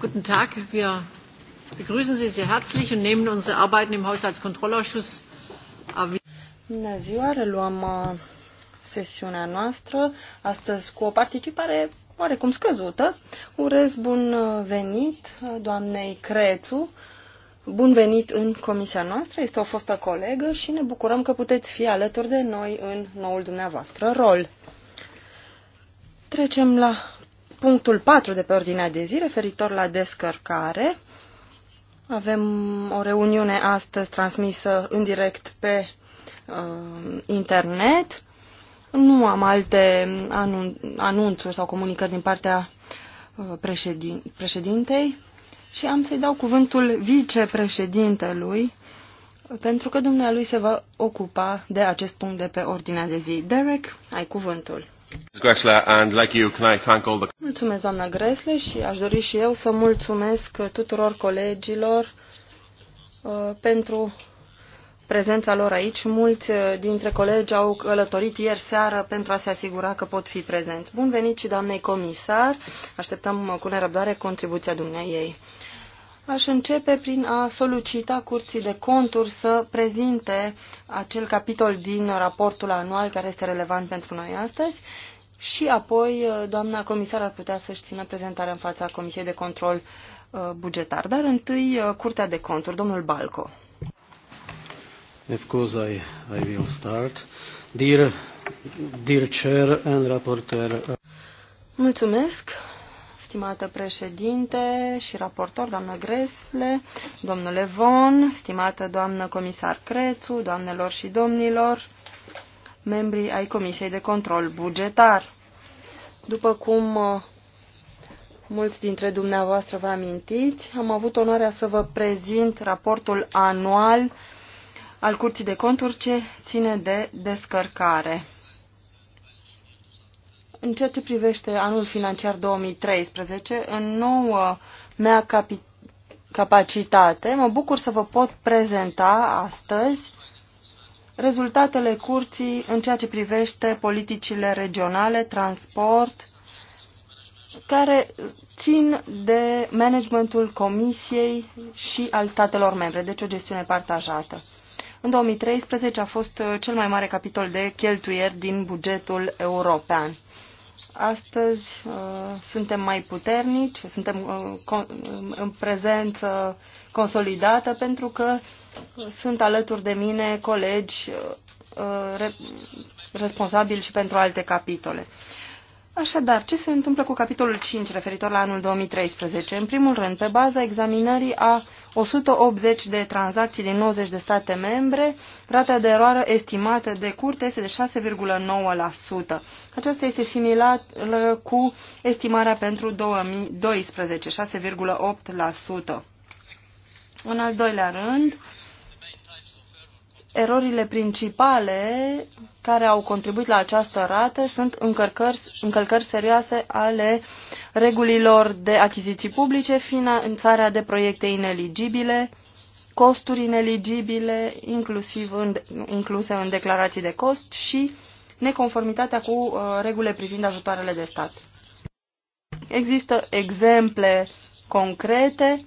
Guten Tag, wir begrüßen Sie sehr herzlich und nehmen unsere Arbeiten im Haushaltskontrollausschuss. Ah, Bună ziua, reluăm uh, sesiunea noastră, astăzi cu o participare oarecum scăzută. Urez bun uh, venit uh, doamnei Crețu, bun venit în comisia noastră, este o fostă colegă și ne bucurăm că puteți fi alături de noi în noul dumneavoastră rol. Trecem la punctul 4 de pe ordinea de zi, referitor la descărcare. Avem o reuniune astăzi transmisă în direct pe uh, internet. Nu am alte anun- anunțuri sau comunicări din partea uh, președin- președintei și am să-i dau cuvântul vicepreședintelui pentru că dumnealui se va ocupa de acest punct de pe ordinea de zi. Derek, ai cuvântul. Mulțumesc, doamna Gresle, și aș dori și eu să mulțumesc tuturor colegilor uh, pentru prezența lor aici. Mulți uh, dintre colegi au călătorit ieri seară pentru a se asigura că pot fi prezenți. Bun venit și doamnei comisar. Așteptăm uh, cu nerăbdare contribuția dumneai ei. Aș începe prin a solicita curții de conturi să prezinte acel capitol din raportul anual care este relevant pentru noi astăzi și apoi uh, doamna comisar ar putea să-și țină prezentarea în fața Comisiei de Control uh, Bugetar. Dar întâi uh, Curtea de Conturi, domnul Balco. Of course I, I will start. Dear, dear chair and rapporteur. Mulțumesc, stimată președinte și raportor, doamnă Gresle, domnule Von, stimată doamnă comisar Crețu, doamnelor și domnilor, membrii ai Comisiei de Control Bugetar. După cum uh, mulți dintre dumneavoastră vă amintiți, am avut onoarea să vă prezint raportul anual al Curții de Conturi ce ține de descărcare. În ceea ce privește anul financiar 2013, în nouă mea capacitate, mă bucur să vă pot prezenta astăzi rezultatele curții în ceea ce privește politicile regionale, transport, care țin de managementul Comisiei și al statelor membre, deci o gestiune partajată. În 2013 a fost cel mai mare capitol de cheltuieri din bugetul european. Astăzi uh, suntem mai puternici, suntem uh, în prezență consolidată pentru că sunt alături de mine colegi uh, re responsabili și pentru alte capitole. Așadar, ce se întâmplă cu capitolul 5 referitor la anul 2013? În primul rând, pe baza examinării a 180 de tranzacții din 90 de state membre, rata de eroare estimată de curte este de 6,9%. Aceasta este similară cu estimarea pentru 2012, 6,8%. În al doilea rând, erorile principale care au contribuit la această rată sunt încărcări, încălcări serioase ale regulilor de achiziții publice, finanțarea de proiecte ineligibile, costuri ineligibile, inclusiv în, incluse în declarații de cost și neconformitatea cu uh, regulile privind ajutoarele de stat. Există exemple concrete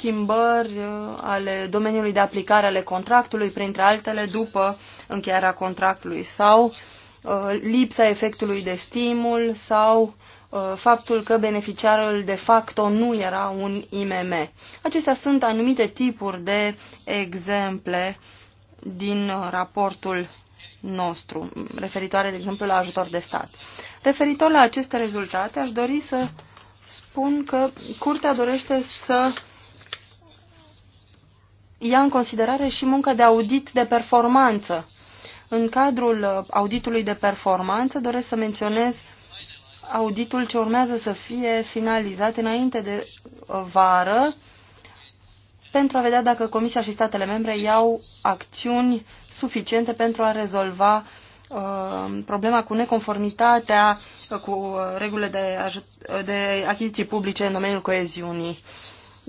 schimbări uh, ale domeniului de aplicare ale contractului, printre altele, după încheierea contractului sau uh, lipsa efectului de stimul sau uh, faptul că beneficiarul de facto nu era un IMM. Acestea sunt anumite tipuri de exemple din raportul nostru, referitoare, de exemplu, la ajutor de stat. Referitor la aceste rezultate, aș dori să spun că Curtea dorește să ia în considerare și munca de audit de performanță. În cadrul uh, auditului de performanță doresc să menționez auditul ce urmează să fie finalizat înainte de uh, vară pentru a vedea dacă Comisia și statele membre iau acțiuni suficiente pentru a rezolva uh, problema cu neconformitatea cu regulile de, de achiziții publice în domeniul coeziunii.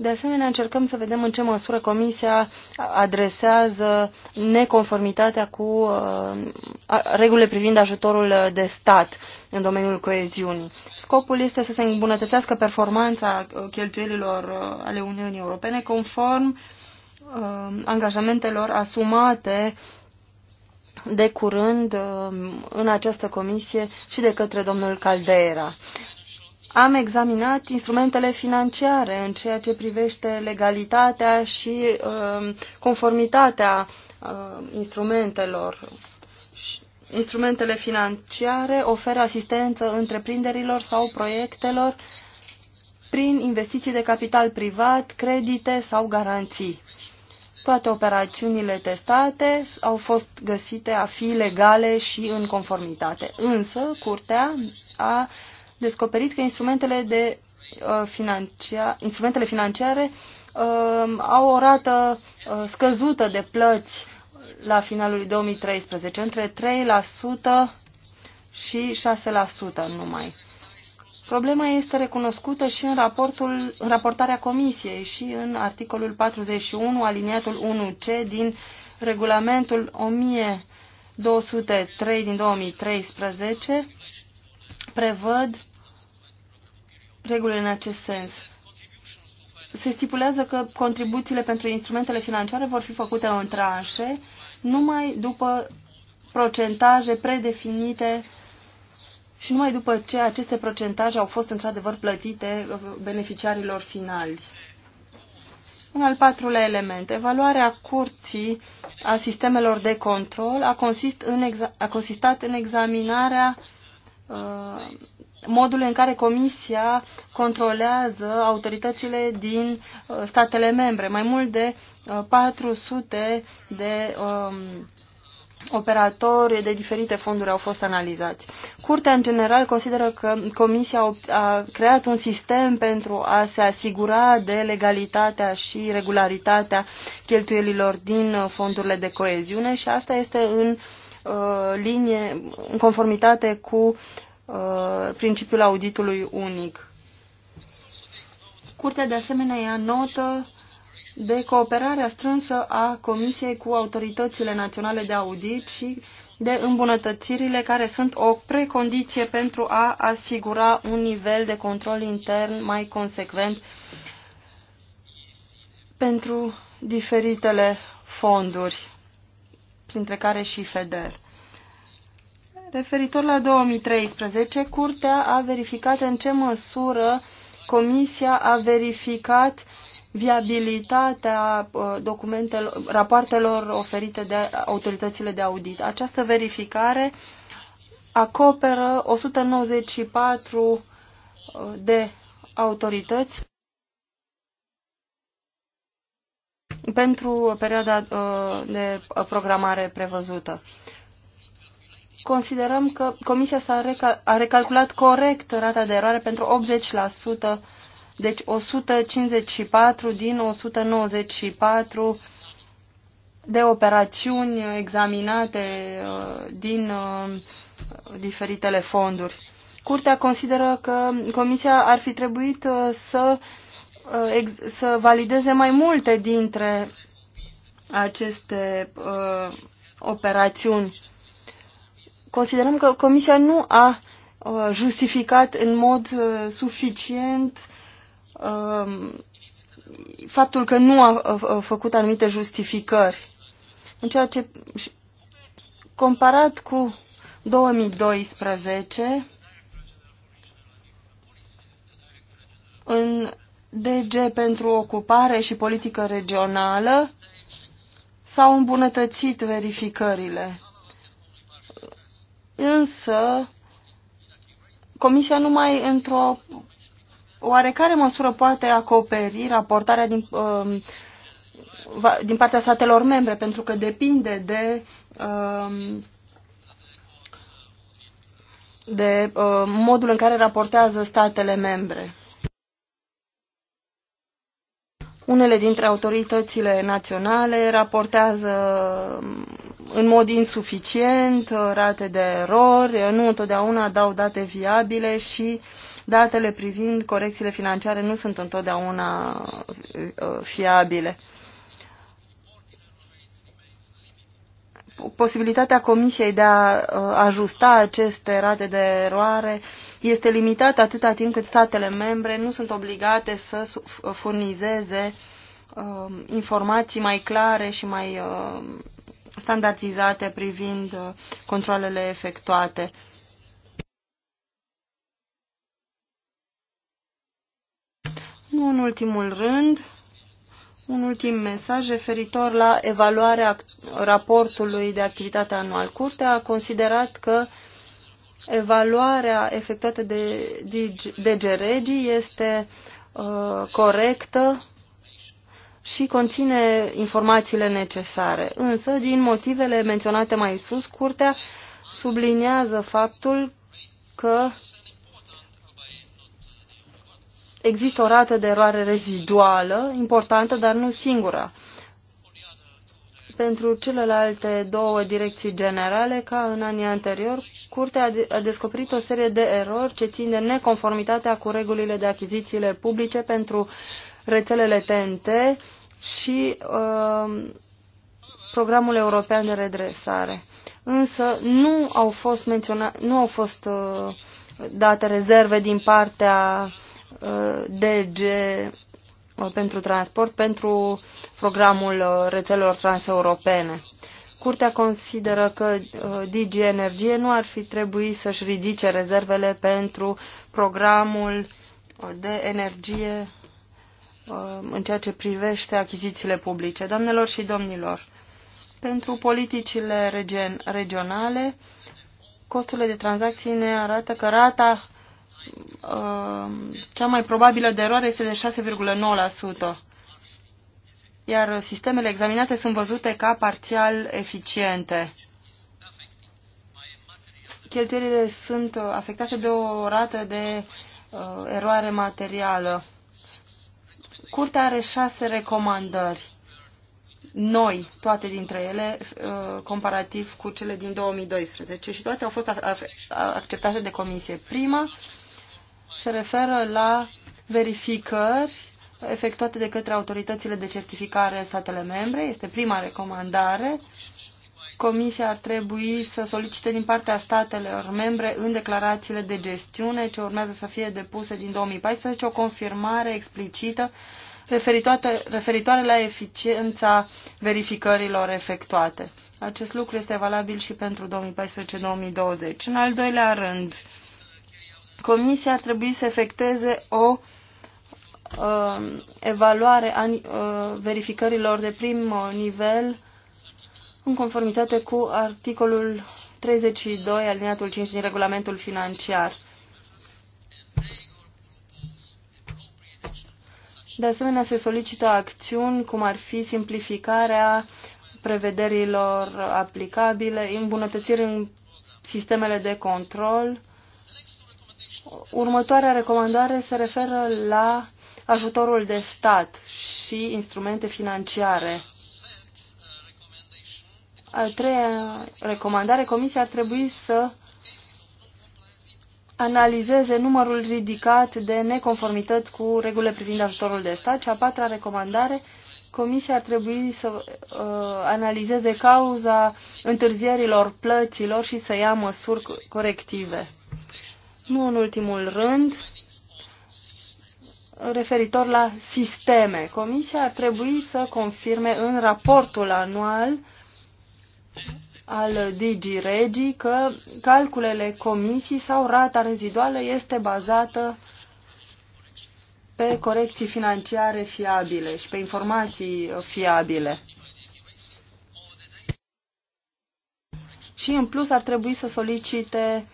De asemenea, încercăm să vedem în ce măsură Comisia adresează neconformitatea cu uh, regulile privind ajutorul de stat în domeniul coeziunii. Scopul este să se îmbunătățească performanța cheltuielilor uh, ale Uniunii Europene conform uh, angajamentelor asumate de curând în această comisie și de către domnul Caldeira am examinat instrumentele financiare în ceea ce privește legalitatea și uh, conformitatea uh, instrumentelor. Instrumentele financiare oferă asistență întreprinderilor sau proiectelor prin investiții de capital privat, credite sau garanții. Toate operațiunile testate au fost găsite a fi legale și în conformitate. Însă, Curtea a descoperit că instrumentele, de, uh, financia, instrumentele financiare uh, au o rată uh, scăzută de plăți la finalul 2013, între 3% și 6% numai. Problema este recunoscută și în, raportul, în raportarea Comisiei și în articolul 41, aliniatul 1C din regulamentul 1203 din 2013, prevăd reguli în acest sens. Se stipulează că contribuțiile pentru instrumentele financiare vor fi făcute în tranșe numai după procentaje predefinite și numai după ce aceste procentaje au fost într-adevăr plătite uh, beneficiarilor finali. Un al patrulea element, evaluarea curții a sistemelor de control a, consist în a consistat în examinarea uh, modul în care Comisia controlează autoritățile din uh, statele membre. Mai mult de 400 uh, de um, operatori de diferite fonduri au fost analizați. Curtea, în general, consideră că Comisia a creat un sistem pentru a se asigura de legalitatea și regularitatea cheltuielilor din uh, fondurile de coeziune și asta este în linie, în conformitate cu uh, Uh, principiul auditului unic. Curtea de asemenea ia notă de cooperarea strânsă a Comisiei cu autoritățile naționale de audit și de îmbunătățirile care sunt o precondiție pentru a asigura un nivel de control intern mai consecvent pentru diferitele fonduri, printre care și FEDER. Referitor la 2013, Curtea a verificat în ce măsură Comisia a verificat viabilitatea uh, documentelor, rapoartelor oferite de autoritățile de audit. Această verificare acoperă 194 uh, de autorități pentru perioada uh, de programare prevăzută considerăm că Comisia s-a recal a recalculat corect rata de eroare pentru 80%, deci 154 din 194 de operațiuni examinate uh, din uh, diferitele fonduri. Curtea consideră că Comisia ar fi trebuit uh, să, să valideze mai multe dintre aceste operațiuni considerăm că Comisia nu a uh, justificat în mod uh, suficient um, faptul că nu a făcut anumite justificări. În ceea ce comparat cu 2012 în DG pentru ocupare și politică regională s-au îmbunătățit verificările însă Comisia numai într-o oarecare măsură poate acoperi raportarea din, uh, din partea statelor membre, pentru că depinde de, uh, de uh, modul în care raportează statele membre. Unele dintre autoritățile naționale raportează um, în mod insuficient, uh, rate de erori, uh, nu întotdeauna dau date viabile și datele privind corecțiile financiare nu sunt întotdeauna uh, fiabile. Posibilitatea Comisiei de a ajusta aceste rate de eroare este limitată atâta timp cât statele membre nu sunt obligate să furnizeze informații mai clare și mai standardizate privind uh, controlele efectuate. Nu în ultimul rând, un ultim mesaj referitor la evaluarea raportului de activitate anual. Curtea a considerat că evaluarea efectuată de DG Regi este uh, corectă și conține informațiile necesare. Însă, din motivele menționate mai sus, Curtea subliniază faptul că există o rată de eroare reziduală, importantă, dar nu singura. Pentru celelalte două direcții generale, ca în anii anterior, Curtea a descoperit o serie de erori ce țin de neconformitatea cu regulile de achizițiile publice pentru rețelele TNT și uh, programul european de redresare. Însă nu au fost, menționa, nu au fost uh, date rezerve din partea uh, DG uh, pentru transport pentru programul uh, rețelelor transeuropene. Curtea consideră că uh, DG Energie nu ar fi trebuit să-și ridice rezervele pentru programul de energie Uh, în ceea ce privește achizițiile publice. Doamnelor și domnilor, pentru politicile region, regionale, costurile de tranzacții ne arată că rata uh, cea mai probabilă de eroare este de 6,9%, iar sistemele examinate sunt văzute ca parțial eficiente. Cheltuielile sunt afectate de o rată de uh, eroare materială Curtea are șase recomandări noi, toate dintre ele, uh, comparativ cu cele din 2012 și toate au fost acceptate de comisie. Prima se referă la verificări efectuate de către autoritățile de certificare în statele membre. Este prima recomandare. Comisia ar trebui să solicite din partea statelor membre în declarațiile de gestiune ce urmează să fie depuse din 2014 o confirmare explicită referitoare, la eficiența verificărilor efectuate. Acest lucru este valabil și pentru 2014-2020. În al doilea rând, Comisia ar trebui să efecteze o uh, evaluare a uh, verificărilor de prim uh, nivel în conformitate cu articolul 32 alineatul 5 din regulamentul financiar. De asemenea, se solicită acțiuni cum ar fi simplificarea prevederilor aplicabile, îmbunătățiri în sistemele de control. Următoarea recomandare se referă la ajutorul de stat și instrumente financiare. A treia recomandare, Comisia ar trebui să analizeze numărul ridicat de neconformități cu regulile privind ajutorul de stat. Și a patra recomandare, Comisia ar trebui să uh, analizeze cauza întârzierilor plăților și să ia măsuri corective. Nu în ultimul rând, referitor la sisteme. Comisia ar trebui să confirme în raportul anual al Digiregi Regi că calculele comisii sau rata reziduală este bazată pe corecții financiare fiabile și pe informații fiabile. Și în plus ar trebui să solicite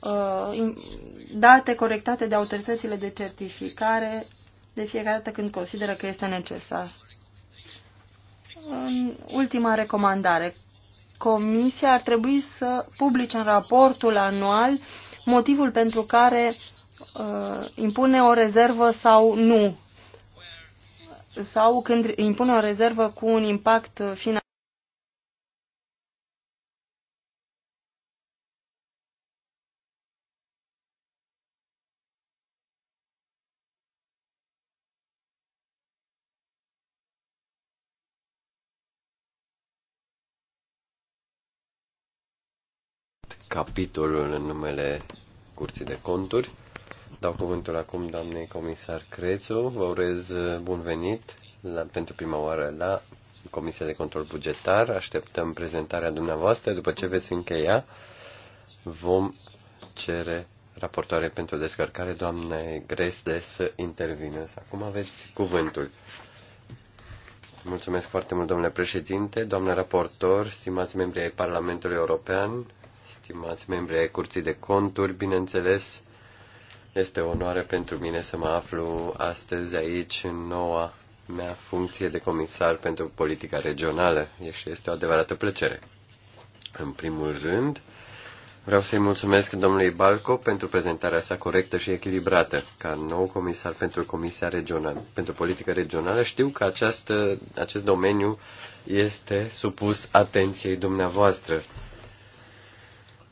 uh, date corectate de autoritățile de certificare de fiecare dată când consideră că este necesar. În ultima recomandare, Comisia ar trebui să publice în raportul anual motivul pentru care uh, impune o rezervă sau nu, sau când impune o rezervă cu un impact financiar. capitolul în numele Curții de Conturi. Dau cuvântul acum doamnei comisar Crețu. Vă urez uh, bun venit la, pentru prima oară la Comisia de Control Bugetar. Așteptăm prezentarea dumneavoastră. După ce veți încheia, vom cere raportoare pentru descărcare, doamne Gresle, să intervină. Acum aveți cuvântul. Mulțumesc foarte mult, domnule președinte, doamne raportor, stimați membri ai Parlamentului European, stimați membri ai Curții de Conturi, bineînțeles, este o onoare pentru mine să mă aflu astăzi aici în noua mea funcție de comisar pentru politica regională și este o adevărată plăcere. În primul rând, vreau să-i mulțumesc domnului Balco pentru prezentarea sa corectă și echilibrată. Ca nou comisar pentru Comisia Regională, pentru Politică Regională, știu că această, acest domeniu este supus atenției dumneavoastră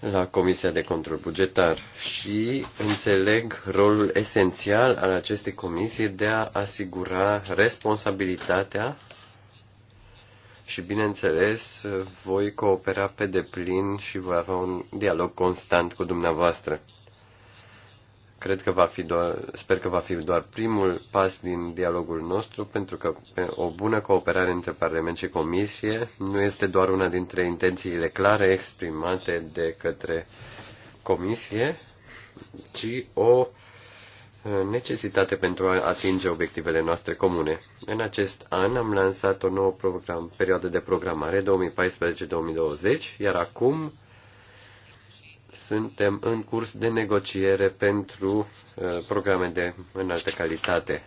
la Comisia de Control Bugetar și înțeleg rolul esențial al acestei comisii de a asigura responsabilitatea și, bineînțeles, voi coopera pe deplin și voi avea un dialog constant cu dumneavoastră. Cred că va fi doar, sper că va fi doar primul pas din dialogul nostru, pentru că o bună cooperare între Parlament și Comisie nu este doar una dintre intențiile clare exprimate de către Comisie, ci o uh, necesitate pentru a atinge obiectivele noastre comune. În acest an am lansat o nouă program, perioadă de programare 2014-2020, iar acum suntem în curs de negociere pentru uh, programe de înaltă calitate.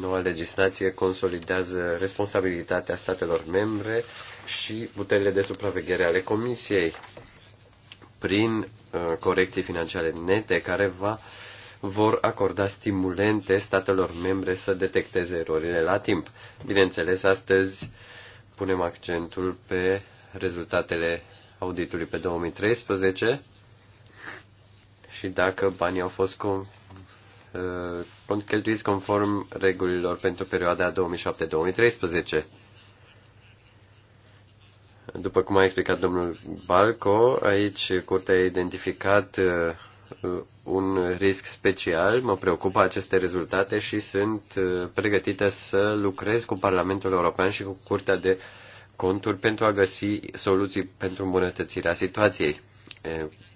Noua legislație consolidează responsabilitatea statelor membre și puterile de supraveghere ale Comisiei prin uh, corecții financiare nete care va, vor acorda stimulente statelor membre să detecteze erorile la timp. Bineînțeles, astăzi punem accentul pe rezultatele auditului pe 2013 și dacă banii au fost com, uh, cheltuiți conform regulilor pentru perioada 2007-2013. După cum a explicat domnul Balco, aici curtea a identificat uh, un risc special, mă preocupă aceste rezultate și sunt uh, pregătită să lucrez cu Parlamentul European și cu Curtea de Conturi pentru a găsi soluții pentru îmbunătățirea situației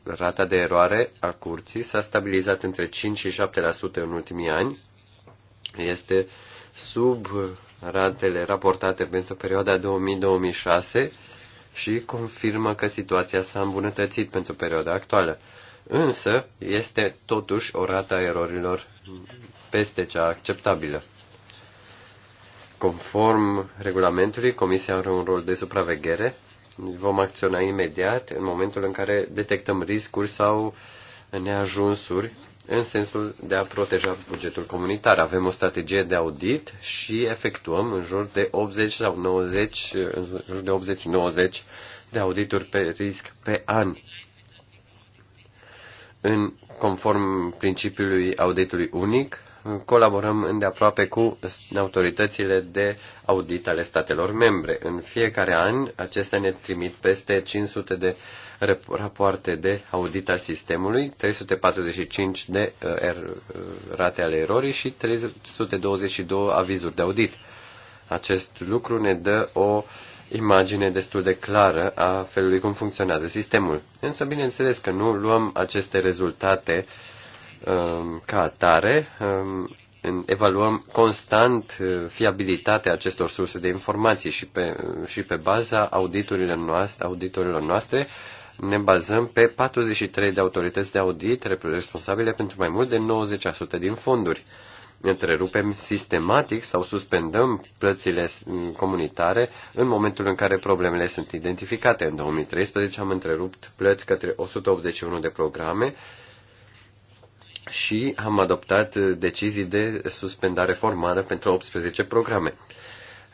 rata de eroare a curții s-a stabilizat între 5 și 7% în ultimii ani. Este sub ratele raportate pentru perioada 2000-2006 și confirmă că situația s-a îmbunătățit pentru perioada actuală. Însă, este totuși o rată a erorilor peste cea acceptabilă. Conform regulamentului, Comisia are un rol de supraveghere vom acționa imediat în momentul în care detectăm riscuri sau neajunsuri în sensul de a proteja bugetul comunitar. Avem o strategie de audit și efectuăm în jur de 80 sau 90, în jur de 80-90 de audituri pe risc pe an. În conform principiului auditului unic, colaborăm îndeaproape cu autoritățile de audit ale statelor membre. În fiecare an, acestea ne trimit peste 500 de rapoarte de audit al sistemului, 345 de uh, er- uh, rate ale erorii și 322 avizuri de audit. Acest lucru ne dă o imagine destul de clară a felului cum funcționează sistemul. Însă, bineînțeles că nu luăm aceste rezultate uh, Um, ca atare, um, evaluăm constant uh, fiabilitatea acestor surse de informații și pe, uh, și pe baza auditorilor noastre, auditorilor noastre ne bazăm pe 43 de autorități de audit responsabile pentru mai mult de 90% din fonduri. Întrerupem sistematic sau suspendăm plățile mm, comunitare în momentul în care problemele sunt identificate. În 2013 am întrerupt plăți către 181 de programe și am adoptat uh, decizii de suspendare formală pentru 18 programe.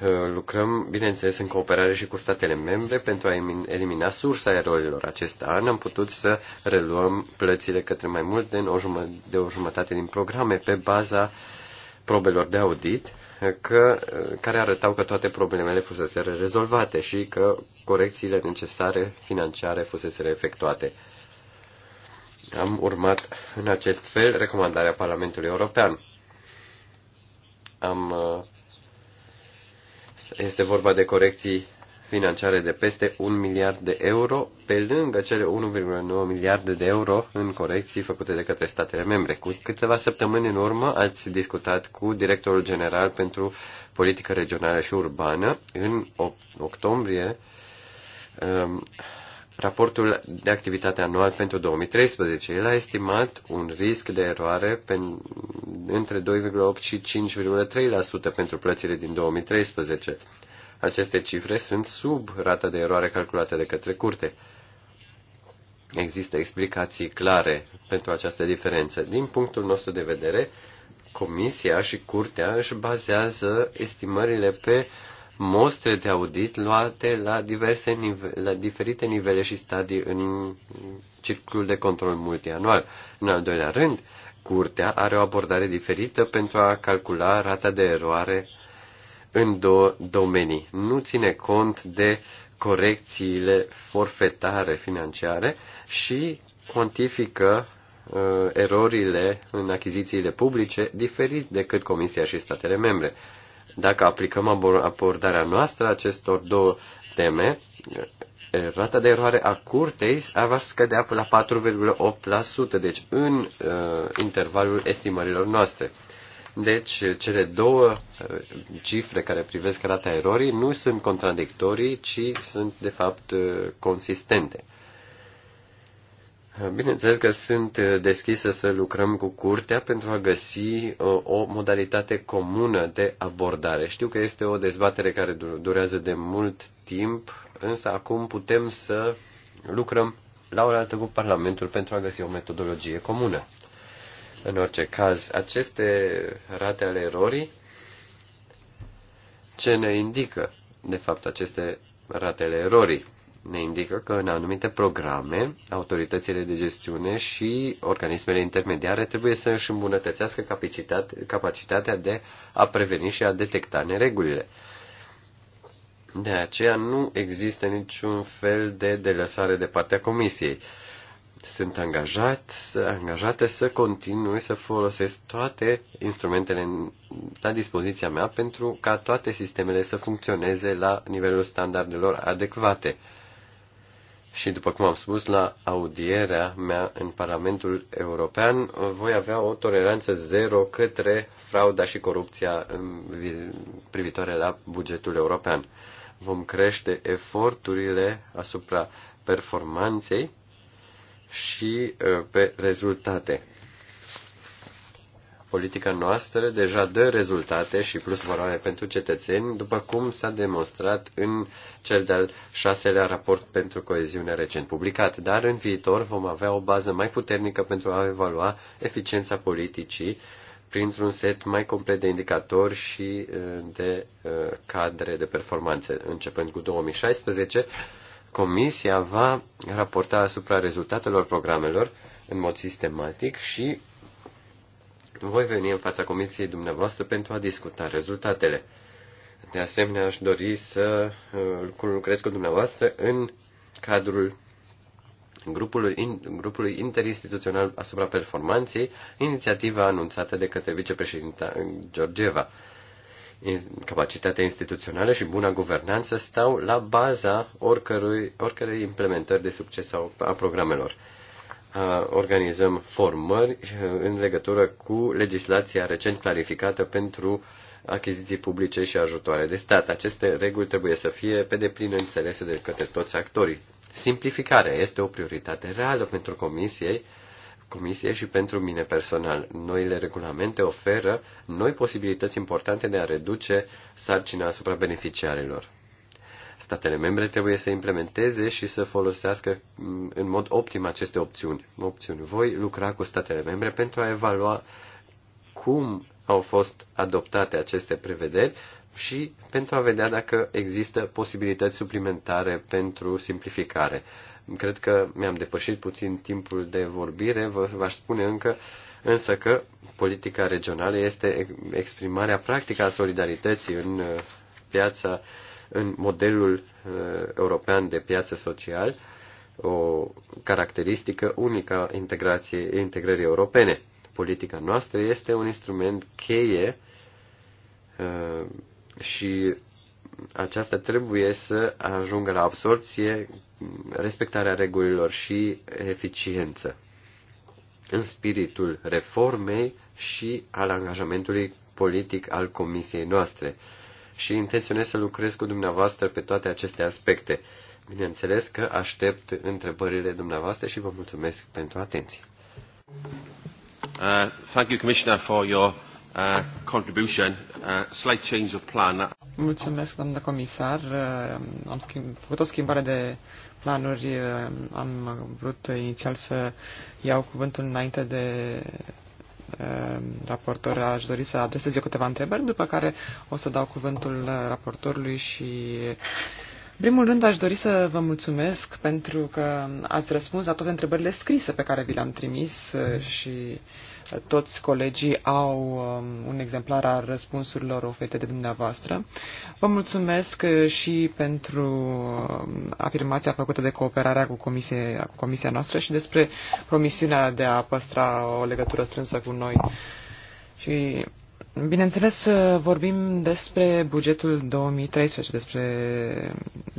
Uh, lucrăm, bineînțeles, în cooperare și cu statele membre pentru a elimina sursa erorilor. Acest an am putut să reluăm plățile către mai mult de o jumătate din programe pe baza probelor de audit uh, că, care arătau că toate problemele fusese rezolvate și că corecțiile necesare financiare fusese efectuate. Am urmat în acest fel recomandarea Parlamentului European. Am, uh, este vorba de corecții financiare de peste 1 miliard de euro, pe lângă cele 1,9 miliarde de euro în corecții făcute de către statele membre. Cu câteva săptămâni în urmă ați discutat cu directorul general pentru politică regională și urbană în octombrie um, Raportul de activitate anual pentru 2013 el a estimat un risc de eroare pe, între 2,8 și 5,3% pentru plățile din 2013. Aceste cifre sunt sub rata de eroare calculată de către curte. Există explicații clare pentru această diferență. Din punctul nostru de vedere, Comisia și Curtea își bazează estimările pe uh, mostre de audit luate la, diverse nive- la diferite nivele și stadii în circul de control multianual. În al doilea rând, curtea are o abordare diferită pentru a calcula rata de eroare în două domenii. Nu ține cont de corecțiile forfetare financiare și cuantifică uh, erorile în achizițiile publice diferit decât Comisia și statele membre. Dacă aplicăm abordarea noastră acestor două teme, eh, rata de eroare a curtei va scădea până la 4,8%, deci în uh, intervalul estimărilor noastre. Deci, cele două eh, cifre care privesc rata erorii nu sunt contradictorii, ci sunt, de fapt, consistente. Bineînțeles că sunt uh, deschisă să lucrăm cu curtea pentru a găsi uh, o modalitate comună de abordare. Știu că este o dezbatere care durează de mult timp, însă acum putem să lucrăm la oaltă cu Parlamentul pentru a găsi o metodologie comună. În orice caz, aceste rate ale erorii, ce ne indică, de fapt, aceste ratele erorii? ne indică că în anumite programe, autoritățile de gestiune și organismele intermediare trebuie să își îmbunătățească capacitatea de a preveni și a detecta neregulile. De aceea nu există niciun fel de delăsare de partea comisiei. Sunt angajat, angajate să continui să folosesc toate instrumentele la dispoziția mea pentru ca toate sistemele să funcționeze la nivelul standardelor adecvate și după cum am spus, la audierea mea în Parlamentul European uh, voi avea o toleranță zero către frauda și corupția um, privitoare la bugetul european. Vom crește eforturile asupra performanței și uh, pe rezultate politica noastră deja dă rezultate și plus valoare pentru cetățeni, după cum s-a demonstrat în cel de-al șaselea raport pentru coeziune recent publicat. Dar în viitor vom avea o bază mai puternică pentru a evalua eficiența politicii printr-un set mai complet de indicatori și uh, de uh, cadre de performanțe. Începând cu 2016, Comisia va raporta asupra rezultatelor programelor în mod sistematic și voi veni în fața comisiei dumneavoastră pentru a discuta rezultatele. De asemenea, aș dori să uh, lucrez cu dumneavoastră în cadrul grupului, in, grupului interinstituțional asupra performanței, inițiativa anunțată de către vicepreședinta uh, Georgeva. Capacitatea instituțională și buna guvernanță stau la baza oricărui, oricărei implementări de succes sau a programelor organizăm formări în legătură cu legislația recent clarificată pentru achiziții publice și ajutoare de stat. Aceste reguli trebuie să fie pe deplin înțelese de către toți actorii. Simplificarea este o prioritate reală pentru comisie, comisie și pentru mine personal. Noile regulamente oferă noi posibilități importante de a reduce sarcina asupra beneficiarilor. Statele membre trebuie să implementeze și să folosească mm, în mod optim aceste opțiuni. opțiuni. Voi lucra cu statele membre pentru a evalua cum au fost adoptate aceste prevederi și pentru a vedea dacă există posibilități suplimentare pentru simplificare. Cred că mi-am depășit puțin timpul de vorbire, Vă aș spune încă însă că politica regională este exprimarea practică a solidarității în uh, piața în modelul uh, european de piață social, o caracteristică unică a integrației, integrării europene. Politica noastră este un instrument cheie uh, și aceasta trebuie să ajungă la absorpție, respectarea regulilor și eficiență în spiritul reformei și al angajamentului politic al comisiei noastre și intenționez să lucrez cu dumneavoastră pe toate aceste aspecte. Bineînțeles că aștept întrebările dumneavoastră și vă mulțumesc pentru atenție. Uh, thank you, Commissioner, for your uh, contribution. Uh, slight change of plan. Mulțumesc, doamnă comisar. Uh, am schimb, făcut o schimbare de planuri. Uh, am vrut inițial să iau cuvântul înainte de Ehm, raportor, aș dori să adresez eu câteva întrebări, după care o să dau cuvântul raportorului și... În primul rând, aș dori să vă mulțumesc pentru că ați răspuns la toate întrebările scrise pe care vi le-am trimis eh, și toți colegii au um, un exemplar al răspunsurilor oferite de dumneavoastră. Vă mulțumesc uh, și pentru um, afirmația făcută de cooperarea cu comisia, cu comisia noastră și despre promisiunea de a păstra o legătură strânsă cu noi. Și Bineînțeles, uh, vorbim despre bugetul 2013, despre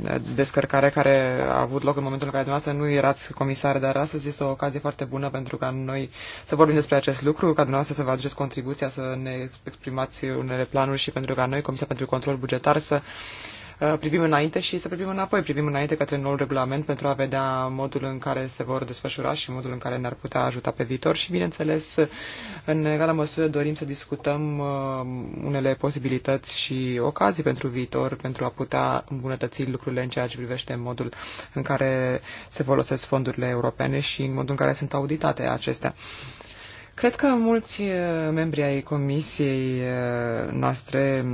uh, descărcarea care a avut loc în momentul în care dumneavoastră nu erați comisar, dar astăzi este o ocazie foarte bună pentru ca noi să vorbim despre acest lucru, ca dumneavoastră să vă aduceți contribuția, să ne exprimați unele planuri și pentru ca noi, Comisia pentru Control Bugetar, să uh, Uh, privim înainte și să privim înapoi. Privim înainte către noul regulament pentru a vedea modul în care se vor desfășura și modul în care ne-ar putea ajuta pe viitor și, bineînțeles, în egală măsură dorim să discutăm uh, unele posibilități și ocazii pentru viitor pentru a putea îmbunătăți lucrurile în ceea ce privește modul în care se folosesc fondurile europene și în modul în care sunt auditate acestea. Cred că mulți uh, membri ai comisiei uh, noastre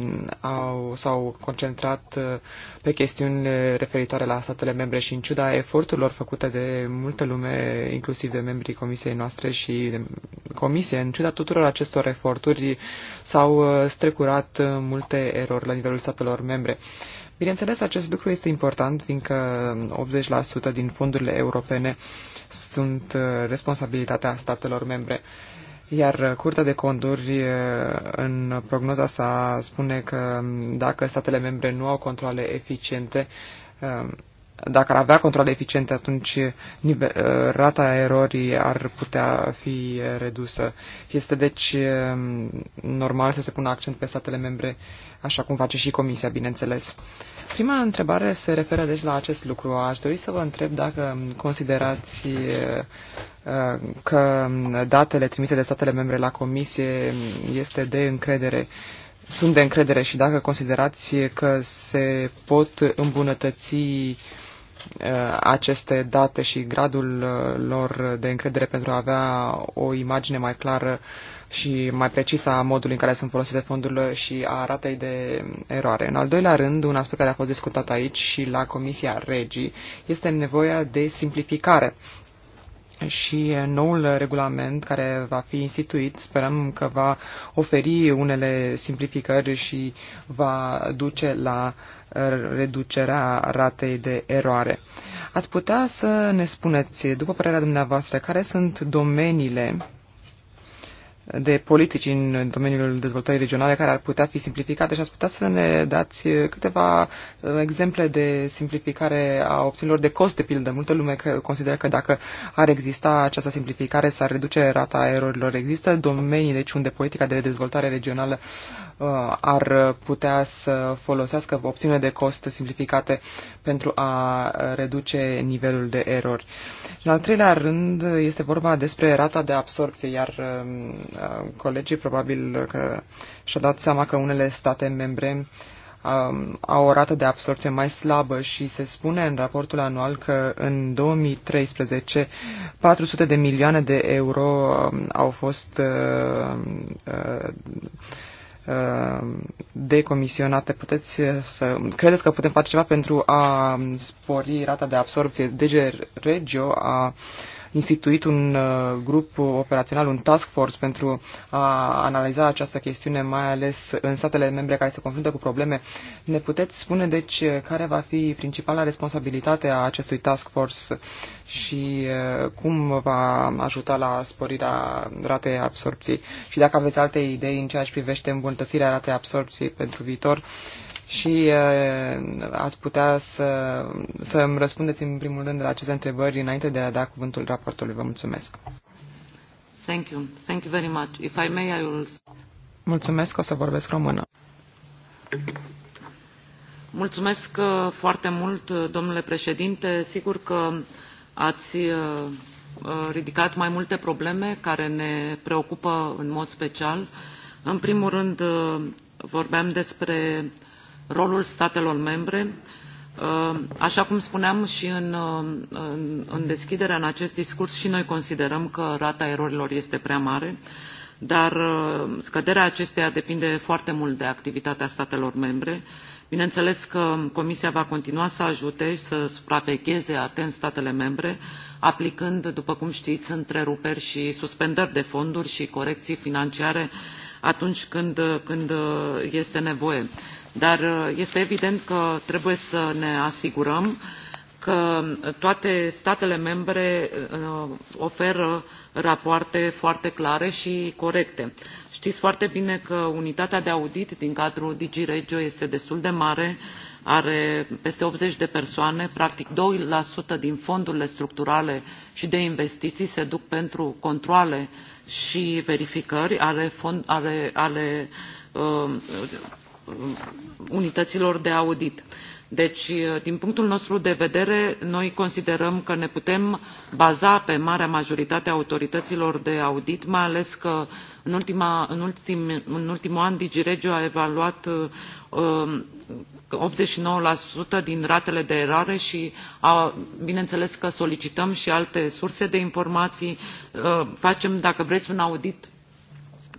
au, s-au concentrat uh, pe chestiuni referitoare la statele membre și în ciuda eforturilor făcute de multă lume, inclusiv de membrii comisiei noastre și de comisie, în ciuda tuturor acestor eforturi s-au strecurat multe erori la nivelul statelor membre. Bineînțeles, acest lucru este important, fiindcă 80% din fondurile europene sunt uh, responsabilitatea statelor membre. Iar uh, Curtea de Conturi, uh, în prognoza sa, spune că um, dacă statele membre nu au controle eficiente, um, dacă ar avea controle eficiente, atunci uh, rata erorii ar putea fi uh, redusă. Este deci um, normal să se pună accent pe statele membre, așa cum face și Comisia, bineînțeles. Prima întrebare se referă deci la acest lucru. Aș dori să vă întreb dacă considerați uh, că datele trimise de statele membre la Comisie este de încredere sunt de încredere și dacă considerați că se pot îmbunătăți Uh, aceste date și gradul uh, lor de încredere pentru a avea o imagine mai clară și mai precisă a modului în care sunt folosite fondurile și a ratei de eroare. În al doilea rând, un aspect care a fost discutat aici și la Comisia Regii este nevoia de simplificare și noul regulament care va fi instituit sperăm că va oferi unele simplificări și va duce la reducerea ratei de eroare. Ați putea să ne spuneți, după părerea dumneavoastră, care sunt domeniile de politici în domeniul dezvoltării regionale care ar putea fi simplificate și ați putea să ne dați câteva uh, exemple de simplificare a opțiunilor de cost, de pildă. Multă lume consideră că dacă ar exista această simplificare, s-ar reduce rata erorilor. Există domenii, deci, unde politica de dezvoltare regională uh, ar putea să folosească opțiune de cost simplificate pentru a reduce nivelul de erori. În al treilea rând, este vorba despre rata de absorpție, iar um, Uh, colegii probabil că și-au dat seama că unele state membre um, au o rată de absorție mai slabă și se spune în raportul anual că în 2013 400 de milioane de euro um, au fost uh, uh, decomisionate. Puteți să credeți că putem face ceva pentru a um, spori rata de absorpție? DG Regio a uh, instituit un uh, grup operațional, un task force pentru a analiza această chestiune, mai ales în statele membre care se confruntă cu probleme. Ne puteți spune, deci, care va fi principala responsabilitate a acestui task force și uh, cum va ajuta la sporirea ratei absorpției? Și dacă aveți alte idei în ceea ce privește îmbunătățirea ratei absorpției pentru viitor, și uh, ați putea să, să îmi răspundeți în primul rând la aceste întrebări înainte de a da cuvântul raportului. Vă mulțumesc. Thank you. Thank you very much. If I may, I will... Mulțumesc, o să vorbesc română. Mulțumesc uh, foarte mult, uh, domnule președinte. Sigur că ați uh, ridicat mai multe probleme care ne preocupă în mod special. În primul rând, vorbeam despre uh, rolul statelor membre uh, Așa cum spuneam și în, uh, în, în deschiderea în acest discurs, și noi considerăm că rata erorilor este prea mare, dar uh, scăderea acesteia depinde foarte mult de activitatea statelor membre. Bineînțeles că Comisia va continua să ajute și să supravegheze atent statele membre, aplicând, după cum știți, întreruperi și suspendări de fonduri și corecții financiare atunci când, când este nevoie dar uh, este evident că trebuie să ne asigurăm că uh, toate statele membre uh, oferă rapoarte foarte clare și corecte. Știți foarte bine că unitatea de audit din cadrul DG Regio este destul de mare, are peste 80 de persoane, practic 2% din fondurile structurale și de investiții se duc pentru controle și verificări ale, fond, ale, ale uh, unităților de audit. Deci, din punctul nostru de vedere, noi considerăm că ne putem baza pe marea majoritate a autorităților de audit, mai ales că în, ultima, în, ultim, în ultimul an DigiRegio a evaluat uh, 89% din ratele de erare și a, bineînțeles că solicităm și alte surse de informații. Uh, facem, dacă vreți, un audit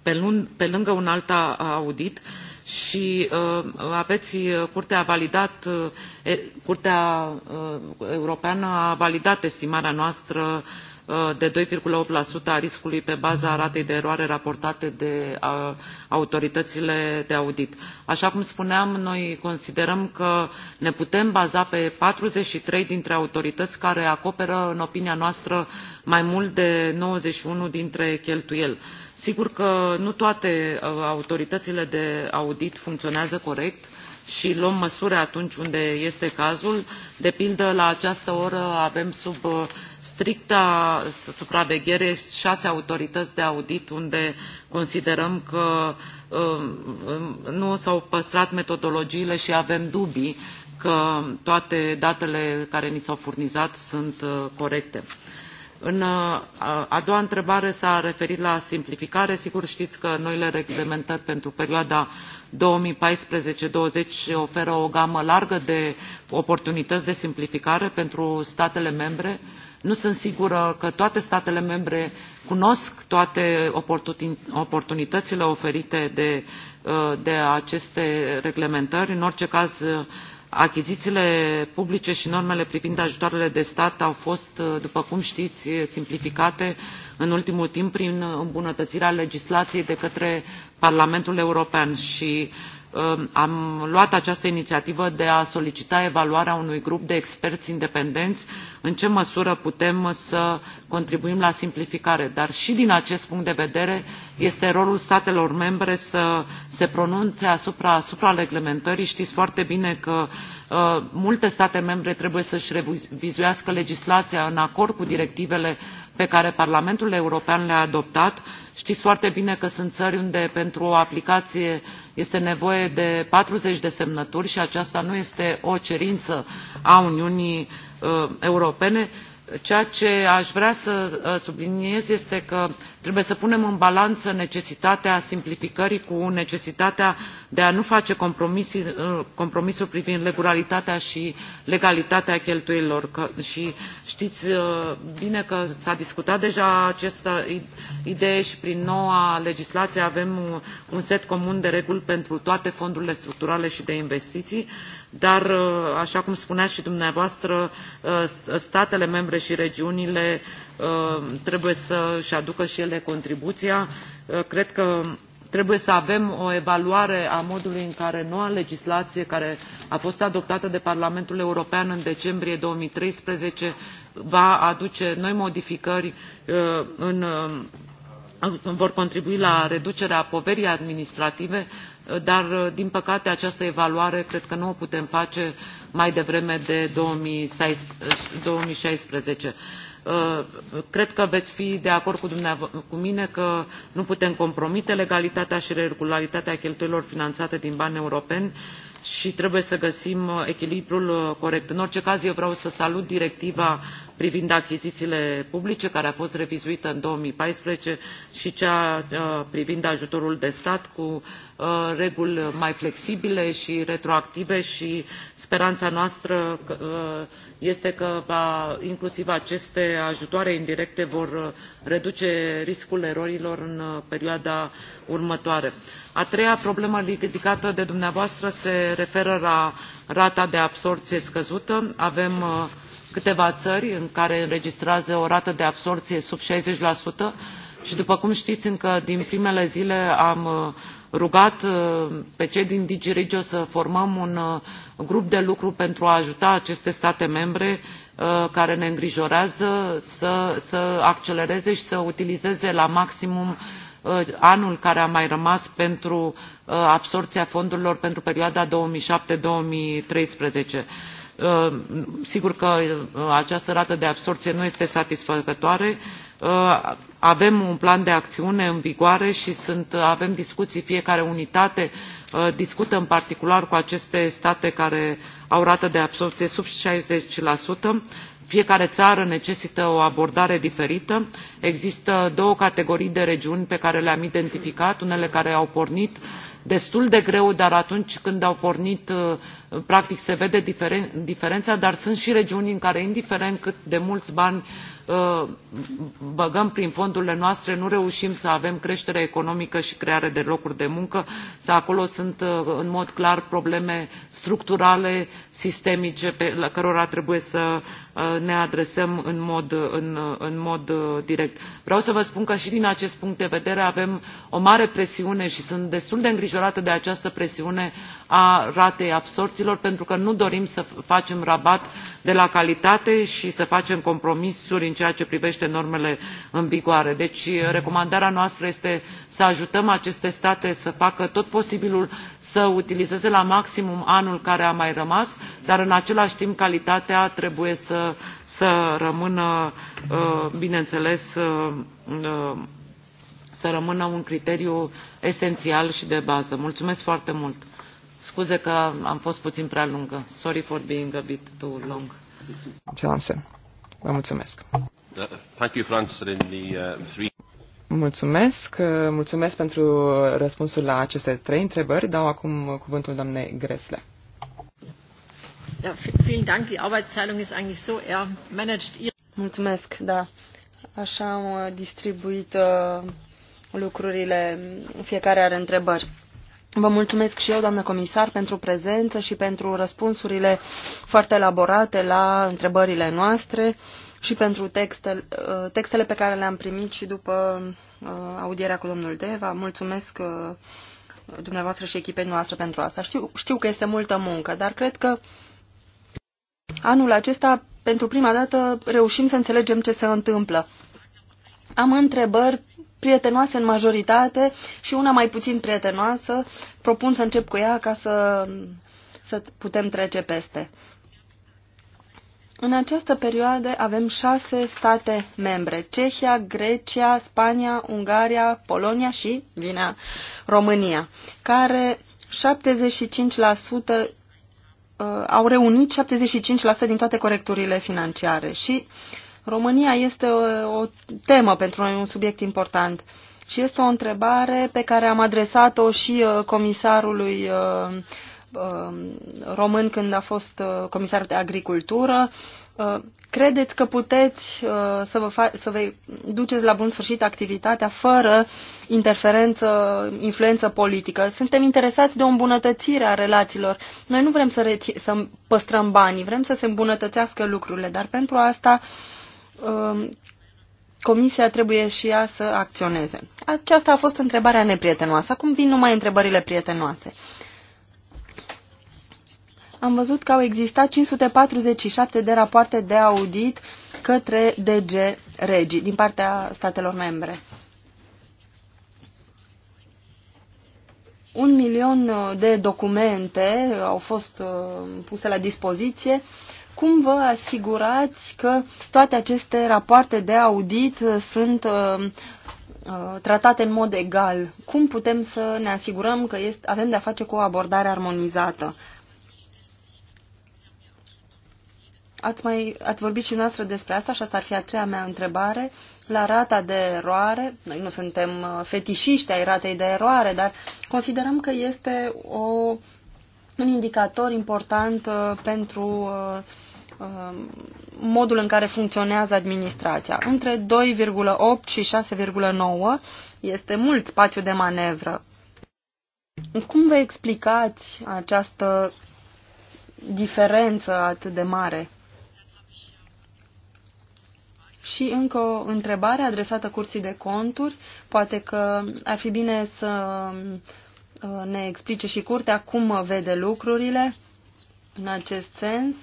pe, lung, pe lângă un alt audit. Uh, și uh, aveți, uh, Curtea a validat, uh, Curtea uh, Europeană a validat estimarea noastră de 2,8% a riscului pe baza ratei de eroare raportate de autoritățile de audit. Așa cum spuneam, noi considerăm că ne putem baza pe 43 dintre autorități care acoperă, în opinia noastră, mai mult de 91 dintre cheltuieli sigur că nu toate uh, autoritățile de audit funcționează corect și luăm măsuri atunci unde este cazul de pildă la această oră avem sub uh, strictă supraveghere șase autorități de audit unde considerăm că uh, nu s au păstrat metodologiile și avem dubii că toate datele care ni s au furnizat sunt corecte. În a doua întrebare s-a referit la simplificare. Sigur știți că noile reglementări pentru perioada 2014 20 oferă o gamă largă de oportunități de simplificare pentru statele membre. Nu sunt sigură că toate statele membre cunosc toate oportunitățile oferite de, de aceste reglementări. În orice caz, achizițiile publice și normele privind ajutoarele de stat au fost după cum știți simplificate în ultimul timp prin îmbunătățirea legislației de către parlamentul european și am luat această inițiativă de a solicita evaluarea unui grup de experți independenți în ce măsură putem să contribuim la simplificare dar și din acest punct de vedere este rolul statelor membre să se pronunțe asupra suprareglementării știți foarte bine că uh, multe state membre trebuie să își revizuiască legislația în acord cu directivele pe care parlamentul european le a adoptat știți foarte bine că sunt țări unde pentru o aplicație este nevoie de patruzeci de semnături și aceasta nu este o cerință a uniunii uh, europene ceea ce aș vrea să uh, subliniez este că trebuie să punem în balanță necesitatea simplificării cu necesitatea de a nu face uh, compromisuri privind regularitatea și legalitatea cheltuielilor și știți uh, bine că s a discutat deja această idee și prin noua legislație avem un set comun de reguli pentru toate fondurile structurale și de investiții dar uh, așa cum spuneați și dumneavoastră statele membre și regiunile Uh, trebuie să-și aducă și ele contribuția. Uh, cred că trebuie să avem o evaluare a modului în care noua legislație care a fost adoptată de Parlamentul European în decembrie 2013 va aduce noi modificări uh, în vor contribui la reducerea poverii administrative dar din păcate această evaluare cred că nu o putem face mai devreme de 2016. Uh, cred că veți fi de acord cu, cu mine că nu putem compromite legalitatea și regularitatea cheltuielilor finanțate din bani europeni și trebuie să găsim echilibrul uh, corect. în orice caz eu vreau să salut directiva privind achizițiile publice care a fost revizuită în două mii paisprezece și cea uh, privind ajutorul de stat cu uh, reguli mai flexibile și retroactive și speranța noastră uh, este că inclusiv aceste ajutoare indirecte vor reduce riscul erorilor în perioada următoare. a treia problemă ridicată de dumneavoastră se referă la rata de absorbție scăzută avem câteva țări în care înregistrează o rată de absorbție sub 60% și după cum știți încă din primele zile am uh, rugat uh, pe cei din dg regio să formăm un uh, grup de lucru pentru a ajuta aceste state membre care ne îngrijorează să, să accelereze și să utilizeze la maximum anul care a mai rămas pentru absorbția fondurilor pentru perioada două mii șapte două mii treisprezece Uh, sigur că uh, această rată de absorbție nu este satisfăcătoare uh, avem un plan de acțiune în vigoare și sunt, avem discuții fiecare unitate discută în particular cu aceste state care au rată de absorbție sub 60%. Fiecare țară necesită o abordare diferită. Există două categorii de regiuni pe care le-am identificat, unele care au pornit destul de greu, dar atunci când au pornit practic se vede diferența dar sunt și regiuni în care indiferent cât de mulți bani uh, băgăm prin fondurile noastre nu reușim să avem creștere economică și creare de locuri de muncă sau acolo sunt uh, în mod clar probleme structurale sistemice la cărora trebuie să uh, ne adresăm în mod, în, în mod direct. vreau să vă spun că și din acest punct de vedere avem o mare presiune și sunt destul de îngrijorată de această presiune a ratei absorbțiilor pentru că nu dorim să facem rabat de la calitate și să facem compromisuri în ceea ce privește normele în vigoare. deci recomandarea noastră este să ajutăm aceste state să facă tot posibilul să utilizeze la maximum anul care a mai rămas dar în același timp calitatea trebuie să, să rămână uh, bineînțeles uh, uh, să rămână un criteriu esențial și de bază. mulțumesc foarte mult! Scuze că am fost puțin prea lungă. Sorry for being a bit too long. Johnson, vă mulțumesc. Uh, thank you, France, in the, uh, three... Mulțumesc, uh, mulțumesc pentru răspunsul la aceste trei întrebări. Dau acum cuvântul doamnei Gresle. Ja, vielen Dank. Die Arbeitsteilung ist eigentlich so, er managt ihr. Mulțumesc, da. Așa am uh, distribuit uh, lucrurile, fiecare are întrebări. Vă mulțumesc și eu, doamnă comisar, pentru prezență și pentru răspunsurile foarte elaborate la întrebările noastre și pentru textele, uh, textele pe care le-am primit și după uh, audierea cu domnul Deva. Mulțumesc uh, dumneavoastră și echipei noastre pentru asta. Știu, știu că este multă muncă, dar cred că anul acesta, pentru prima dată, reușim să înțelegem ce se întâmplă. Am întrebări prietenoase în majoritate și una mai puțin prietenoasă. Propun să încep cu ea ca să, să putem trece peste. În această perioadă avem șase state membre. Cehia, Grecia, Spania, Ungaria, Polonia și, vine, România, care 75% uh, au reunit 75% din toate corecturile financiare și România este o, o temă pentru noi, un subiect important. Și este o întrebare pe care am adresat-o și uh, comisarului uh, uh, român când a fost uh, comisar de agricultură. Uh, credeți că puteți uh, să, vă să vă duceți la bun sfârșit activitatea fără interferență, influență politică? Suntem interesați de o îmbunătățire a relațiilor. Noi nu vrem să, să păstrăm banii, vrem să se îmbunătățească lucrurile, dar pentru asta uh, Um, comisia trebuie și ea să acționeze. Aceasta a fost întrebarea neprietenoasă. Acum vin numai întrebările prietenoase. Am văzut că au existat 547 de rapoarte de audit către DG Regi din partea statelor membre. Un milion de documente au fost uh, puse la dispoziție cum vă asigurați că toate aceste rapoarte de audit sunt uh, uh, tratate în mod egal? Cum putem să ne asigurăm că este, avem de-a face cu o abordare armonizată? Ați, mai, ați vorbit și noastră despre asta și asta ar fi a treia mea întrebare. La rata de eroare, noi nu suntem uh, fetișiști ai ratei de eroare, dar considerăm că este o un indicator important uh, pentru uh, um, modul în care funcționează administrația. Între 2,8 și 6,9 este mult spațiu de manevră. Cum vă explicați această diferență atât de mare? Și încă o întrebare adresată curții de conturi. Poate că ar fi bine să Uh, ne explice și curtea cum vede lucrurile în acest sens.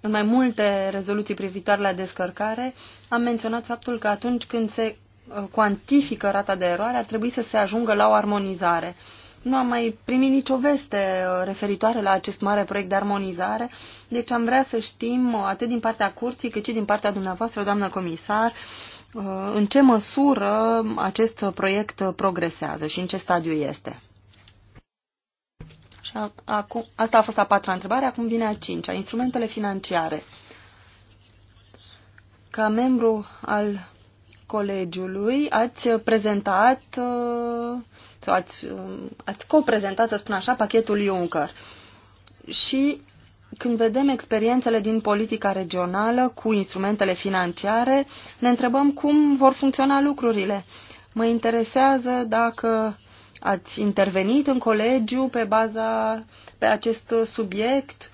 În mai multe rezoluții privitoare la descărcare am menționat faptul că atunci când se uh, cuantifică rata de eroare ar trebui să se ajungă la o armonizare. Nu am mai primit nicio veste uh, referitoare la acest mare proiect de armonizare, deci am vrea să știm atât din partea curții cât și din partea dumneavoastră, doamnă comisar, în ce măsură acest proiect progresează și în ce stadiu este. Și acum, asta a fost a patra întrebare, acum vine a cincea, instrumentele financiare. Ca membru al colegiului ați prezentat uh, sau ați, um, ați co-prezentat, să spun așa, pachetul Juncker. Și când vedem experiențele din politica regională cu instrumentele financiare, ne întrebăm cum vor funcționa lucrurile. Mă interesează dacă Ați intervenit în colegiu pe baza, pe acest subiect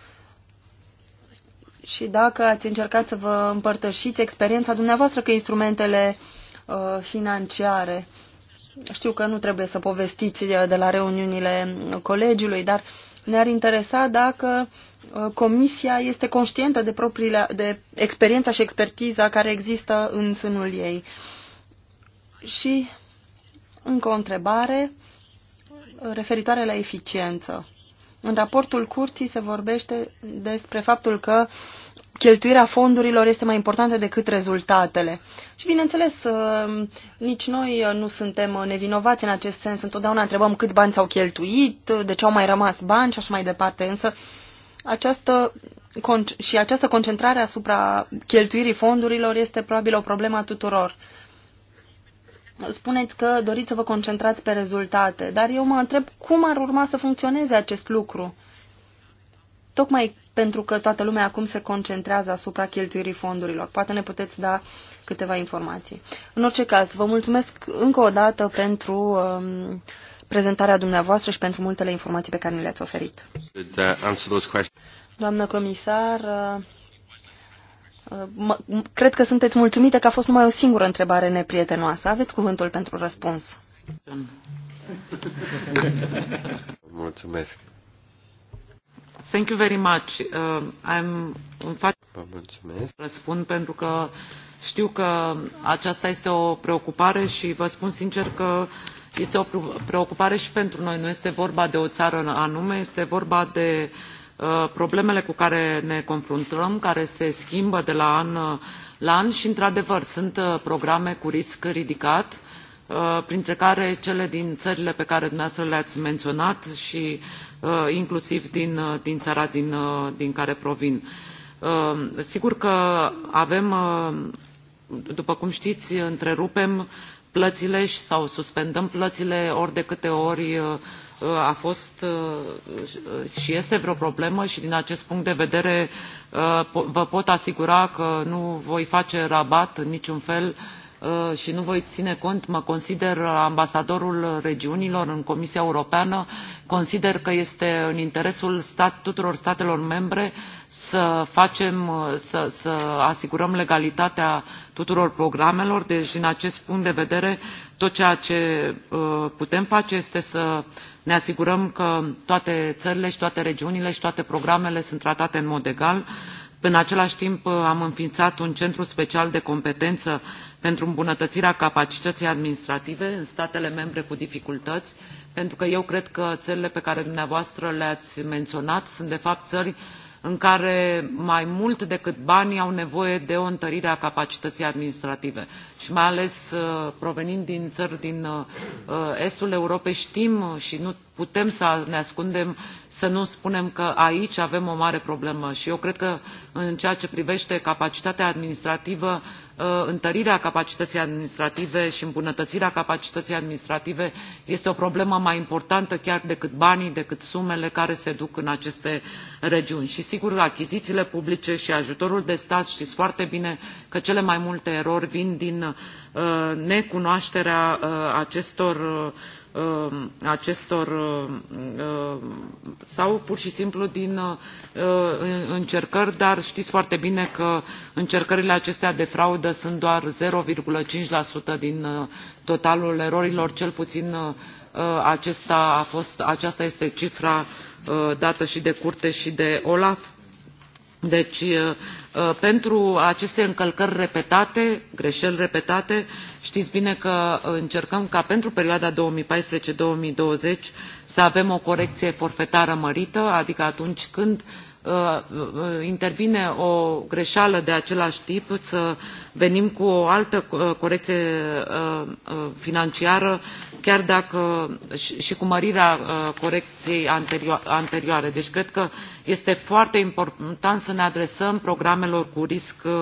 și dacă ați încercat să vă împărtășiți experiența dumneavoastră cu instrumentele uh, financiare. Știu că nu trebuie să povestiți uh, de la reuniunile colegiului, dar ne-ar interesa dacă uh, comisia este conștientă de, propriile, de experiența și expertiza care există în sânul ei. Și încă o întrebare referitoare la eficiență. În raportul curții se vorbește despre faptul că cheltuirea fondurilor este mai importantă decât rezultatele. Și bineînțeles, uh, nici noi nu suntem nevinovați în acest sens. Întotdeauna întrebăm câți bani s-au cheltuit, de ce au mai rămas bani și așa mai departe. Însă această și această concentrare asupra cheltuirii fondurilor este probabil o problemă a tuturor spuneți că doriți să vă concentrați pe rezultate, dar eu mă întreb cum ar urma să funcționeze acest lucru. Tocmai pentru că toată lumea acum se concentrează asupra cheltuirii fondurilor. Poate ne puteți da câteva informații. În orice caz, vă mulțumesc încă o dată pentru um, prezentarea dumneavoastră și pentru multele informații pe care ni le-ați oferit. Doamnă comisar, Cred că sunteți mulțumite că a fost numai o singură întrebare neprietenoasă. Aveți cuvântul pentru răspuns. Mulțumesc. Thank you very much. Uh, I'm, în față. Vă mulțumesc. răspund pentru că știu că aceasta este o preocupare și vă spun sincer că este o preocupare și pentru noi. Nu este vorba de o țară anume, este vorba de uh, Uh, problemele cu care ne confruntăm care se schimbă de la an uh, la an și într adevăr sunt uh, programe cu risc ridicat printre care cele din țările pe care dumneavoastră le ați menționat și inclusiv din, din țara din, din care provin. Sigur că avem, după cum știți, întrerupem plățile sau suspendăm plățile ori de câte ori a fost uh, și este vreo problemă și din acest punct de vedere uh, vă pot asigura că nu voi face rabat în niciun fel Uh, și nu voi ține cont, mă consider ambasadorul regiunilor în Comisia Europeană, consider că este în interesul tuturor statelor membre să facem, să, asigurăm legalitatea tuturor programelor, deci din acest punct de vedere tot ceea ce uh, putem face este să ne asigurăm că toate țările și toate regiunile și toate programele sunt tratate în mod egal în același timp uh, am înființat un centru special de competență pentru îmbunătățirea capacității administrative în statele membre cu dificultăți pentru că eu cred că țările pe care dumneavoastră le ați menționat sunt de fapt țări în care mai mult decât banii au nevoie de o întărire a capacității administrative și mai ales uh, provenind din țări din uh, estul europei știm și nu putem să ne ascundem să nu spunem că aici avem o mare problemă și eu cred că în ceea ce privește capacitatea administrativă uh, întărirea capacității administrative și îmbunătățirea capacității administrative este o problemă mai importantă chiar decât banii decât sumele care se duc în aceste regiuni și sigur achizițiile publice și ajutorul de stat știți foarte bine că cele mai multe erori vin din uh, necunoașterea uh, acestor Uh, acestor uh, uh, sau pur și simplu din încercări, dar știți foarte bine că încercările acestea de fraudă sunt doar 0,5% din totalul erorilor, cel puțin acesta a fost, aceasta este cifra dată și de curte și de OLAF deci, uh, uh, pentru aceste încălcări repetate, greșeli repetate, știți bine că uh, încercăm ca pentru perioada 2014-2020 să avem o corecție forfetară mărită, adică atunci când intervine o greșeală de același tip, să venim cu o altă corecție financiară, chiar dacă și cu mărirea corecției anterioare. Deci cred că este foarte important să ne adresăm programelor cu risc uh,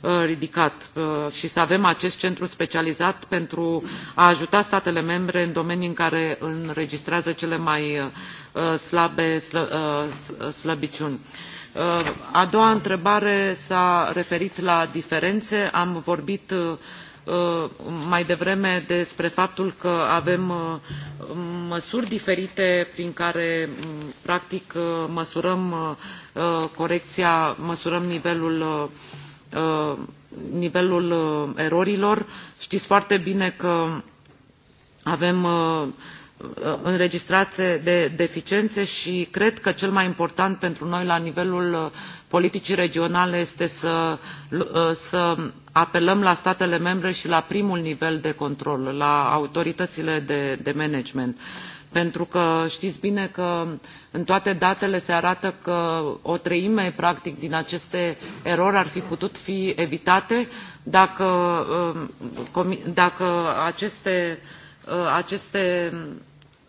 uh, ridicat uh, și să avem acest centru specializat pentru a ajuta statele membre în domenii în care înregistrează cele mai slabe slăbiciuni. A doua întrebare s-a referit la diferențe. Am vorbit Uh, mai devreme despre faptul că avem uh, măsuri diferite prin care mm, practic uh, măsurăm corecția măsurăm nivelul nivelul erorilor știți foarte bine că avem Uh, înregistrate de deficiențe și cred că cel mai important pentru noi la nivelul uh, politicii regionale este uh, să, apelăm la statele membre și la primul nivel de control la autoritățile de, de management pentru că știți bine că în toate datele se arată că o treime practic din aceste erori ar fi putut fi evitate dacă, dacă aceste, aceste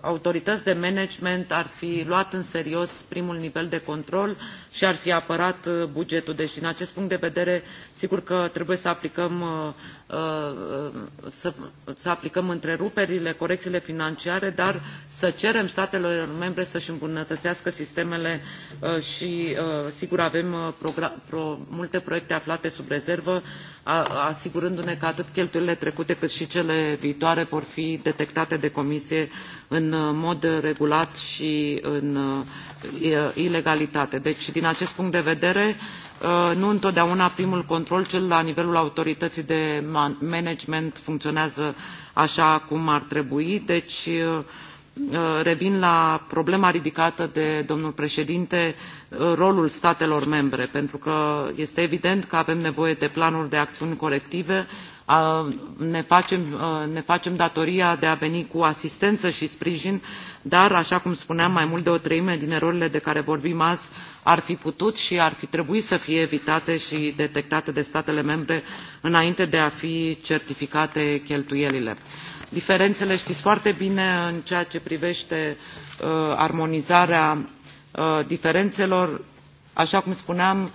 autorități de management ar fi luat în serios primul nivel de control și ar fi apărat uh, bugetul. Deci, din acest punct de vedere, sigur că trebuie să aplicăm, uh, uh, să, să aplicăm întreruperile, corecțiile financiare, dar să cerem statelor membre să-și îmbunătățească sistemele și, sigur, avem pro, multe proiecte aflate sub rezervă, asigurându-ne că atât cheltuielile trecute cât și cele viitoare vor fi detectate de comisie în uh, mod regulat și în uh, uh, ilegalitate. Deci, din acest punct de vedere, nu întotdeauna primul control, cel la nivelul autorității de management, funcționează așa cum ar trebui. Deci, revin la problema ridicată de domnul președinte rolul statelor membre pentru că este evident că avem nevoie de planuri de acțiuni colective ne facem, datoria de a veni cu asistență și sprijin dar așa cum spuneam mai mult de o treime din erorile de care vorbim azi ar fi putut și ar fi trebuit să fie evitate și detectate de statele membre înainte de a fi certificate cheltuielile diferențele știți foarte bine în ceea ce privește uh, armonizarea uh, diferențelor așa cum spuneam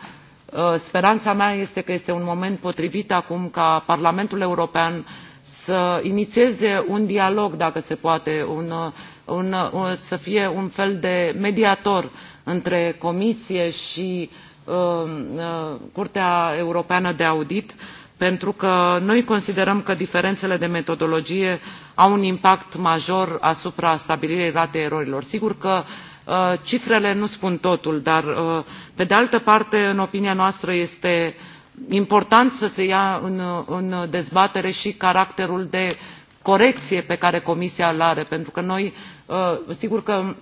Uh, speranța mea este că este un moment potrivit acum ca parlamentul european să inițieze un dialog dacă se poate uh, uh, să fie un fel de mediator între comisie și curtea europeană de audit pentru că noi considerăm că diferențele de metodologie au un impact major asupra stabilirii ratei erorilor. sigur că Uh, cifrele nu spun totul dar uh, pe de altă parte în opinia noastră este important să se ia în, dezbatere și caracterul de corecție pe care comisia îl are pentru că noi uh, sigur că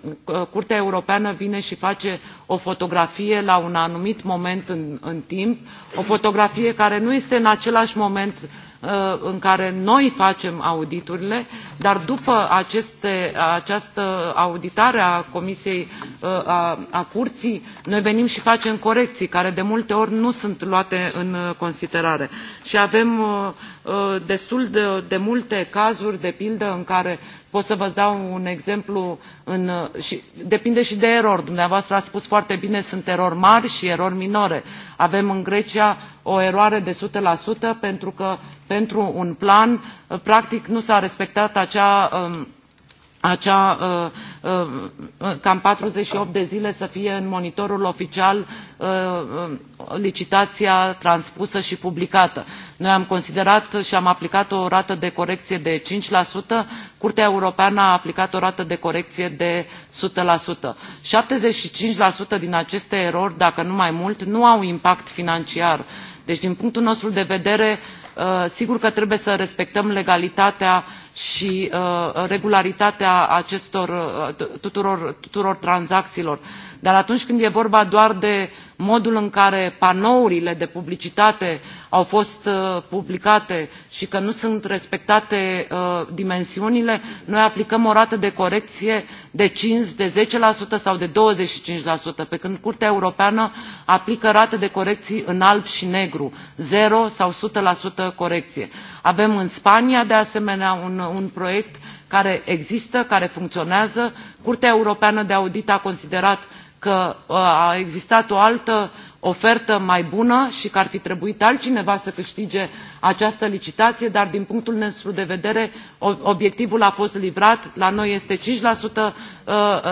curtea europeană vine și face o fotografie la un anumit moment în timp o fotografie care nu este în același moment Uh, în care noi facem auditurile dar după aceste, această auditare a comisiei uh, a, a curții noi venim și facem corecții care de multe ori nu sunt luate în uh, considerare și avem Uh, destul de, multe cazuri de pildă în care pot să vă dau un exemplu uh, și depinde și de erori dumneavoastră ați spus foarte bine sunt erori mari și erori minore avem în grecia o eroare de o sută pentru că pentru un plan uh, practic nu s a respectat acea um, acea Uh, cam patruzeci și opt de zile să fie în monitorul oficial uh, uh, licitația transpusă și publicată. noi am considerat și am aplicat o rată de corecție de cinci curtea europeană a aplicat o rată de corecție de. o sută șaptezeci și cinci din aceste erori dacă nu mai mult nu au impact financiar deci din punctul nostru de vedere Uh, sigur că trebuie să respectăm legalitatea și uh, regularitatea acestor, uh, tuturor, tuturor tranzacțiilor dar atunci când e vorba doar de modul în care panourile de publicitate au fost uh, publicate și că nu sunt respectate uh, dimensiunile noi aplicăm o rată de corecție de cinci de zece sau de douăzeci și cinci pe când curtea europeană aplică rate de corecții în alb și negru zero sau o sută corecție. avem în spania de asemenea un, un proiect care există care funcționează curtea europeană de audit a considerat că uh, a existat o altă ofertă mai bună și că ar fi trebuit altcineva să câștige această licitație dar din punctul nostru de vedere obiectivul a fost livrat la noi este cinci uh,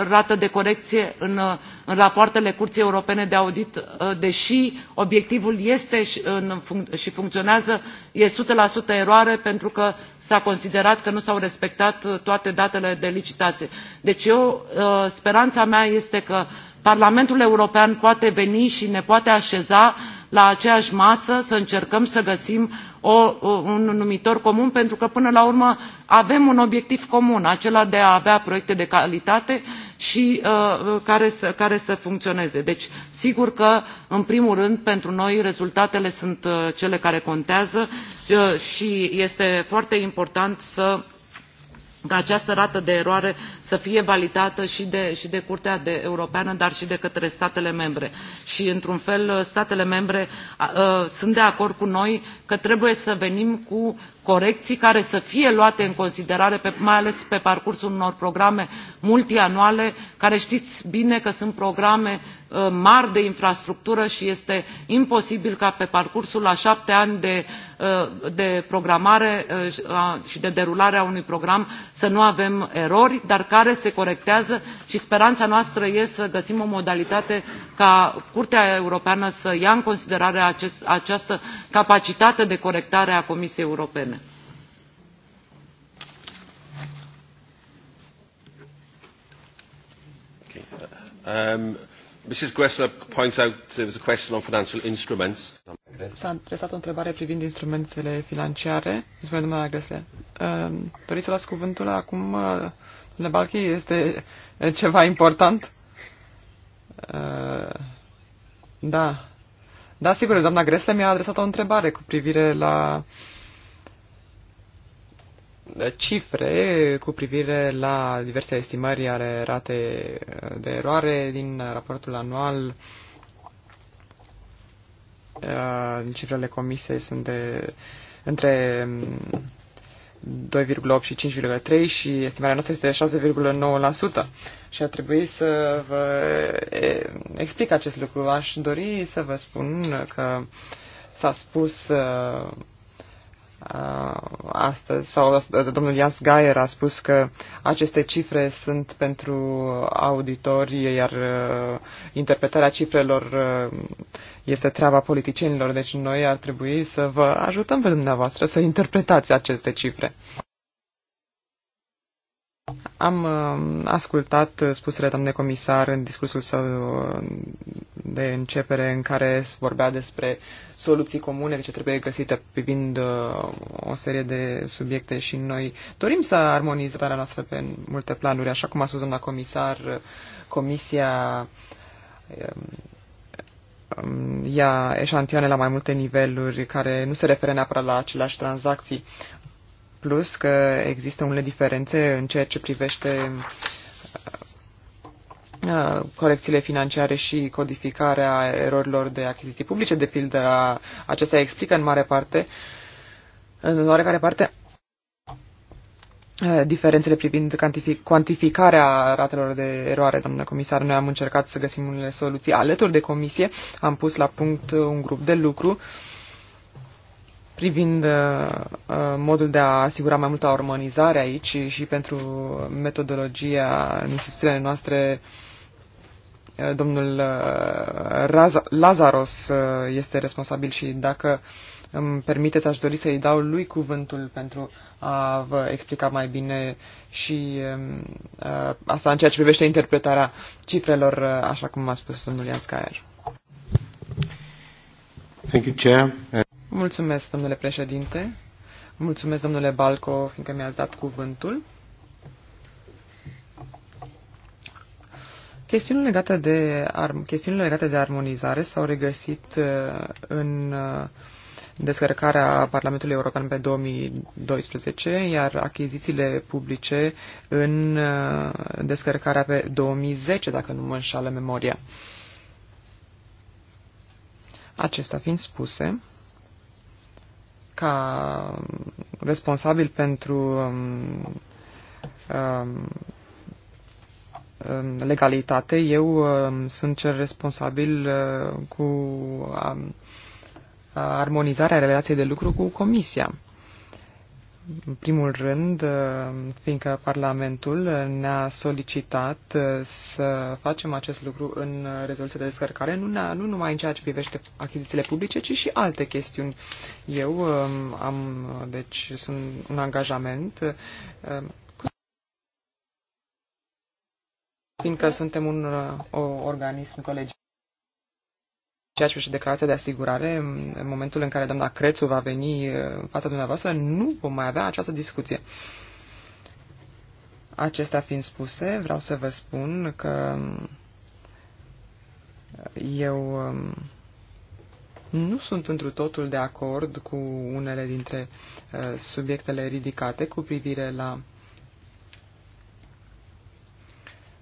rată de corecție uh, în, rapoartele curții europene de audit deși obiectivul este și, funcționează e o sută eroare pentru că s a considerat că nu s au respectat toate datele de licitație. deci eu speranța mea este că parlamentul european poate veni și ne poate așeza la aceeași masă să încercăm să găsim un numitor comun pentru că până la urmă avem un obiectiv comun acela de a avea proiecte de calitate și uh, care, să, funcționeze. deci sigur că în primul rând pentru noi rezultatele sunt uh, cele care contează uh, și este foarte important să ca această rată de eroare să fie validată și de, și de curtea de europeană dar și de către statele membre și într un fel statele membre uh, sunt de acord cu noi că trebuie să venim cu corecții care să fie luate în considerare mai ales pe parcursul unor programe multianuale care știți bine că sunt programe ă, mari de infrastructură și este imposibil ca pe parcursul a șapte ani de, ă, programare ă, și de derulare a unui program să nu avem erori dar care se corectează și speranța noastră este să găsim o modalitate ca curtea europeană să ia în considerare această capacitate de corectare a comisiei europene. Um, Mrs. Gressler points out there was a question on financial instruments. S-a presat o întrebare privind instrumentele financiare. Mulțumesc, domnule Gressler. Um, doriți să luați cuvântul acum, uh, domnule Balchi? Este ceva important? Uh, da. Da, sigur, doamna Gressler mi-a adresat o întrebare cu privire la uh, cifre cu privire la diverse estimări ale rate de eroare din raportul anual. Uh, cifrele comise sunt de între 2,8 mm, și 5,3 și estimarea noastră este de 6,9% și ar trebui să vă explic acest lucru. Aș dori să vă spun că s-a spus uh, Uh, astăzi, sau uh, domnul Jans Gaier a spus că aceste cifre sunt pentru auditori, iar uh, interpretarea cifrelor este treaba politicienilor, deci noi ar trebui să vă ajutăm pe dumneavoastră să interpretați aceste cifre. Am uh, ascultat spusele doamne comisar în discursul său de începere în care vorbea despre soluții comune ce trebuie găsite privind uh, o serie de subiecte și noi dorim să armonizăm țara noastră pe multe planuri. Așa cum a spus doamna comisar, comisia um, ia eșantioane la mai multe niveluri care nu se referă neapărat la aceleași tranzacții plus că există unele diferențe în ceea ce privește uh, uh, corecțiile financiare și codificarea erorilor de achiziții publice, de pildă, acestea explică în mare parte, în oarecare parte, uh, diferențele privind cuantificarea ratelor de eroare, doamnă comisar. Noi am încercat să găsim unele soluții alături de comisie, am pus la punct un grup de lucru uh, privind uh, uh, modul de a asigura mai multă armonizare aici și pentru metodologia în instituțiile noastre. Uh, domnul uh, Raz Lazaros uh, este responsabil și dacă îmi permiteți, aș dori să-i dau lui cuvântul pentru a vă explica mai bine și um, asta în ceea ce privește interpretarea cifrelor, așa cum a spus domnul Ian Thank you, Chair. Uh... Mulțumesc, domnule președinte. Mulțumesc, domnule Balco, fiindcă mi-ați dat cuvântul. Chestiunile legate de, arm, chestiunile legate de armonizare s-au regăsit uh, în uh, descărcarea Parlamentului European pe 2012, iar achizițiile publice în uh, descărcarea pe 2010, dacă nu mă înșală memoria. Acestea fiind spuse, ca responsabil pentru um, um, um, legalitate, eu um, sunt cel responsabil uh, cu um, armonizarea relației de lucru cu Comisia în primul rând, uh, fiindcă Parlamentul ne-a solicitat uh, să facem acest lucru în rezoluția de descărcare, nu, nu numai în ceea ce privește achizițiile publice, ci și alte chestiuni. Eu um, am, deci, sunt un angajament uh, fiindcă suntem un o, organism colegial ceea ce privește declarația de asigurare, în momentul în care doamna Crețu va veni uh, în fața dumneavoastră, nu vom mai avea această discuție. Acestea fiind spuse, vreau să vă spun că um, eu um, nu sunt întru totul de acord cu unele dintre uh, subiectele ridicate cu privire la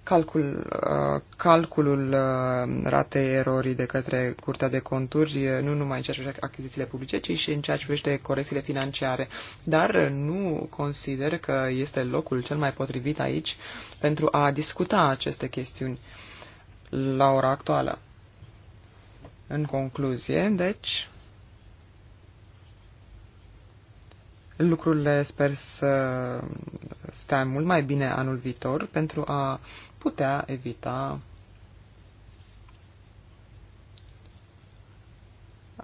Calcul, uh, calculul uh, ratei erorii de către Curtea de Conturi, nu numai în ceea ce privește achizițiile publice, ci și în ceea ce privește corecțiile financiare. Dar uh, nu consider că este locul cel mai potrivit aici pentru a discuta aceste chestiuni la ora actuală. În concluzie, deci, lucrurile sper să stea mult mai bine anul viitor pentru a putea evita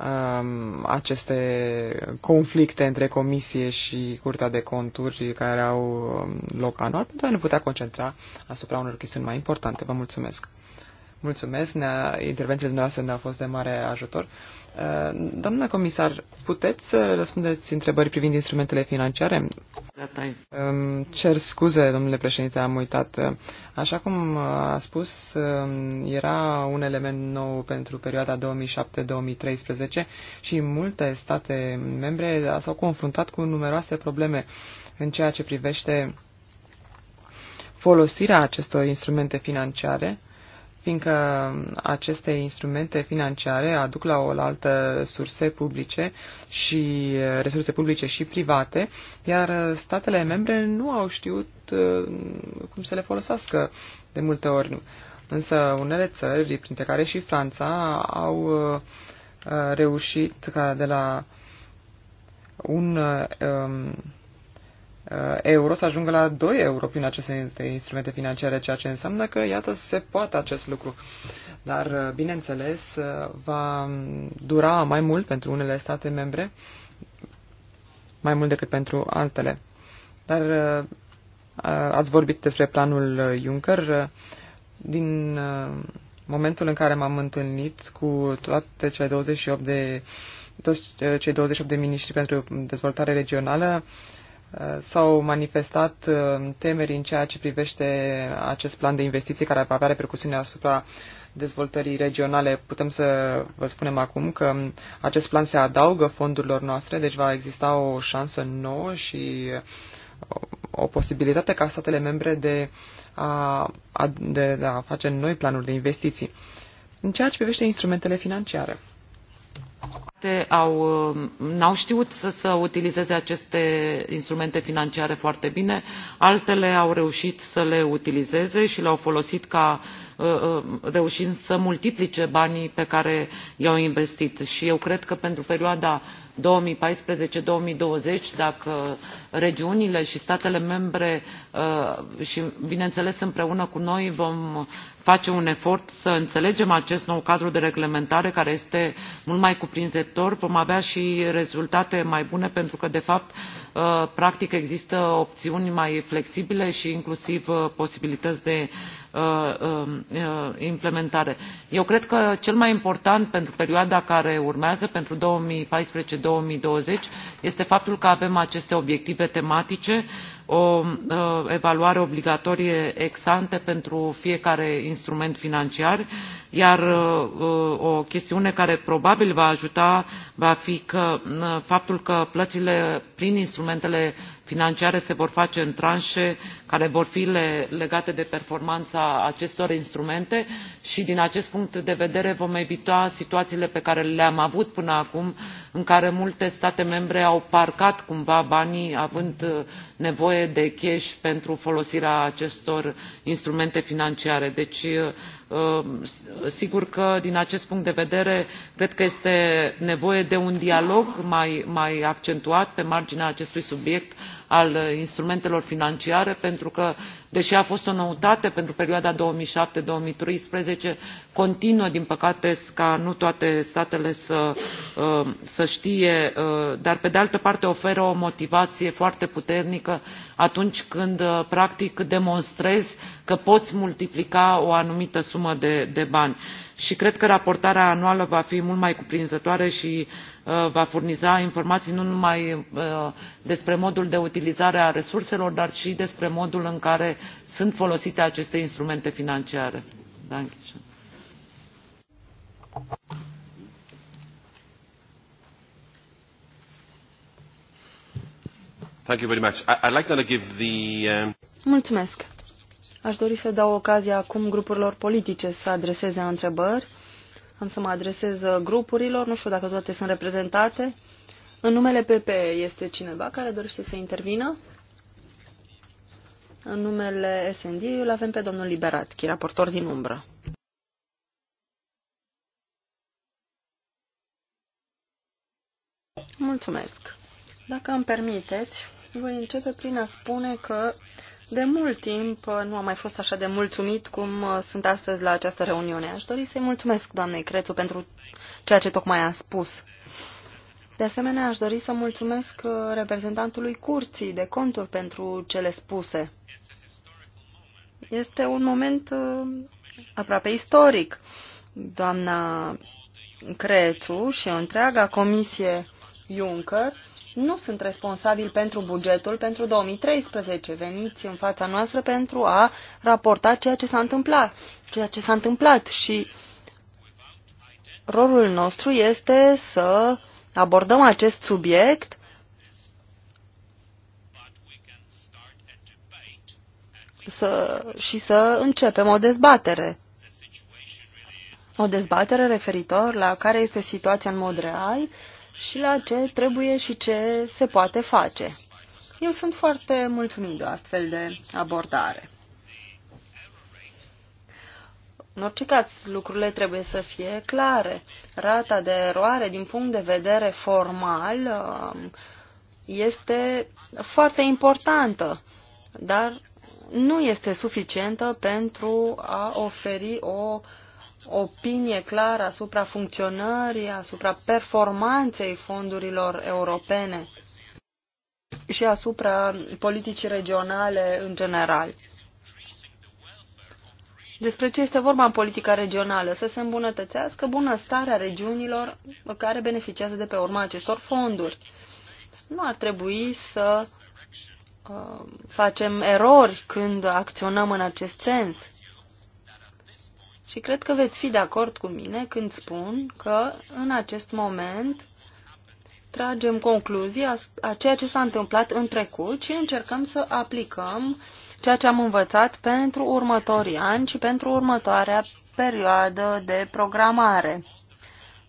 um, aceste conflicte între comisie și curtea de conturi care au um, loc anual pentru a ne putea concentra asupra unor chestiuni mai importante. Vă mulțumesc! Mulțumesc, ne-a, intervențiile noastre ne-au fost de mare ajutor. Uh, doamna comisar, puteți să răspundeți întrebări privind instrumentele financiare? Cer scuze, domnule președinte, am uitat. Așa cum a spus, um, era un element nou pentru perioada 2007-2013 și multe state membre s-au confruntat cu numeroase probleme în ceea ce privește folosirea acestor instrumente financiare fiindcă aceste instrumente financiare aduc la o altă surse publice și resurse publice și private, iar statele membre nu au știut uh, cum să le folosească de multe ori nu. Însă unele țări, printre care și Franța, au uh, reușit ca de la un uh, um, Uh, euro să ajungă la 2 euro prin aceste instrumente financiare, ceea ce înseamnă că, iată, se poate acest lucru. Dar, uh, bineînțeles, uh, va dura mai mult pentru unele state membre, mai mult decât pentru altele. Dar ați vorbit despre planul Juncker. Din momentul în care m-am întâlnit cu toate cele 28 de toți cei 28 de miniștri pentru dezvoltare regională, uh, Uh, s-au manifestat uh, temeri în ceea ce privește acest plan de investiții care va avea repercusiune asupra dezvoltării regionale. Putem să vă spunem acum că um, acest plan se adaugă fondurilor noastre, deci va exista o șansă nouă și uh, o posibilitate ca statele membre de a, de, de a face noi planuri de investiții. În ceea ce privește instrumentele financiare, au, um, n-au știut să, să utilizeze aceste instrumente financiare foarte bine, altele au reușit să le utilizeze și le-au folosit ca uh, uh, reușind să multiplice banii pe care i au investit și eu cred că pentru perioada două mii paisprezece două mii douăzeci dacă regiunile și statele membre uh, și bineînțeles împreună cu noi vom face un efort să înțelegem acest nou cadru de reglementare care este mult mai cuprinzător cuprinzător vom avea și rezultate mai bune pentru că de fapt uh, practic există opțiuni mai flexibile și inclusiv uh, posibilități de uh, um, implementare. eu cred că cel mai important pentru perioada care urmează pentru două mii paisprezece două mii douăzeci este faptul că avem aceste obiective tematice și o evaluare obligatorie ex ante pentru fiecare instrument financiar iar o chestiune care probabil va ajuta va fi faptul că plățile prin instrumentele financiare se vor face în tranșe care vor fi legate de performanța acestor instrumente și din acest punct de vedere vom evita situațiile pe care le am avut până acum în care multe state membre au parcat cumva banii având uh, nevoie de cash pentru folosirea acestor instrumente financiare. deci uh, uh, sigur că din acest punct de vedere cred că este nevoie de un dialog mai, mai accentuat pe marginea acestui subiect al uh, instrumentelor financiare pentru că deși a fost o noutate pentru perioada două mii șapte două mii treisprezece continuă din păcate ca nu toate statele să, uh, știe uh, dar pe de altă parte oferă o motivație foarte puternică atunci când practic demonstrezi că poți multiplica o anumită sumă de bani și cred că raportarea anuală va fi mult mai cuprinzătoare și uh, va furniza informații nu numai uh, despre modul de utilizare a resurselor dar și despre modul în care sunt folosite aceste instrumente financiare. Da, um, Mulțumesc. Aș dori să dau ocazia acum grupurilor politice să adreseze întrebări. Am să mă adresez grupurilor, nu știu dacă toate sunt reprezentate. În numele PP este cineva care dorește să intervină? În numele SND îl avem pe domnul Liberatchi, raportor din umbră. Mulțumesc. Dacă îmi permiteți, voi începe prin a spune că uh, de mult timp uh, nu am mai fost așa de mulțumit cum uh, sunt astăzi la această reuniune. Aș dori să-i mulțumesc doamnei Crețu pentru ceea ce tocmai a spus. De asemenea, aș dori să mulțumesc uh, reprezentantului Curții de Conturi pentru cele spuse. Este un moment aproape istoric. Doamna Crețu și o întreaga comisie Juncker nu sunt responsabil pentru bugetul pentru 2013. Veniți în fața noastră pentru a raporta ceea ce s-a întâmplat, ceea ce s-a întâmplat și rolul nostru este să abordăm acest subiect să, și să începem o dezbatere. O dezbatere referitor la care este situația în mod real și la ce trebuie și ce se poate face. Eu sunt foarte mulțumit de astfel de abordare. În orice caz, lucrurile trebuie să fie clare. Rata de eroare din punct de vedere formal um, este foarte importantă, dar nu este suficientă pentru a oferi o uh, opinie clară asupra funcționării, asupra performanței fondurilor europene și asupra politicii regionale în general. Despre ce este vorba în politica regională? Să se îmbunătățească bunăstarea regiunilor care beneficiază de pe urma acestor fonduri. Nu ar trebui să uh, facem erori când acționăm în acest sens. Și cred că veți fi de acord cu mine când spun că în acest moment tragem concluzii a, a ceea ce s-a întâmplat în trecut și încercăm să aplicăm ceea ce am învățat pentru următorii ani și pentru următoarea perioadă de programare.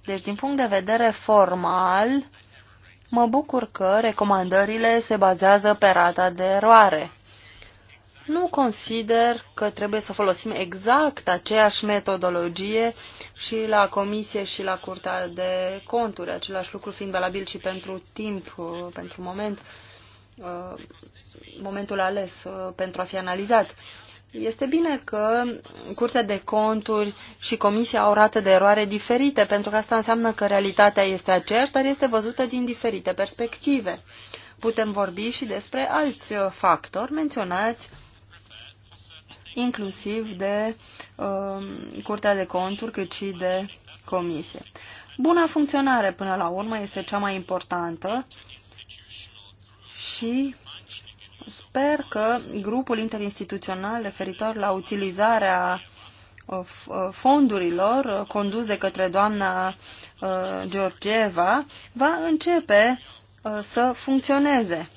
Deci, din punct de vedere formal, mă bucur că recomandările se bazează pe rata de eroare nu consider că trebuie să folosim exact aceeași metodologie și la comisie și la curtea de conturi, același lucru fiind valabil și pentru timp, uh, pentru moment, uh, momentul ales uh, pentru a fi analizat. Este bine că Curtea de Conturi și Comisia au rate de eroare diferite, pentru că asta înseamnă că realitatea este aceeași, dar este văzută din diferite perspective. Putem vorbi și despre alți factori menționați inclusiv de uh, Curtea de Conturi, cât și de Comisie. Buna funcționare, până la urmă, este cea mai importantă și sper că grupul interinstituțional referitor la utilizarea uh, uh, fondurilor uh, condus de către doamna Georgieva va începe să funcționeze.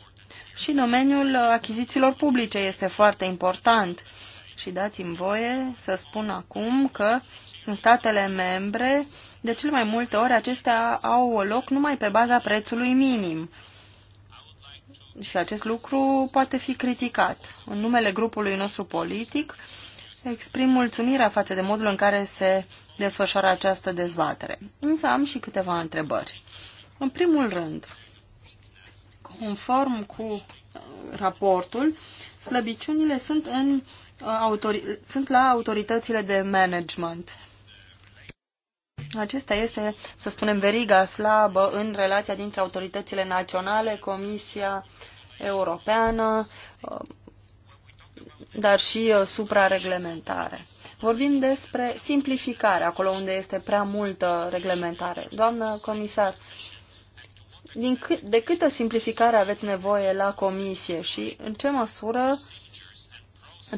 Și domeniul achizițiilor publice este foarte important. Și dați-mi voie să spun acum că în statele membre, de cel mai multe ori, acestea au loc numai pe baza prețului minim. Și acest lucru poate fi criticat. În numele grupului nostru politic, exprim mulțumirea față de modul în care se desfășoară această dezbatere. Însă am și câteva întrebări. În primul rând, conform cu raportul, slăbiciunile sunt în autori- sunt la autoritățile de management. Acesta este, să spunem, veriga slabă în relația dintre autoritățile naționale, Comisia Europeană, uh, dar și uh, suprareglementare. Vorbim despre simplificare, acolo unde este prea multă reglementare. Doamnă comisar, din cât, de câtă simplificare aveți nevoie la comisie și în ce măsură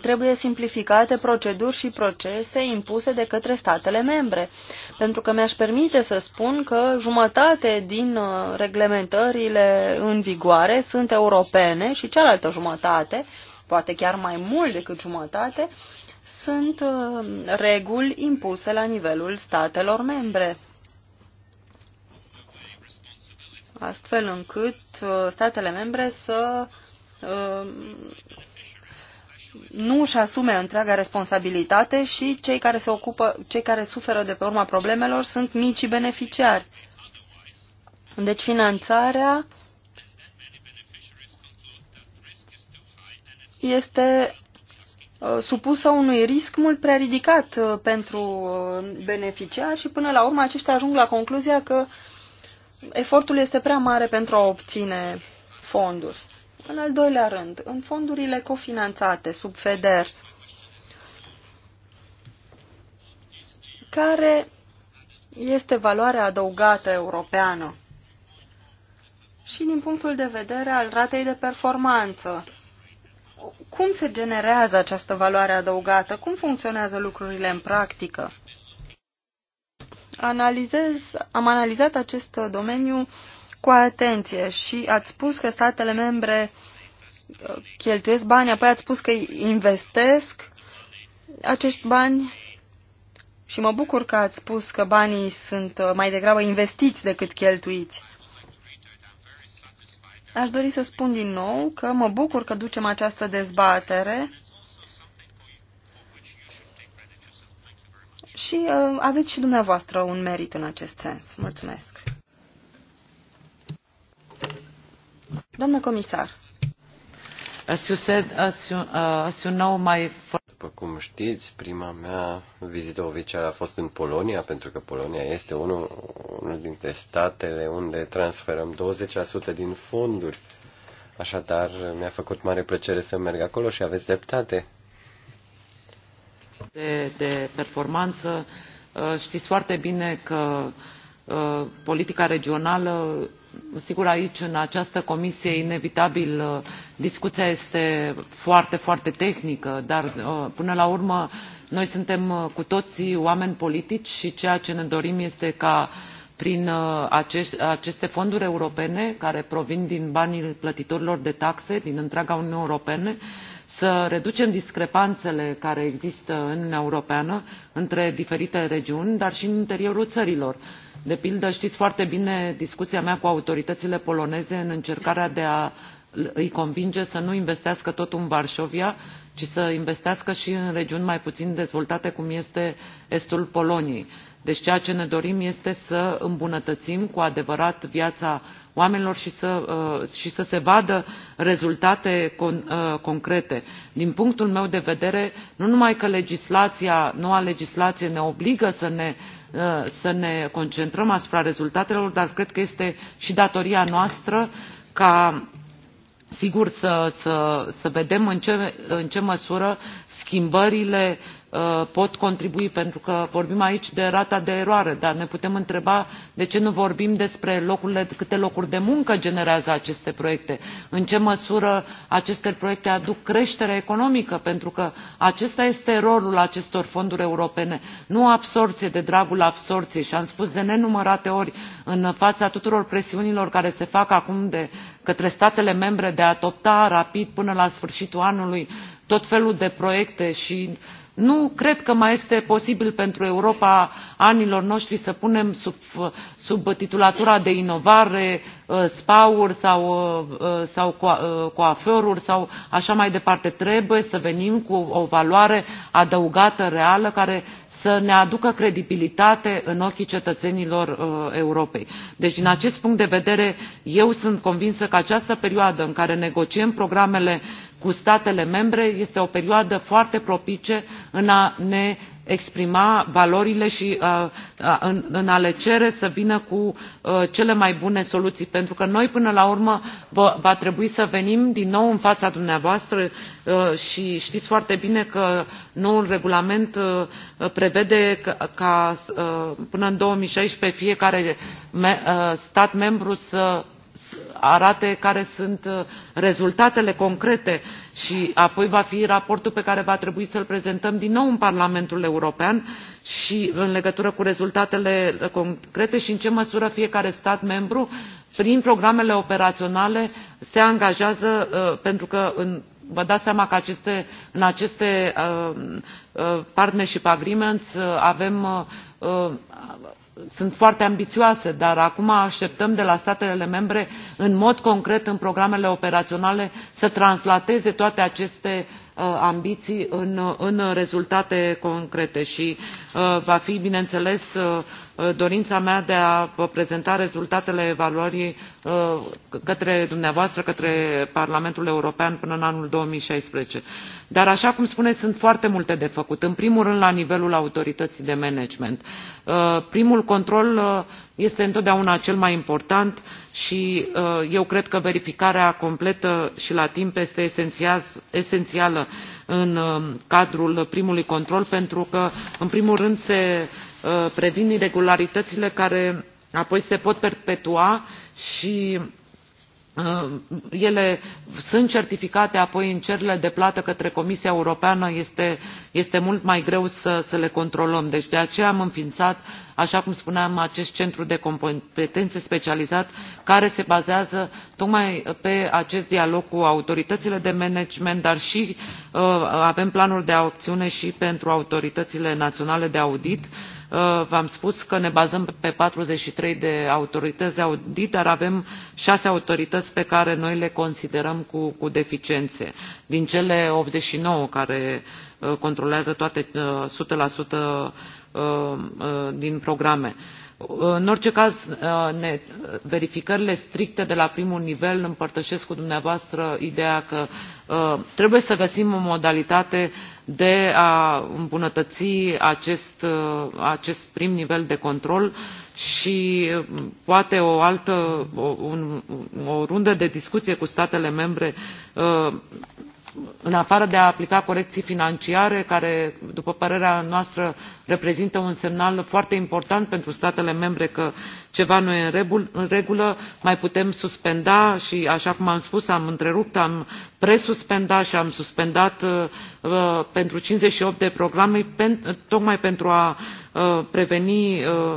trebuie simplificate proceduri și procese impuse de către statele membre. Pentru că mi-aș permite să spun că jumătate din uh, reglementările în vigoare sunt europene și cealaltă jumătate, poate chiar mai mult decât jumătate, sunt uh, reguli impuse la nivelul statelor membre. Astfel încât uh, statele membre să nu își asume întreaga responsabilitate și cei care, se ocupă, cei care suferă de pe urma problemelor sunt micii beneficiari. Deci finanțarea este uh, supusă unui risc mult prea ridicat uh, pentru uh, beneficiari și până la urmă aceștia ajung la concluzia că efortul este prea mare pentru a obține fonduri. În al doilea rând, în fondurile cofinanțate sub FEDER, care este valoarea adăugată europeană și din punctul de vedere al ratei de performanță. Cum se generează această valoare adăugată? Cum funcționează lucrurile în practică? Analizez, am analizat acest domeniu cu atenție și ați spus că statele membre uh, cheltuiesc bani, apoi ați spus că investesc acești bani și mă bucur că ați spus că banii sunt uh, mai degrabă investiți decât cheltuiți. Aș dori să spun din nou că mă bucur că ducem această dezbatere și uh, aveți și dumneavoastră un merit în acest sens. Mulțumesc! Doamnă comisar. Uh, După cum știți, prima mea vizită oficială a fost în Polonia, pentru că Polonia este unul, unul dintre statele unde transferăm 20% din fonduri. Așadar, mi-a făcut mare plăcere să merg acolo și aveți dreptate. De, de performanță, uh, știți foarte bine că uh, politica regională sigur aici în această comisie inevitabil uh, discuția este foarte foarte tehnică dar uh, până la urmă noi suntem uh, cu toții oameni politici și ceea ce ne dorim este ca prin aceste fonduri europene care provin din banii plătitorilor de taxe din întreaga uniune europeană să reducem discrepanțele care există în uniunea europeană între diferite regiuni dar și în interiorul țărilor. de pildă știți foarte bine discuția mea cu autoritățile poloneze în încercarea de a îi convinge să nu investească tot în varșovia ci să investească și în regiuni mai puțin dezvoltate cum este estul poloniei. deci ceea ce ne dorim este să îmbunătățim cu adevărat viața oamenilor și să, uh, și să se vadă rezultate con, uh, concrete. Din punctul meu de vedere, nu numai că legislația, noua legislație ne obligă să ne uh, să ne concentrăm asupra rezultatelor, dar cred că este și datoria noastră ca sigur să, să, să vedem în ce, în ce măsură schimbările Uh, pot contribui pentru că vorbim aici de rata de eroare dar ne putem întreba de ce nu vorbim despre locurile, câte locuri de muncă generează aceste proiecte în ce măsură aceste proiecte aduc creștere economică pentru că acesta este rolul acestor fonduri europene nu absorbție de dragul absorbției și am spus de nenumărate ori în fața tuturor presiunilor care se fac acum de către statele membre de a adopta rapid până la sfârșitul anului tot felul de proiecte și uh, nu cred că mai este posibil pentru europa anilor noștri să punem sub, sub titulatura de inovare uh, spa uri sau, uh, uh, sau coafăruri sau așa mai departe trebuie să venim cu o valoare adăugată reală care să ne aducă credibilitate în ochii cetățenilor europei. deci din acest punct de vedere eu sunt convinsă că această perioadă în care negociem programele cu statele membre este o perioadă foarte propice în a ne exprima valorile și uh, uh, în, a le cere să vină cu uh, cele mai bune soluții pentru că noi până la urmă va trebui să venim din nou în fața dumneavoastră și știți foarte bine că noul regulament prevede ca, până în două mii șaisprezece fiecare stat membru să arate care sunt uh, rezultatele concrete și apoi va fi raportul pe care va trebui să l prezentăm din nou în parlamentul european și în legătură cu rezultatele uh, concrete și în ce măsură fiecare stat membru prin programele operaționale se angajează uh, pentru că în vă dați seama că aceste, în aceste uh, uh, partnership agreements uh, avem sunt foarte ambițioase dar acum așteptăm de la statele membre în mod concret în programele operaționale să translateze toate aceste uh, ambiții în, în rezultate concrete și uh, va fi bineînțeles uh, Uh, dorința mea de a vă prezenta rezultatele evaluării uh, către dumneavoastră către parlamentul european până în anul două mii șaisprezece dar așa cum spuneți sunt foarte multe de făcut în primul rând la nivelul autorității de management. Uh, primul control este întotdeauna cel mai important și eu cred că verificarea completă și la timp este esențială în cadrul primului control pentru că în primul rând se Uh, previn iregularitățile care apoi se pot perpetua și uh, ele sunt certificate apoi în cererile de plată către comisia europeană este, este mult mai greu să, le controlăm deci de aceea am înființat așa cum spuneam acest centru de competențe specializat care se bazează tocmai pe acest dialog cu autoritățile de management dar și uh, avem planuri de acțiune și pentru autoritățile naționale de audit și Uh, v-am spus că ne bazăm pe 43 de autorități de audit, dar avem șase autorități pe care noi le considerăm cu, deficiențe. Din cele 89 care uh, controlează toate 100% uh, din programe în orice caz uh, uh, verificările stricte de la primul nivel împărtășesc cu dumneavoastră ideea că uh, trebuie să găsim o modalitate de a îmbunătăți acest, prim nivel de control și poate o altă o, rundă de discuție cu statele membre în afară de a aplica corecții financiare care după părerea noastră reprezintă un semnal foarte important pentru statele membre că ceva nu e în regulă mai putem suspenda și așa cum am spus am întrerupt am presuspendat și am suspendat uh, uh, pentru cincizeci și opt de programe pen, tocmai pentru a uh, preveni uh,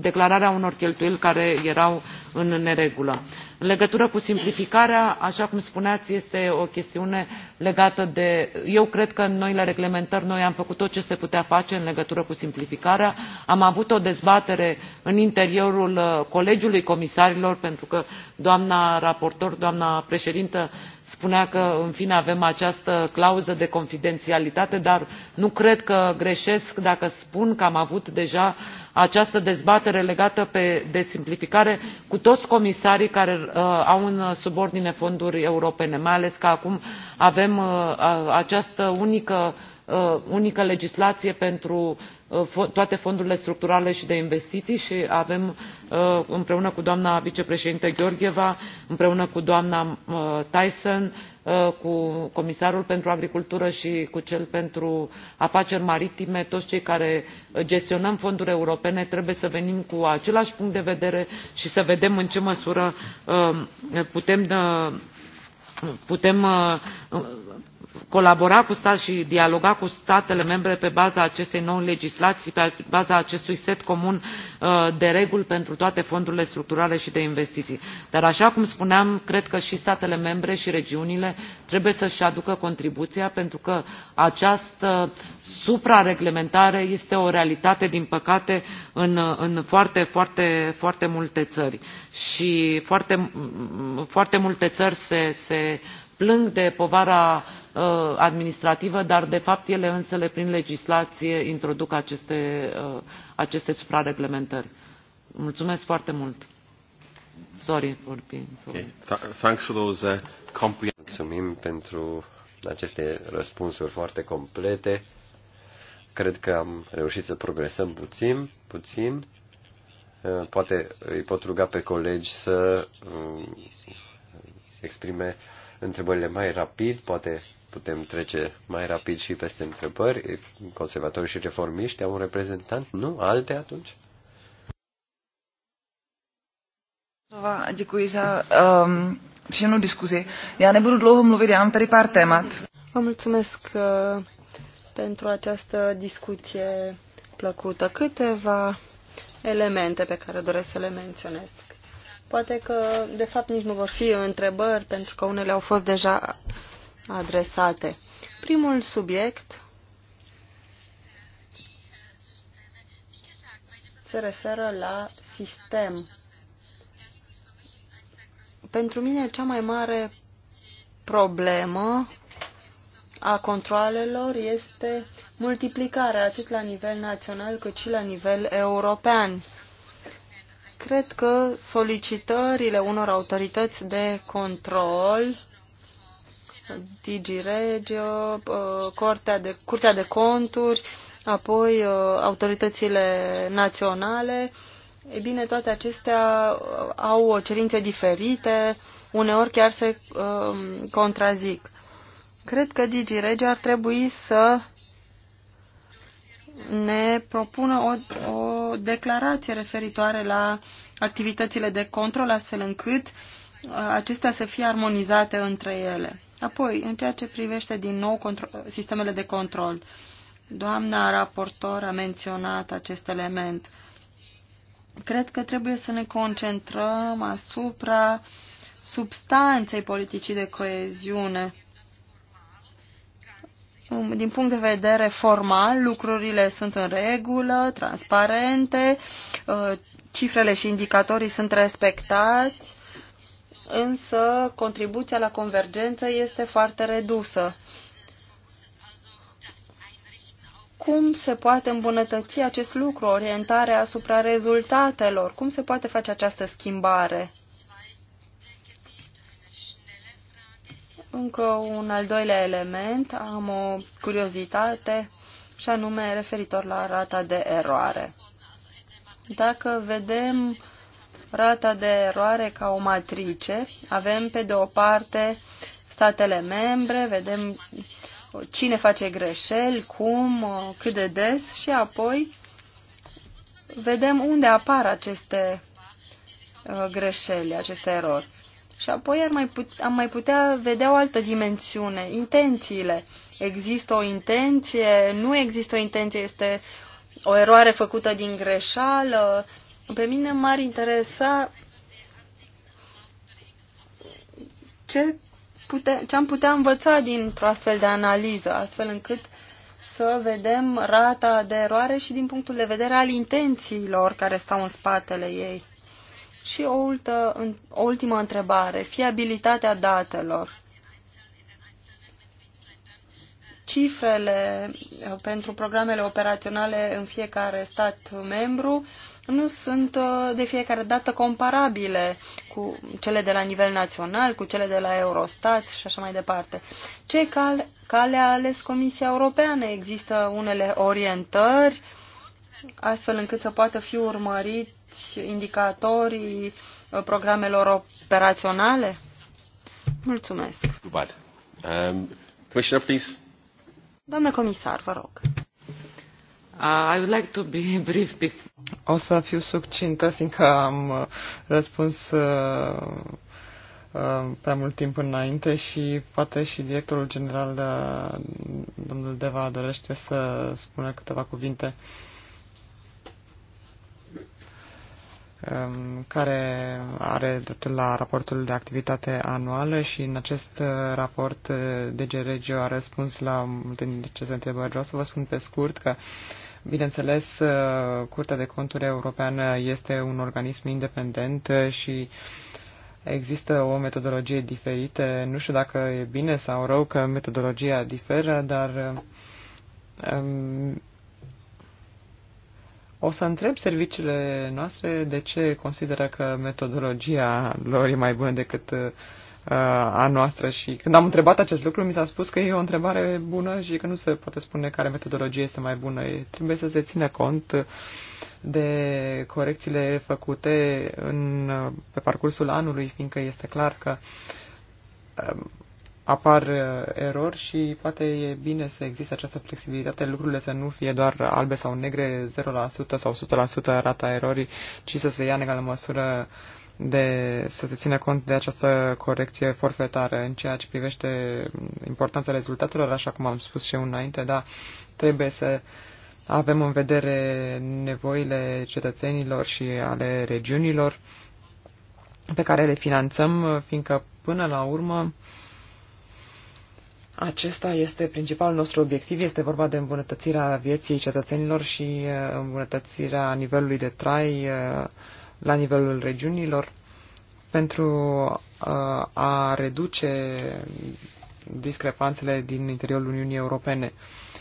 declararea unor cheltuieli care erau în neregulă în legătură cu simplificarea așa cum spuneați este o chestiune legată de eu cred că în noile reglementări noi am făcut tot ce se putea face în legătură cu simplificarea am avut o dezbatere în interiorul uh, colegiului comisarilor pentru că doamna raportor doamna președintă spunea că în fine avem această clauză de confidențialitate dar nu cred că greșesc dacă spun că am avut deja această dezbatere legată de simplificare cu toți comisarii care uh, au în subordine fonduri europene mai ales că acum avem uh, această unică, uh, unică legislație pentru Uh, toate fondurile structurale și de investiții și avem uh, împreună cu doamna vicepreședintă georgieva împreună cu doamna uh, thyssen cu comisarul pentru agricultură și cu cel pentru afaceri maritime toți cei care gestionăm fonduri europene trebuie să venim cu același punct de vedere și să vedem în ce măsură putem putem colabora cu stat și dialoga cu statele membre pe baza acestei noi legislații pe baza acestui set comun uh, de reguli pentru toate fondurile structurale și de investiții dar așa cum spuneam cred că și statele membre și regiunile trebuie să își aducă contribuția pentru că această suprareglementare este o realitate din păcate în, în foarte foarte foarte multe țări și foarte, foarte multe țări se, se plâng de povara Uh, administrativă dar de fapt ele însele prin legislație introduc aceste, uh, aceste suprareglementări. mulțumesc foarte mult. Sorry for being sorry. Okay. Thanks for those, uh, Mulțumim pentru aceste răspunsuri foarte complete. Cred că am reușit să progresăm puțin, puțin. Uh, poate îi pot ruga pe colegi să exprime întrebările mai rapid, poate putem trece mai rapid și peste întrebări. conservatori și reformiști au un reprezentant? Nu? Alte atunci? Děkuji za um, příjemnou diskuzi. Já nebudu dlouho mluvit, já mám tady pár témat. Vám mulțumesc uh, pentru această discuție plăcută. Câteva elemente pe care doresc să le menționez. Poate că, de fapt, nici nu vor fi întrebări, pentru că unele au fost deja adresate. Primul subiect se referă la sistem. Pentru mine cea mai mare problemă a controalelor este multiplicarea atât la nivel național cât și la nivel european. Cred că solicitările unor autorități de control DigiRegio, uh, Curtea de, Curtea de Conturi, apoi uh, autoritățile naționale. E bine, toate acestea uh, au cerințe diferite, uneori chiar se um, contrazic. Cred că DigiRegio ar trebui să ne propună o, o declarație referitoare la activitățile de control, astfel încât uh, acestea să fie armonizate între ele. Apoi, în ceea ce privește din nou sistemele de control, doamna raportor a menționat acest element. Cred că trebuie să ne concentrăm asupra substanței politicii de coeziune. Um, din punct de vedere formal, lucrurile sunt în regulă, transparente, uh, cifrele și indicatorii sunt respectați, însă contribuția la convergență este foarte redusă. Cum se poate îmbunătăți acest lucru, orientarea asupra rezultatelor? Cum se poate face această schimbare? Încă un al doilea element, am o curiozitate și anume referitor la rata de eroare. Dacă vedem rata de eroare ca o matrice. Avem, pe de o parte, statele membre, vedem cine face greșeli, cum, cât de des și apoi vedem unde apar aceste uh, greșeli, aceste erori. Și apoi ar mai putea, am mai putea vedea o altă dimensiune, intențiile. Există o intenție, nu există o intenție, este o eroare făcută din greșeală, pe mine m-ar interesa ce, pute, ce am putea învăța dintr-o astfel de analiză, astfel încât să vedem rata de eroare și din punctul de vedere al intențiilor care stau în spatele ei. Și o, ultă, o ultimă întrebare, fiabilitatea datelor. Cifrele uh, pentru programele operaționale în fiecare stat membru nu sunt uh, de fiecare dată comparabile cu cele de la nivel național, cu cele de la Eurostat și așa mai departe. Ce cale, cale a ales Comisia Europeană? Există unele orientări astfel încât să poată fi urmăriți indicatorii uh, programelor operaționale? Mulțumesc. Um, Doamnă comisar, vă rog. I would like to be brief O să fiu succintă, fiindcă am uh, răspuns uh, uh, prea mult timp înainte și poate și directorul general, domnul Deva, dorește să spună câteva cuvinte um, care are dreptul la raportul de activitate anuală și în acest raport DG Regio a răspuns la multe dintre aceste întrebări. Vreau să vă spun pe scurt că Bineînțeles, uh, Curtea de Conturi Europeană este un organism independent uh, și există o metodologie diferită. Nu știu dacă e bine sau rău că metodologia diferă, dar uh, um, o să întreb serviciile noastre de ce consideră că metodologia lor e mai bună decât Uh, a noastră și când am întrebat acest lucru, mi s-a spus că e o întrebare bună și că nu se poate spune care metodologie este mai bună. Trebuie să se ține cont de corecțiile făcute în, pe parcursul anului, fiindcă este clar că um, apar uh, erori și poate e bine să existe această flexibilitate, lucrurile să nu fie doar albe sau negre, 0% sau 100% rata erorii, ci să se ia în egală măsură uh, de să se țină cont de această corecție forfetară în ceea ce privește importanța rezultatelor, așa cum am spus și eu înainte, dar trebuie să avem în vedere nevoile cetățenilor și ale regiunilor pe care le finanțăm, fiindcă până la urmă acesta este principalul nostru obiectiv, este vorba de îmbunătățirea vieții cetățenilor și uh, îmbunătățirea nivelului de trai uh, la nivelul regiunilor pentru uh, a reduce discrepanțele din interiorul Uniunii Europene.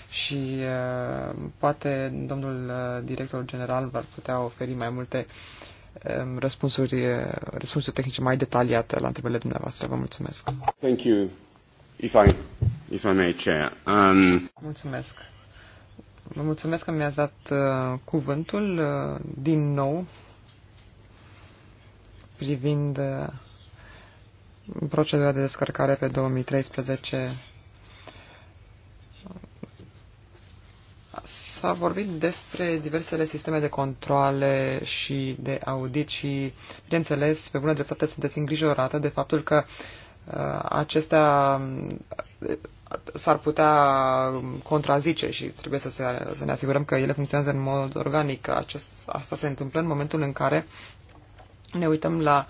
Și uh, poate domnul uh, director general va putea oferi mai multe um, răspunsuri, răspunsuri tehnice mai detaliate la întrebările dumneavoastră. Vă mulțumesc. Thank you. If I, if I may, Chair. Um... Mulțumesc. Vă mulțumesc că mi-ați dat uh, cuvântul uh, din nou privind uh, procedura de descărcare pe 2013 s-a vorbit despre diversele sisteme de controle și de audit și, bineînțeles, pe bună dreptate sunteți îngrijorată de faptul că uh, acestea uh, s-ar putea contrazice și trebuie să, se, să ne asigurăm că ele funcționează în mod organic. Acest, asta se întâmplă în momentul în care ne uităm la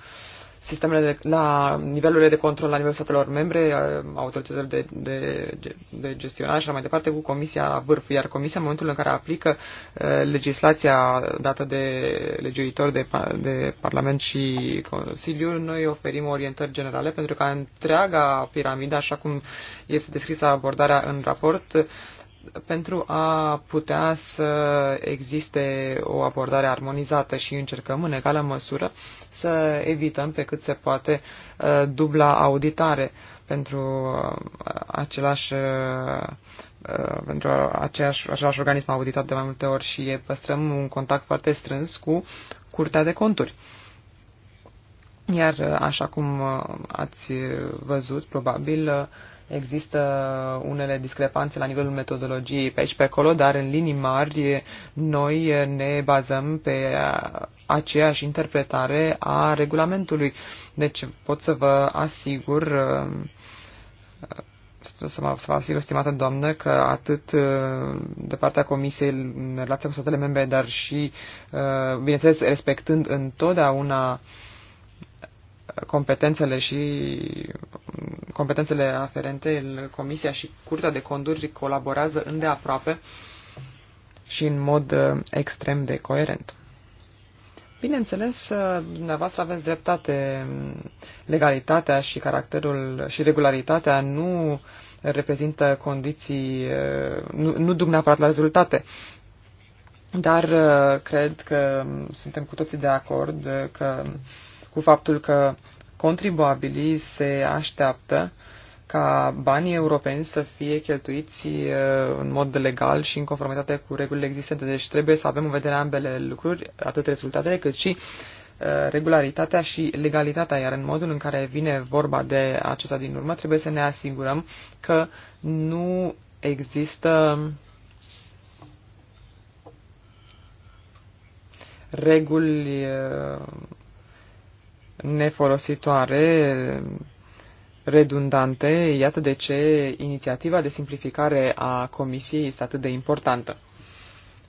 sistemele de, la nivelurile de control la nivelul statelor membre, uh, autorităților de, de, de gestionare și la mai departe, cu Comisia la vârf. Iar Comisia, în momentul în care aplică uh, legislația dată de legiuitor de, de Parlament și Consiliu, noi oferim orientări generale pentru ca întreaga piramidă, așa cum este descrisă abordarea în raport, pentru a putea să existe o abordare armonizată și încercăm în egală măsură să evităm pe cât se poate uh, dubla auditare pentru uh, același uh, pentru aceeași, același organism auditat de mai multe ori și păstrăm un contact foarte strâns cu Curtea de Conturi. Iar așa cum ați văzut, probabil există unele discrepanțe la nivelul metodologiei pe aici pe acolo, dar în linii mari noi ne bazăm pe aceeași interpretare a regulamentului. Deci pot să vă asigur să mă, să asigur, stimată doamnă, că atât uh, de partea Comisiei în relația cu statele membre, dar și, uh, bineînțeles, respectând întotdeauna competențele și competențele aferente, Comisia și Curtea de Conduri colaborează îndeaproape și în mod uh, extrem de coerent. Bineînțeles, uh, dumneavoastră aveți dreptate. Legalitatea și caracterul și regularitatea nu reprezintă condiții, uh, nu, nu duc neapărat la rezultate. Dar cred că suntem cu toții de acord că cu faptul că contribuabilii se așteaptă ca banii europeni să fie cheltuiți uh, în mod legal și în conformitate cu regulile existente. Deci trebuie să avem în vedere ambele lucruri, atât rezultatele cât și uh, regularitatea și legalitatea, iar în modul în care vine vorba de acesta din urmă, trebuie să ne asigurăm că nu există reguli uh, nefolositoare, redundante. Iată de ce inițiativa de simplificare a Comisiei este atât de importantă.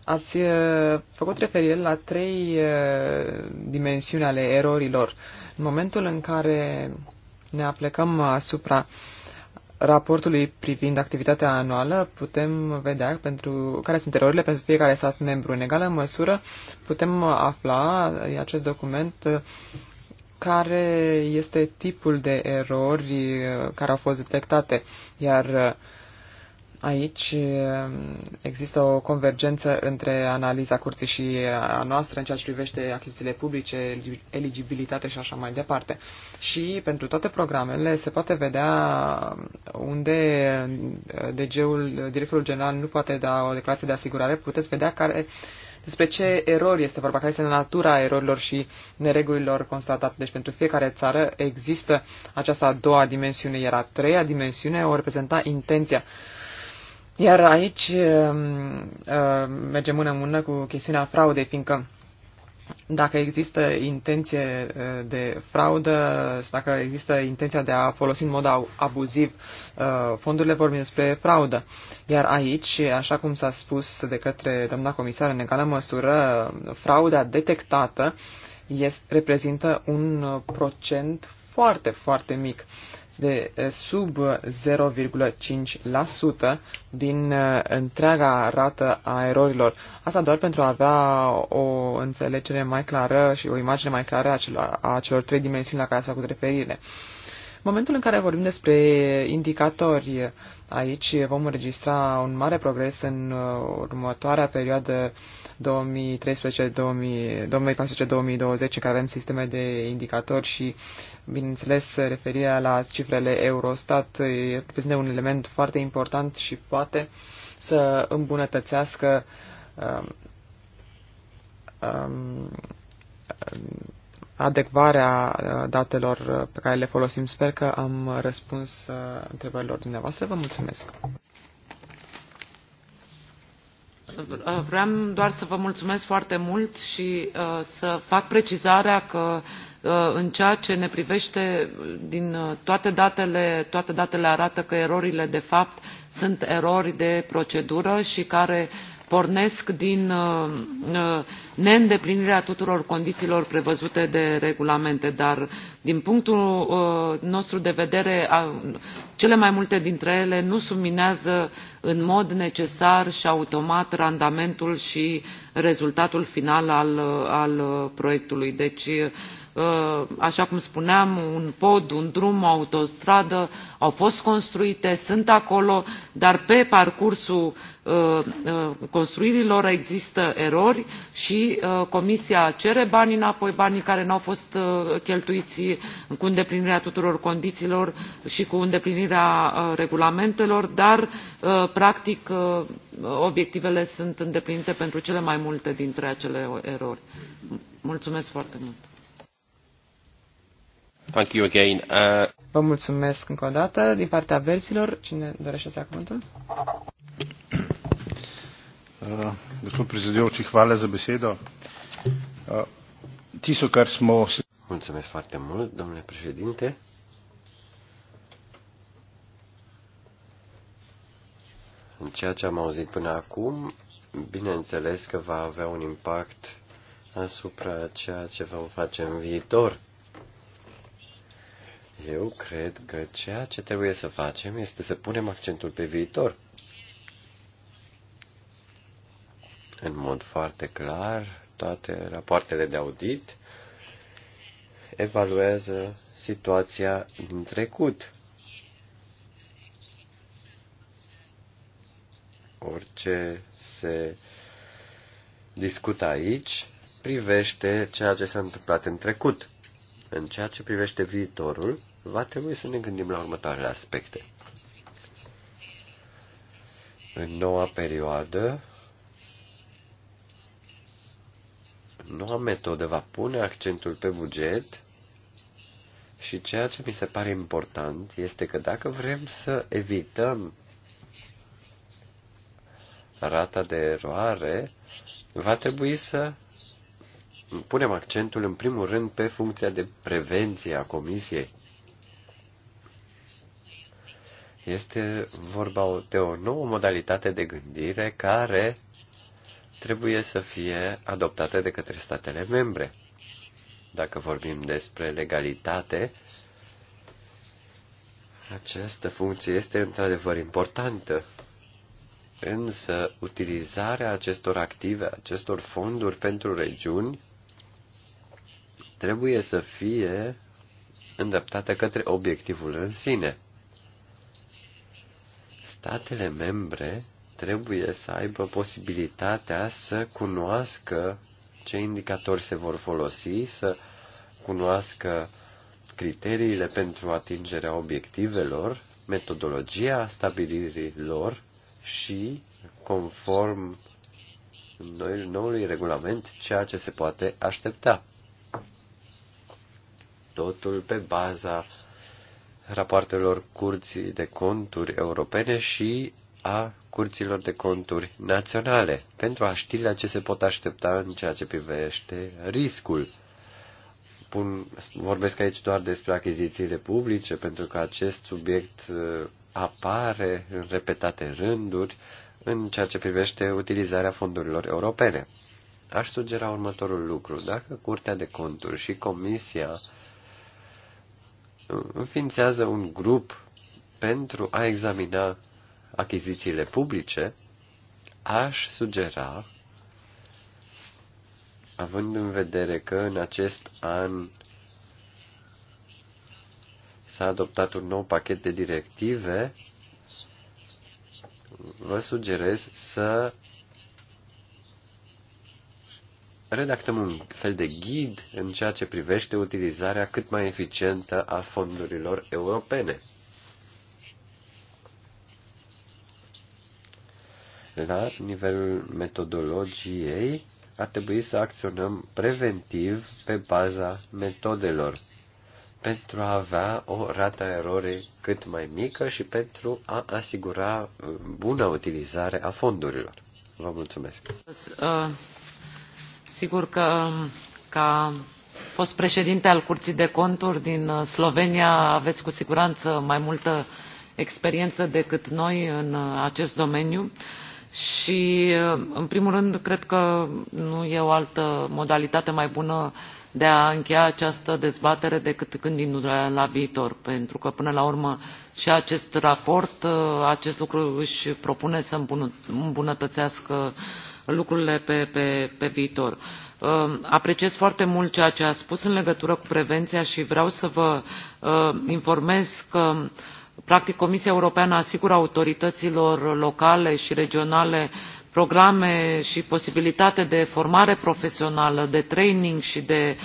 Ați uh, făcut referire la trei uh, dimensiuni ale erorilor. În momentul în care ne aplecăm asupra raportului privind activitatea anuală, putem vedea pentru care sunt erorile pentru fiecare stat membru. În egală măsură putem afla uh, acest document care este tipul de erori uh, care au fost detectate, iar uh, aici uh, există o convergență între analiza curții și a noastră în ceea ce privește achizițiile publice, eligibilitate și așa mai departe. Și pentru toate programele se poate vedea unde DG-ul, directorul general nu poate da o declarație de asigurare, puteți vedea care despre ce erori este vorba, care este natura erorilor și neregulilor constatate. Deci pentru fiecare țară există această a doua dimensiune, iar a treia dimensiune o reprezenta intenția. Iar aici um, uh, merge mână-mână cu chestiunea fraudei, fiindcă dacă există intenție de fraudă și dacă există intenția de a folosi în mod abuziv fondurile, vorbim despre fraudă. Iar aici, așa cum s-a spus de către doamna comisar în egală măsură, frauda detectată este, reprezintă un procent foarte, foarte mic de eh, sub 0,5% din eh, întreaga rată a erorilor. Asta doar pentru a avea o înțelegere mai clară și o imagine mai clară a celor, a celor trei dimensiuni la care s-a făcut referire. Uh, momentul în care vorbim despre indicatori, aici vom înregistra un mare progres în uh, următoarea perioadă 2013-2020, în care avem sisteme de indicatori și, bineînțeles, referirea la cifrele Eurostat uh, reprezintă un element foarte important și poate să îmbunătățească um, um, adecvarea uh, datelor uh, pe care le folosim. Sper că am răspuns uh, întrebărilor dumneavoastră. Vă mulțumesc! Vreau doar să vă mulțumesc foarte mult și să fac precizarea că în ceea ce ne privește din toate datele toate datele arată că erorile de fapt sunt erori de procedură și care pornesc din uh, uh, neîndeplinirea tuturor condițiilor prevăzute de regulamente dar din punctul uh, nostru de vedere cele mai multe dintre ele nu subminează în mod necesar și automat randamentul și rezultatul final al, al proiectului. deci Uh, așa cum spuneam un pod un drum o autostradă au fost construite sunt acolo dar pe parcursul uh, uh, construirilor există erori și comisia cere banii înapoi banii care nu au fost cheltuiți cu îndeplinirea tuturor condițiilor și cu îndeplinirea regulamentelor dar practic obiectivele sunt îndeplinite pentru cele mai multe dintre acele erori. mulțumesc foarte mult. Thank you again. Uh... Vă mulțumesc încă o dată. Din partea versilor, cine dorește să ia cuvântul? Uh, za besedo. Uh, tisto, kar smo... Mulțumesc foarte mult, domnule președinte. În ceea ce am auzit până acum, bineînțeles că va avea un impact asupra ceea ce vom face în viitor eu cred că ceea ce trebuie să facem este să punem accentul pe viitor. În mod foarte clar, toate rapoartele de audit evaluează situația din trecut. Orice se discută aici privește ceea ce s-a întâmplat în trecut. În ceea ce privește viitorul, va trebui să ne gândim la următoarele aspecte. În noua perioadă, noua metodă va pune accentul pe buget și ceea ce mi se pare important este că dacă vrem să evităm rata de eroare, va trebui să punem accentul în primul rând pe funcția de prevenție a comisiei. Este vorba de o nouă modalitate de gândire care trebuie să fie adoptată de către statele membre. Dacă vorbim despre legalitate, această funcție este într-adevăr importantă, însă utilizarea acestor active, acestor fonduri pentru regiuni, trebuie să fie îndreptată către obiectivul în sine – statele membre trebuie să aibă posibilitatea să cunoască ce indicatori se vor folosi, să cunoască criteriile pentru atingerea obiectivelor, metodologia stabilirii lor și, conform noului regulament, ceea ce se poate aștepta. Totul pe baza uh, rapoartelor curții de conturi europene și a curților de conturi naționale, pentru a ști la ce se pot aștepta în ceea ce privește riscul. Pun, vorbesc aici doar despre achizițiile publice, pentru că acest subiect uh, apare în repetate rânduri în ceea ce privește utilizarea fondurilor europene. Aș sugera următorul lucru. Dacă Curtea de Conturi și Comisia uh, înființează un grup pentru a examina achizițiile publice, aș sugera, având în vedere că în acest an s-a adoptat un nou pachet de directive, vă sugerez să redactăm un fel de ghid în ceea ce privește utilizarea cât mai eficientă a fondurilor europene. La nivelul metodologiei, ar trebui să acționăm preventiv pe baza metodelor pentru a avea o rată erorii cât mai mică și pentru a asigura uh, bună utilizare a fondurilor. Vă mulțumesc. Uh, Sigur că ca fost președinte al Curții de Conturi din uh, Slovenia aveți cu siguranță mai multă experiență decât noi în uh, acest domeniu și, uh, în primul rând, cred că nu e o altă modalitate mai bună de a încheia această dezbatere decât gândindu-ne la viitor, pentru că, până la urmă, și acest raport, acest lucru își propune să îmbunătățească lucrurile pe, pe, pe viitor. Um, apreciez foarte mult ceea ce a spus în legătură cu prevenția și vreau să vă um, informez că um, practic Comisia Europeană asigură autorităților locale și regionale programe și posibilitate de formare profesională, de training și de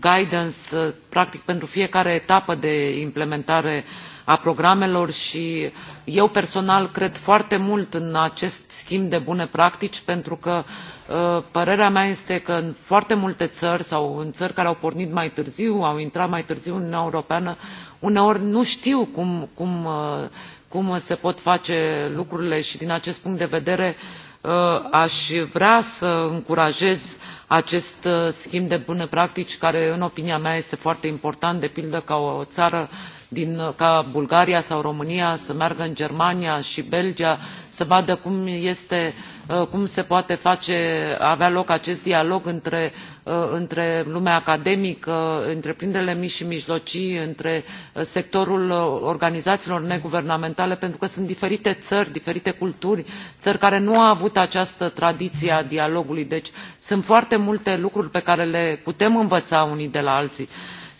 guidance, uh, practic pentru fiecare etapă de implementare uh, a programelor și eu personal cred foarte mult în acest schimb de bune practici pentru că ă, părerea mea este că în foarte multe țări sau în țări care au pornit mai târziu au intrat mai târziu în uniunea europeană uneori nu știu cum, cum, ă, cum se pot face lucrurile și din acest punct de vedere ă, aș vrea să încurajez acest schimb de bune practici care în opinia mea este foarte important de pildă ca o țară din, ca bulgaria sau românia să meargă în germania și belgia să vadă cum, este, uh, cum se poate face, avea loc acest dialog între, uh, între lumea academică întreprinderile mici și mijlocii între uh, sectorul organizațiilor neguvernamentale pentru că sunt diferite țări diferite culturi țări care nu au avut această tradiție a dialogului deci sunt foarte multe lucruri pe care le putem învăța unii de la alții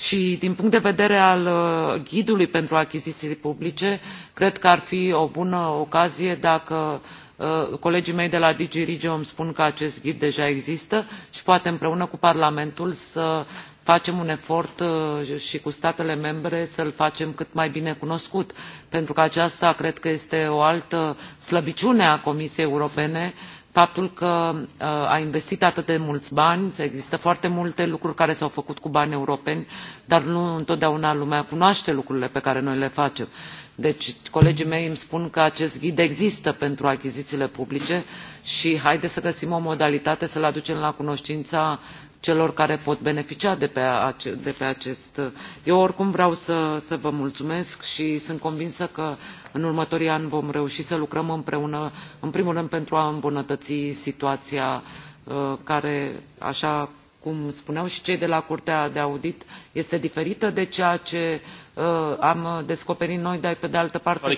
și din punct de vedere al uh, ghidului pentru achiziții publice cred că ar fi o bună ocazie dacă uh, colegii mei de la dg regio îmi spun că acest ghid deja există și poate împreună cu parlamentul să facem un efort uh, și cu statele membre să l facem cât mai bine cunoscut pentru că aceasta cred că este o altă slăbiciune a comisiei europene că faptul că uh, a investit atât de mulți bani, există foarte multe lucruri care s-au făcut cu bani europeni, dar nu întotdeauna lumea cunoaște lucrurile pe care noi le facem. Deci colegii mei îmi spun că acest ghid există pentru achizițiile publice și haideți să găsim o modalitate să-l aducem la cunoștința celor care pot beneficia de pe, de pe acest. Eu oricum vreau să, să vă mulțumesc și sunt convinsă că în următorii ani vom reuși să lucrăm împreună, în primul rând pentru a îmbunătăți situația uh, care, așa cum spuneau și cei de la Curtea de Audit, este diferită de ceea ce uh, am descoperit noi, dar pe de altă parte...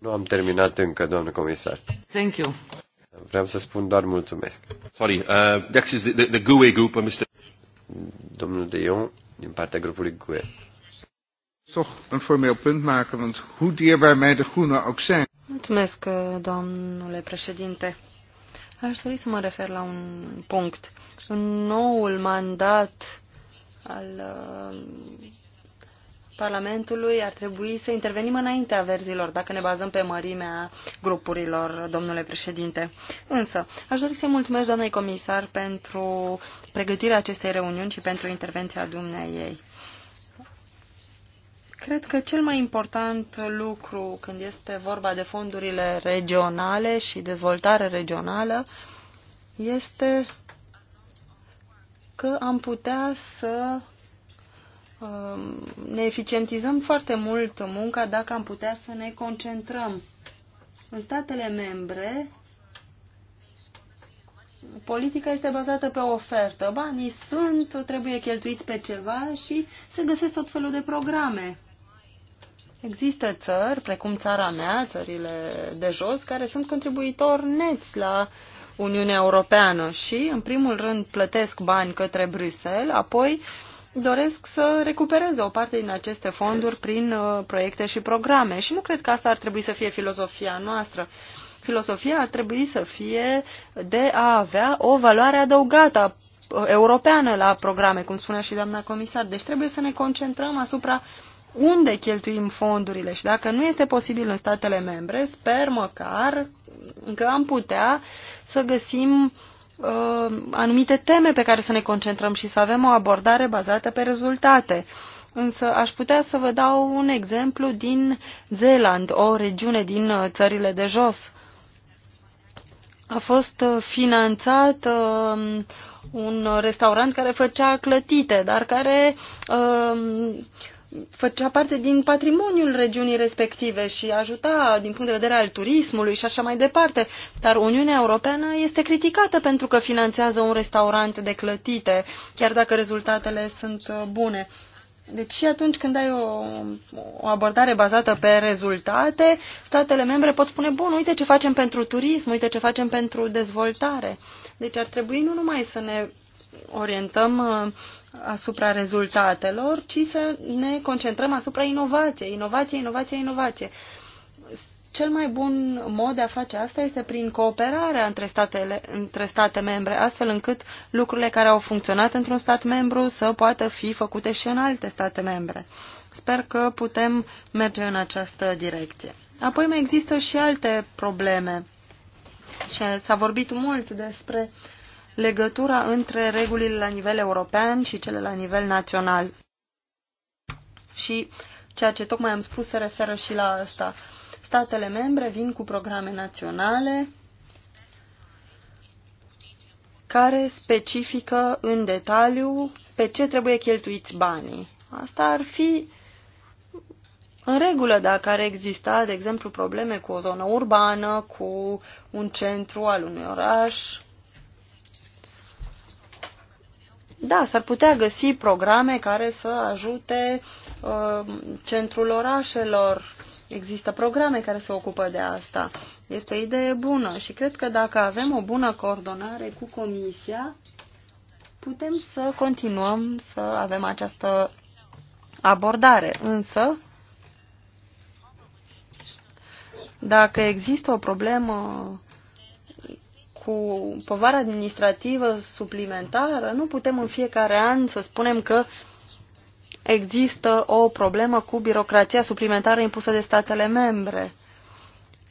Nu am terminat încă, doamnă comisar. Thank you. Vreau să spun doar mulțumesc. Sorry, uh, next is the, the, the GUE group, uh, Mr. Domnul De Jong, din partea grupului GUE. Toch een formeel punt maken, want hoe dierbaar mij de groenen ook zijn. Mulțumesc, uh, domnule președinte. Aș dori să mă refer la un punct. În noul mandat al uh, Parlamentului ar trebui să intervenim înaintea verzilor, dacă ne bazăm pe mărimea grupurilor, domnule președinte. Însă, aș dori să-i mulțumesc, doamnei comisar, pentru pregătirea acestei reuniuni și pentru intervenția dumneai ei. Cred că cel mai important lucru când este vorba de fondurile regionale și dezvoltare regională este că am putea să Um, ne eficientizăm foarte mult munca dacă am putea să ne concentrăm. În statele membre, politica este bazată pe ofertă. Banii sunt, trebuie cheltuiți pe ceva și se găsesc tot felul de programe. Există țări, precum țara mea, țările de jos, care sunt contribuitori neți la Uniunea Europeană și, în primul rând, plătesc bani către Bruxelles, apoi uh, doresc să recupereze o parte din aceste fonduri prin uh, proiecte și programe. Și nu cred că asta ar trebui să fie filozofia noastră. Filosofia ar trebui să fie de a avea o valoare adăugată uh, europeană la programe, cum spunea și doamna comisar. Deci trebuie să ne concentrăm asupra unde cheltuim fondurile și dacă nu este posibil în statele membre, sper măcar că am putea să găsim Uh, anumite teme pe care să ne concentrăm și să avem o abordare bazată pe rezultate. Însă aș putea să vă dau un exemplu din Zeeland, o regiune din uh, țările de jos. A fost uh, finanțat un restaurant care făcea clătite, dar care făcea parte din patrimoniul regiunii respective și ajuta din punct de vedere al turismului și așa mai departe. Dar Uniunea Europeană este criticată pentru că finanțează un restaurant de clătite, chiar dacă rezultatele sunt uh, bune. Deci și atunci când ai o, o abordare bazată pe rezultate, statele membre pot spune, bun, uite ce facem pentru turism, uite ce facem pentru dezvoltare. Deci ar trebui nu numai să ne orientăm uh, asupra rezultatelor, ci să ne concentrăm asupra inovației. Inovație, inovație, inovație. Cel mai bun mod de a face asta este prin cooperarea între, statele, între state membre, astfel încât lucrurile care au funcționat într-un stat membru să poată fi făcute și în alte state membre. Sper că putem merge în această direcție. Apoi mai există și alte probleme. Și s-a vorbit mult despre uh, legătura între regulile la nivel european și cele la nivel național. Și ceea ce tocmai am spus se referă și la asta. Statele membre vin cu programe naționale care specifică în detaliu pe ce trebuie cheltuiți banii. Asta ar fi în regulă dacă ar exista, de exemplu, probleme cu o zonă urbană, cu un centru al unui oraș, da, s-ar putea găsi programe care să ajute uh, centrul orașelor. Există programe care se ocupă de asta. Este o idee bună și cred că dacă avem o bună coordonare cu Comisia, putem să continuăm să avem această abordare. Însă, dacă există o problemă cu povara administrativă suplimentară, nu putem în fiecare an să spunem că există o problemă cu birocrația suplimentară impusă de statele membre.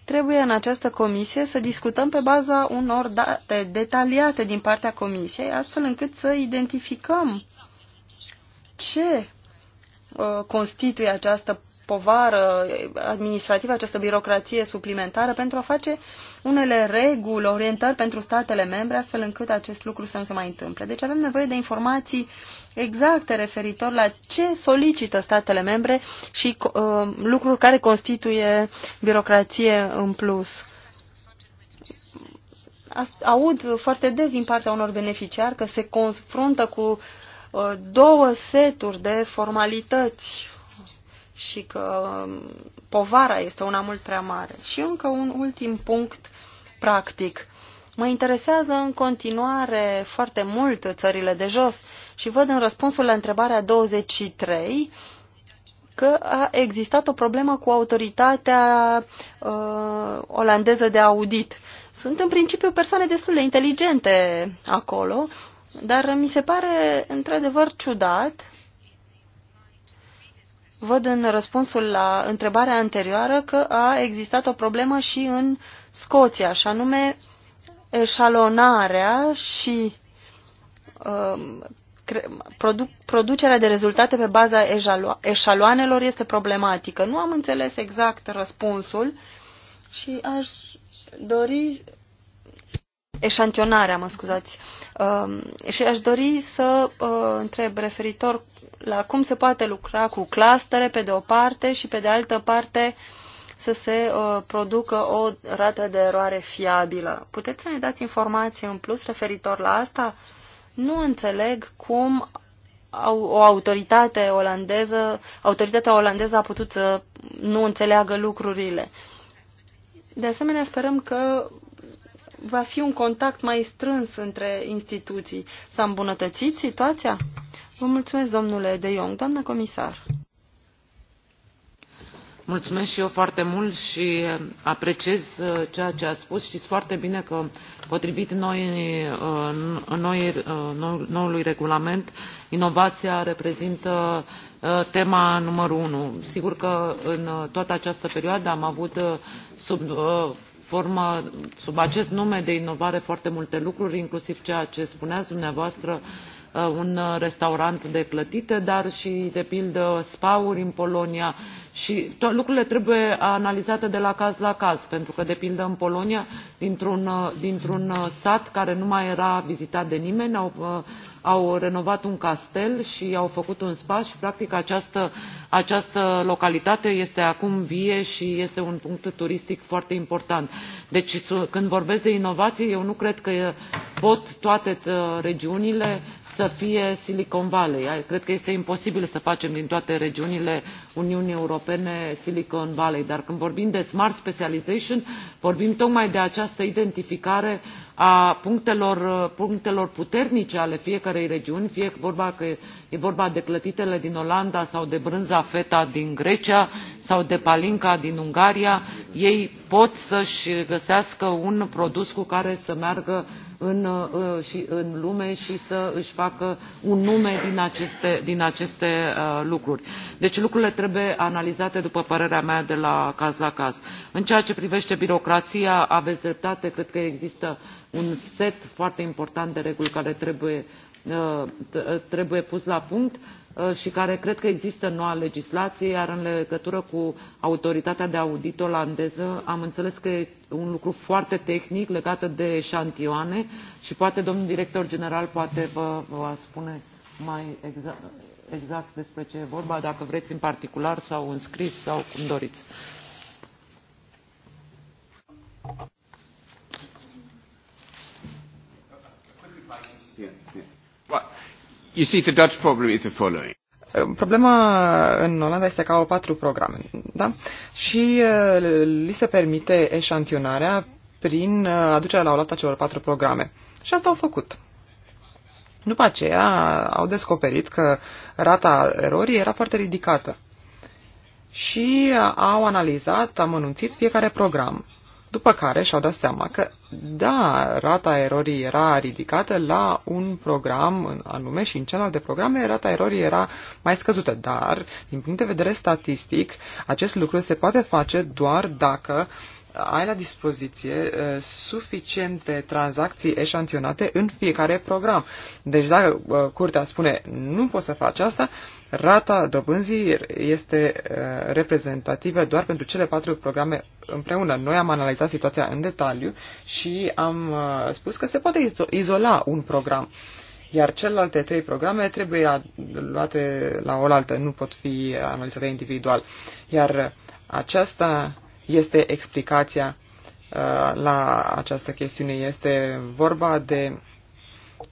Trebuie în această comisie să discutăm pe baza unor date detaliate din partea comisiei, astfel încât să identificăm ce Uh, constituie această povară administrativă, această birocrație suplimentară pentru a face unele reguli, orientări pentru statele membre, astfel încât acest lucru să nu se mai întâmple. Deci avem nevoie de informații exacte referitor la ce solicită statele membre și uh, lucruri care constituie birocrație în plus. Aud foarte des din partea unor beneficiari că se confruntă cu Uh, două seturi de formalități și că um, povara este una mult prea mare. Și încă un ultim punct practic. Mă interesează în continuare foarte mult țările de jos și văd în răspunsul la întrebarea 23 că a existat o problemă cu autoritatea uh, olandeză de audit. Sunt în principiu persoane destul de inteligente acolo dar mi se pare într-adevăr ciudat, văd în răspunsul la întrebarea anterioară că a existat o problemă și în Scoția, și anume eșalonarea și um, produ producerea de rezultate pe baza eșaloanelor este problematică. Nu am înțeles exact răspunsul și aș dori eșantionarea, mă scuzați. Uh, și aș dori să uh, întreb referitor la cum se poate lucra cu clustere pe de o parte și pe de altă parte să se uh, producă o rată de eroare fiabilă. Puteți să ne dați informații în plus referitor la asta? Nu înțeleg cum au, o autoritate olandeză, autoritatea olandeză a putut să nu înțeleagă lucrurile. De asemenea, sperăm că va fi un contact mai strâns între instituții. S-a îmbunătățit situația? Vă mulțumesc, domnule De Jong, doamnă comisar. Mulțumesc și eu foarte mult și uh, apreciez uh, ceea ce a spus. Știți foarte bine că, potrivit noi, uh, noi, noului regulament, inovația reprezintă tema numărul unu. Sigur că în toată această perioadă am avut sub formă, sub acest nume de inovare foarte multe lucruri, inclusiv ceea ce spuneați dumneavoastră Uh, un uh, restaurant de clătite dar și de pildă spa uri în polonia și lucrurile trebuie analizate de la caz la caz pentru că de pildă în polonia dintr un, uh, dintr -un sat care nu mai era vizitat de nimeni au, au renovat un castel și au făcut un spa și practic această, această localitate este acum vie și este un punct turistic foarte important. deci când vorbesc de inovație eu nu cred că pot toate regiunile să fie Silicon Valley. Cred că este imposibil să facem din toate regiunile Uniunii Europene Silicon Valley, dar când vorbim de smart specialization, vorbim tocmai de această identificare a punctelor, punctelor puternice ale fiecărei regiuni, fie că e vorba de clătitele din Olanda sau de brânza feta din Grecia sau de palinka din Ungaria, ei pot să-și găsească un produs cu care să meargă în, uh, și în lume și să își facă un nume din aceste, din aceste uh, lucruri. Deci lucrurile trebuie analizate, după părerea mea, de la caz la caz. În ceea ce privește birocrația, aveți dreptate, cred că există un set foarte important de reguli care trebuie, uh, uh, trebuie pus la punct uh, și care cred că există în noua legislație, iar în legătură cu autoritatea de audit olandeză am înțeles că e un lucru foarte tehnic legat de eșantioane și poate domnul director general poate vă, vă spune mai exact, exact despre ce e vorba, dacă vreți în particular sau în scris sau cum doriți. you see, the Dutch problem is the following. Uh, problema în Olanda este că au patru programe, da? Și uh, li se permite eșantionarea prin uh, aducerea la oaltă celor patru programe. Și asta au făcut. După aceea au descoperit că rata erorii era foarte ridicată și au analizat amănunțit fiecare program după care și-au dat seama că, da, rata erorii era ridicată la un program anume și în celelalte programe rata erorii era mai scăzută, dar, din punct de vedere statistic, acest lucru se poate face doar dacă ai la dispoziție uh, suficiente tranzacții eșantionate în fiecare program. Deci dacă uh, curtea spune nu poți să faci asta, Rata dobânzii este uh, reprezentativă doar pentru cele patru programe împreună. Noi am analizat situația în detaliu și am uh, spus că se poate izola un program iar celelalte trei programe trebuie luate la oaltă, nu pot fi analizate individual. Iar aceasta este explicația uh, la această chestiune. Este vorba de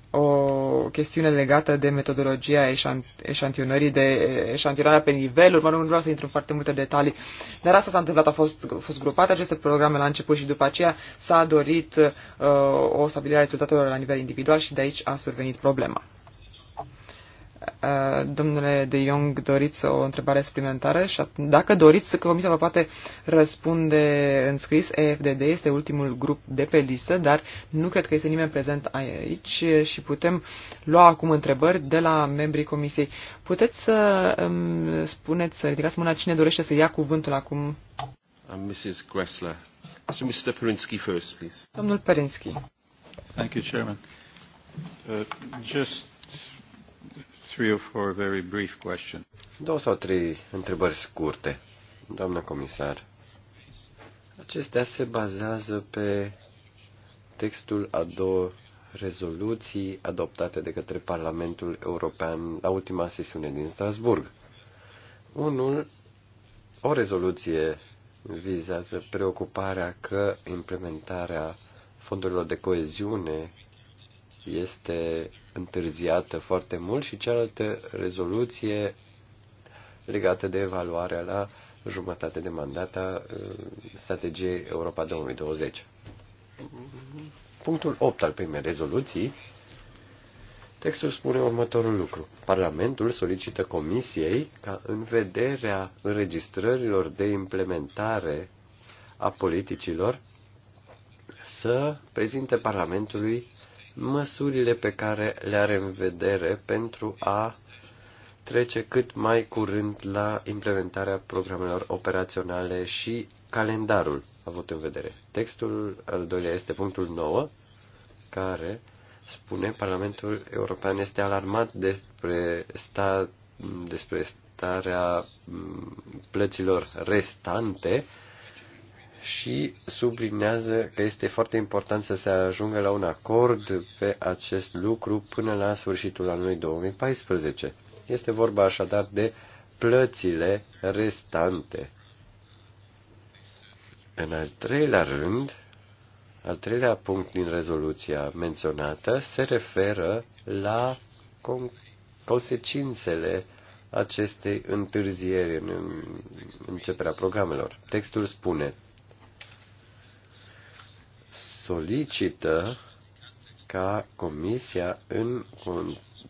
o chestiune legată de metodologia eșant- eșantionării, de eșantionarea pe niveluri, mă rog, nu vreau să intru în foarte multe detalii, dar asta s-a întâmplat, a fost, a fost grupate aceste programe la început și după aceea s-a dorit uh, o stabilire a rezultatelor la nivel individual și de aici a survenit problema. Eh, domnule De Jong, doriți o întrebare suplimentară? Și dacă doriți, comisia vă poate răspunde în scris. EFDD este ultimul grup de pe listă, dar nu cred că este nimeni prezent aici și putem lua acum întrebări de la membrii comisiei. Puteți să um, spuneți, să ridicați mâna cine dorește să ia cuvântul acum? I'm uh, Mrs. Gressler. So Mr. Perinsky first, please. Domnul Perinsky. Thank you, Chairman. Uh, just three or four very brief questions. Două sau trei întrebări scurte, doamnă comisar. Acestea se bazează pe textul a două rezoluții adoptate de către Parlamentul European la ultima sesiune din Strasburg. Unul, o rezoluție vizează preocuparea că implementarea fondurilor de coeziune este întârziată foarte mult și cealaltă rezoluție legată de evaluarea la jumătate de mandat a uh, strategiei Europa 2020. Punctul 8 al primei rezoluții, textul spune următorul lucru. Parlamentul solicită Comisiei ca în vederea înregistrărilor de implementare a politicilor să prezinte Parlamentului măsurile pe care le are în vedere pentru a trece cât mai curând la implementarea programelor operaționale și calendarul avut în vedere. Textul al doilea este punctul 9, care spune Parlamentul European este alarmat despre, sta, despre starea plăților restante și sublinează că este foarte important să se ajungă la un acord pe acest lucru până la sfârșitul anului 2014. Este vorba așadar de plățile restante. În al treilea rând, al treilea punct din rezoluția menționată se referă la consecințele acestei întârzieri în începerea programelor. Textul spune solicită ca Comisia în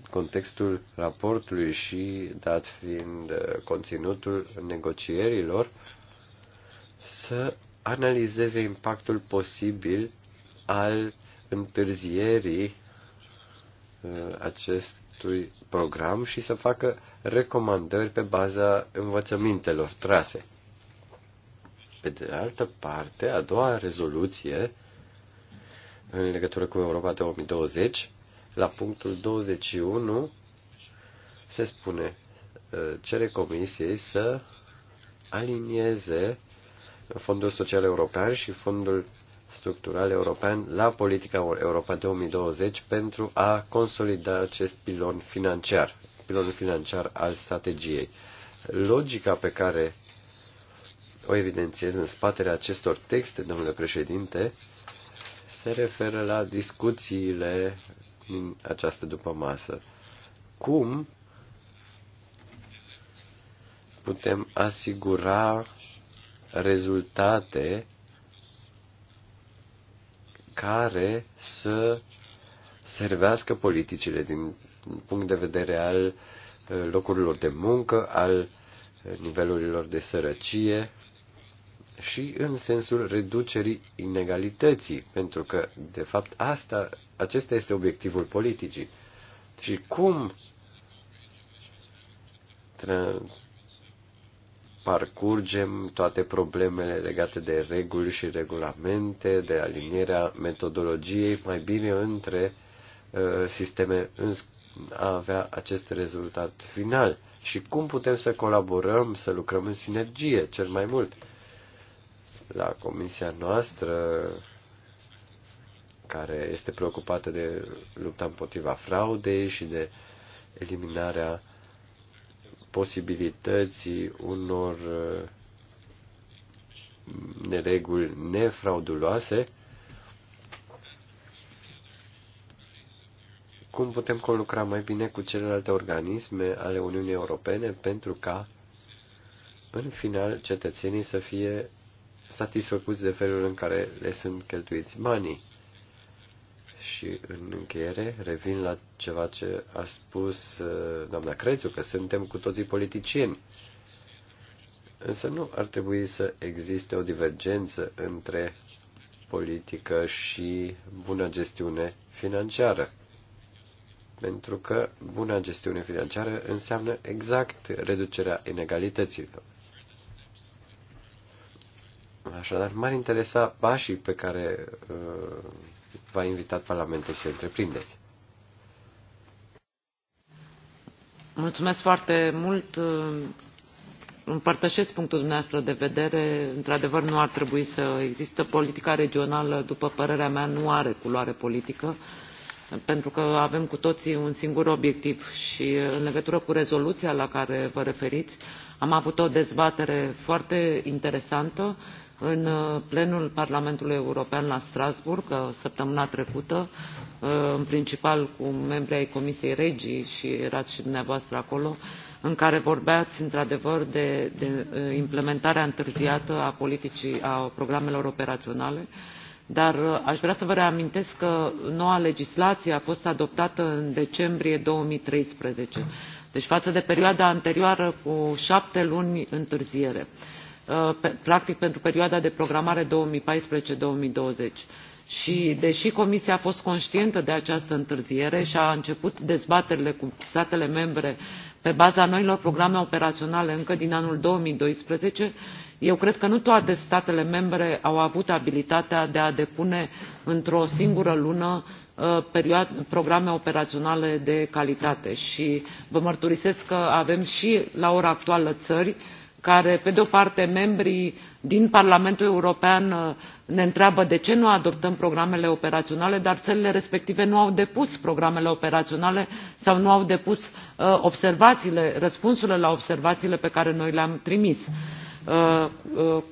contextul raportului și dat fiind uh, conținutul negocierilor să analizeze impactul posibil al întârzierii uh, acestui program și să facă recomandări pe baza învățămintelor trase. Pe de altă parte, a doua rezoluție în legătură cu Europa 2020, la punctul 21 se spune uh, cere Comisiei să alinieze Fondul Social European și Fondul Structural European la politica Europa 2020 pentru a consolida acest pilon financiar, pilonul financiar al strategiei. Logica pe care o evidențiez în spatele acestor texte, domnule președinte, se referă la discuțiile din această dupămasă. Cum putem asigura rezultate care să servească politicile din punct de vedere al locurilor de muncă, al nivelurilor de sărăcie și în sensul reducerii inegalității, pentru că, de fapt, asta, acesta este obiectivul politicii. Și cum parcurgem toate problemele legate de reguli și regulamente, de alinierea metodologiei mai bine între uh, sisteme în a avea acest rezultat final și cum putem să colaborăm, să lucrăm în sinergie cel mai mult la comisia noastră care este preocupată de lupta împotriva fraudei și de eliminarea posibilității unor uh, nereguli nefrauduloase, cum putem conlucra mai bine cu celelalte organisme ale Uniunii Europene pentru ca, în final, cetățenii să fie satisfăcuți de felul în care le sunt cheltuiți banii. Și în încheiere revin la ceva ce a spus uh, doamna Crețu, că suntem cu toții politicieni. Însă nu ar trebui să existe o divergență între politică și bună gestiune financiară. Pentru că buna gestiune financiară înseamnă exact reducerea inegalităților. Așadar, m-ar interesa pașii pe care uh, v-a invitat Parlamentul să întreprindeți. Mulțumesc foarte mult. Uh, împărtășesc punctul dumneavoastră de vedere. Într-adevăr, nu ar trebui să există politica regională, după părerea mea, nu are culoare politică, pentru că avem cu toții un singur obiectiv și uh, în legătură cu rezoluția la care vă referiți, am avut o dezbatere foarte interesantă în uh, plenul Parlamentului European la Strasbourg uh, săptămâna trecută, uh, în principal cu membri ai Comisiei Regii și erați și dumneavoastră acolo, în care vorbeați într-adevăr de, implementarea întârziată a politicii, a programelor operaționale, dar aș vrea să vă reamintesc că noua legislație a fost adoptată în decembrie 2013, deci față de perioada anterioară cu șapte luni întârziere. Uh, practic pentru perioada de programare două mii paisprezece două mii douăzeci și deși comisia a fost conștientă de această întârziere și a început dezbaterile cu statele membre pe baza noilor programe operaționale încă din anul două mii doisprezece eu cred că nu toate statele membre au avut abilitatea de a depune într o singură lună uh, programe operaționale de calitate și vă mărturisesc că avem și la ora actuală țări care pe de o parte membrii din parlamentul european uh, ne întreabă de ce nu adoptăm programele operaționale dar țările respective nu au depus programele operaționale sau nu au depus uh, observațiile răspunsurile la observațiile pe care noi le am trimis uh,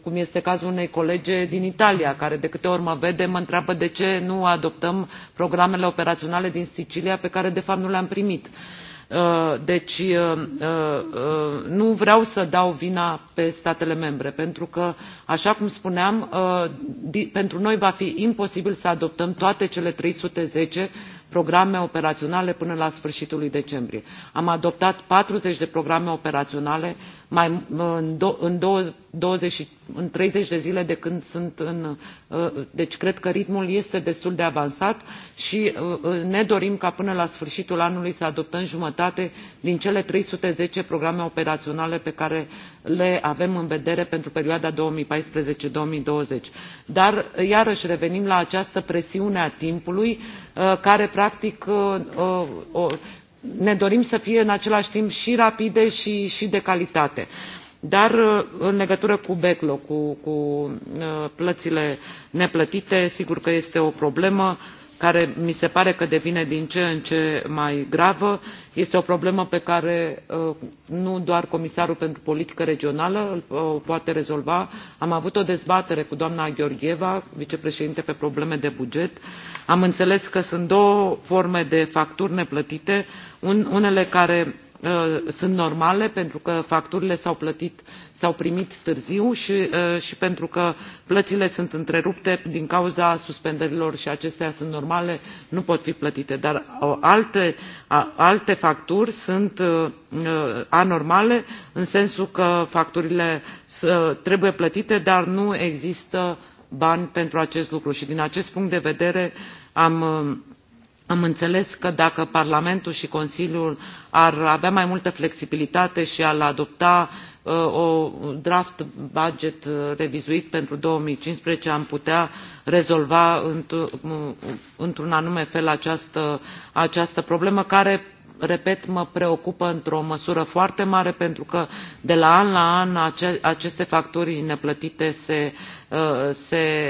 cum este cazul unei colege din italia care de câte ori mă vede mă întreabă de ce nu adoptăm programele operaționale din sicilia pe care de fapt nu le am primit. Uh, deci uh, uh, nu vreau să dau vina pe statele membre pentru că așa cum spuneam pentru noi va fi imposibil să adoptăm toate cele trei sute zece programe operaționale până la sfârșitul lui decembrie. am adoptat patruzeci de programe operaționale mai, în, do, în, 20, în 30 de zile de când sunt în uh, deci cred că ritmul este destul de avansat și uh, uh, ne dorim ca până la sfârșitul anului să adoptăm jumătate din cele trei sute zece programe operaționale pe care le avem în vedere pentru perioada două mii paisprezece două mii douăzeci dar iarăși revenim la această presiune a timpului Uh, care practic uh, uh, ne dorim să fie în același timp și rapide și, și de calitate. Dar în legătură cu backlog, cu, cu plățile neplătite, sigur că este o problemă care mi se pare că devine din ce în ce mai gravă este o problemă pe care uh, nu doar comisarul pentru politică regională uh, o poate rezolva am avut o dezbatere cu doamna georgieva vicepreședinte pe probleme de buget am înțeles că sunt două forme de facturi neplătite unele care Uh, sunt normale pentru că facturile s au plătit s au primit târziu și, uh, și pentru că plățile sunt întrerupte din cauza suspendărilor și acestea sunt normale nu pot fi plătite dar uh, alte, alte facturi sunt anormale în sensul că facturile trebuie plătite dar nu există bani pentru acest lucru și din acest punct de vedere am am înțeles că dacă parlamentul și consiliul ar avea mai multă flexibilitate și ar adopta un uh, draft buget uh, revizuit pentru două mii cincisprezece am putea rezolva într uh, un anume fel această, problemă care repet mă preocupă într o măsură foarte mare pentru că de la an la an aceste facturi neplătite se, uh, se,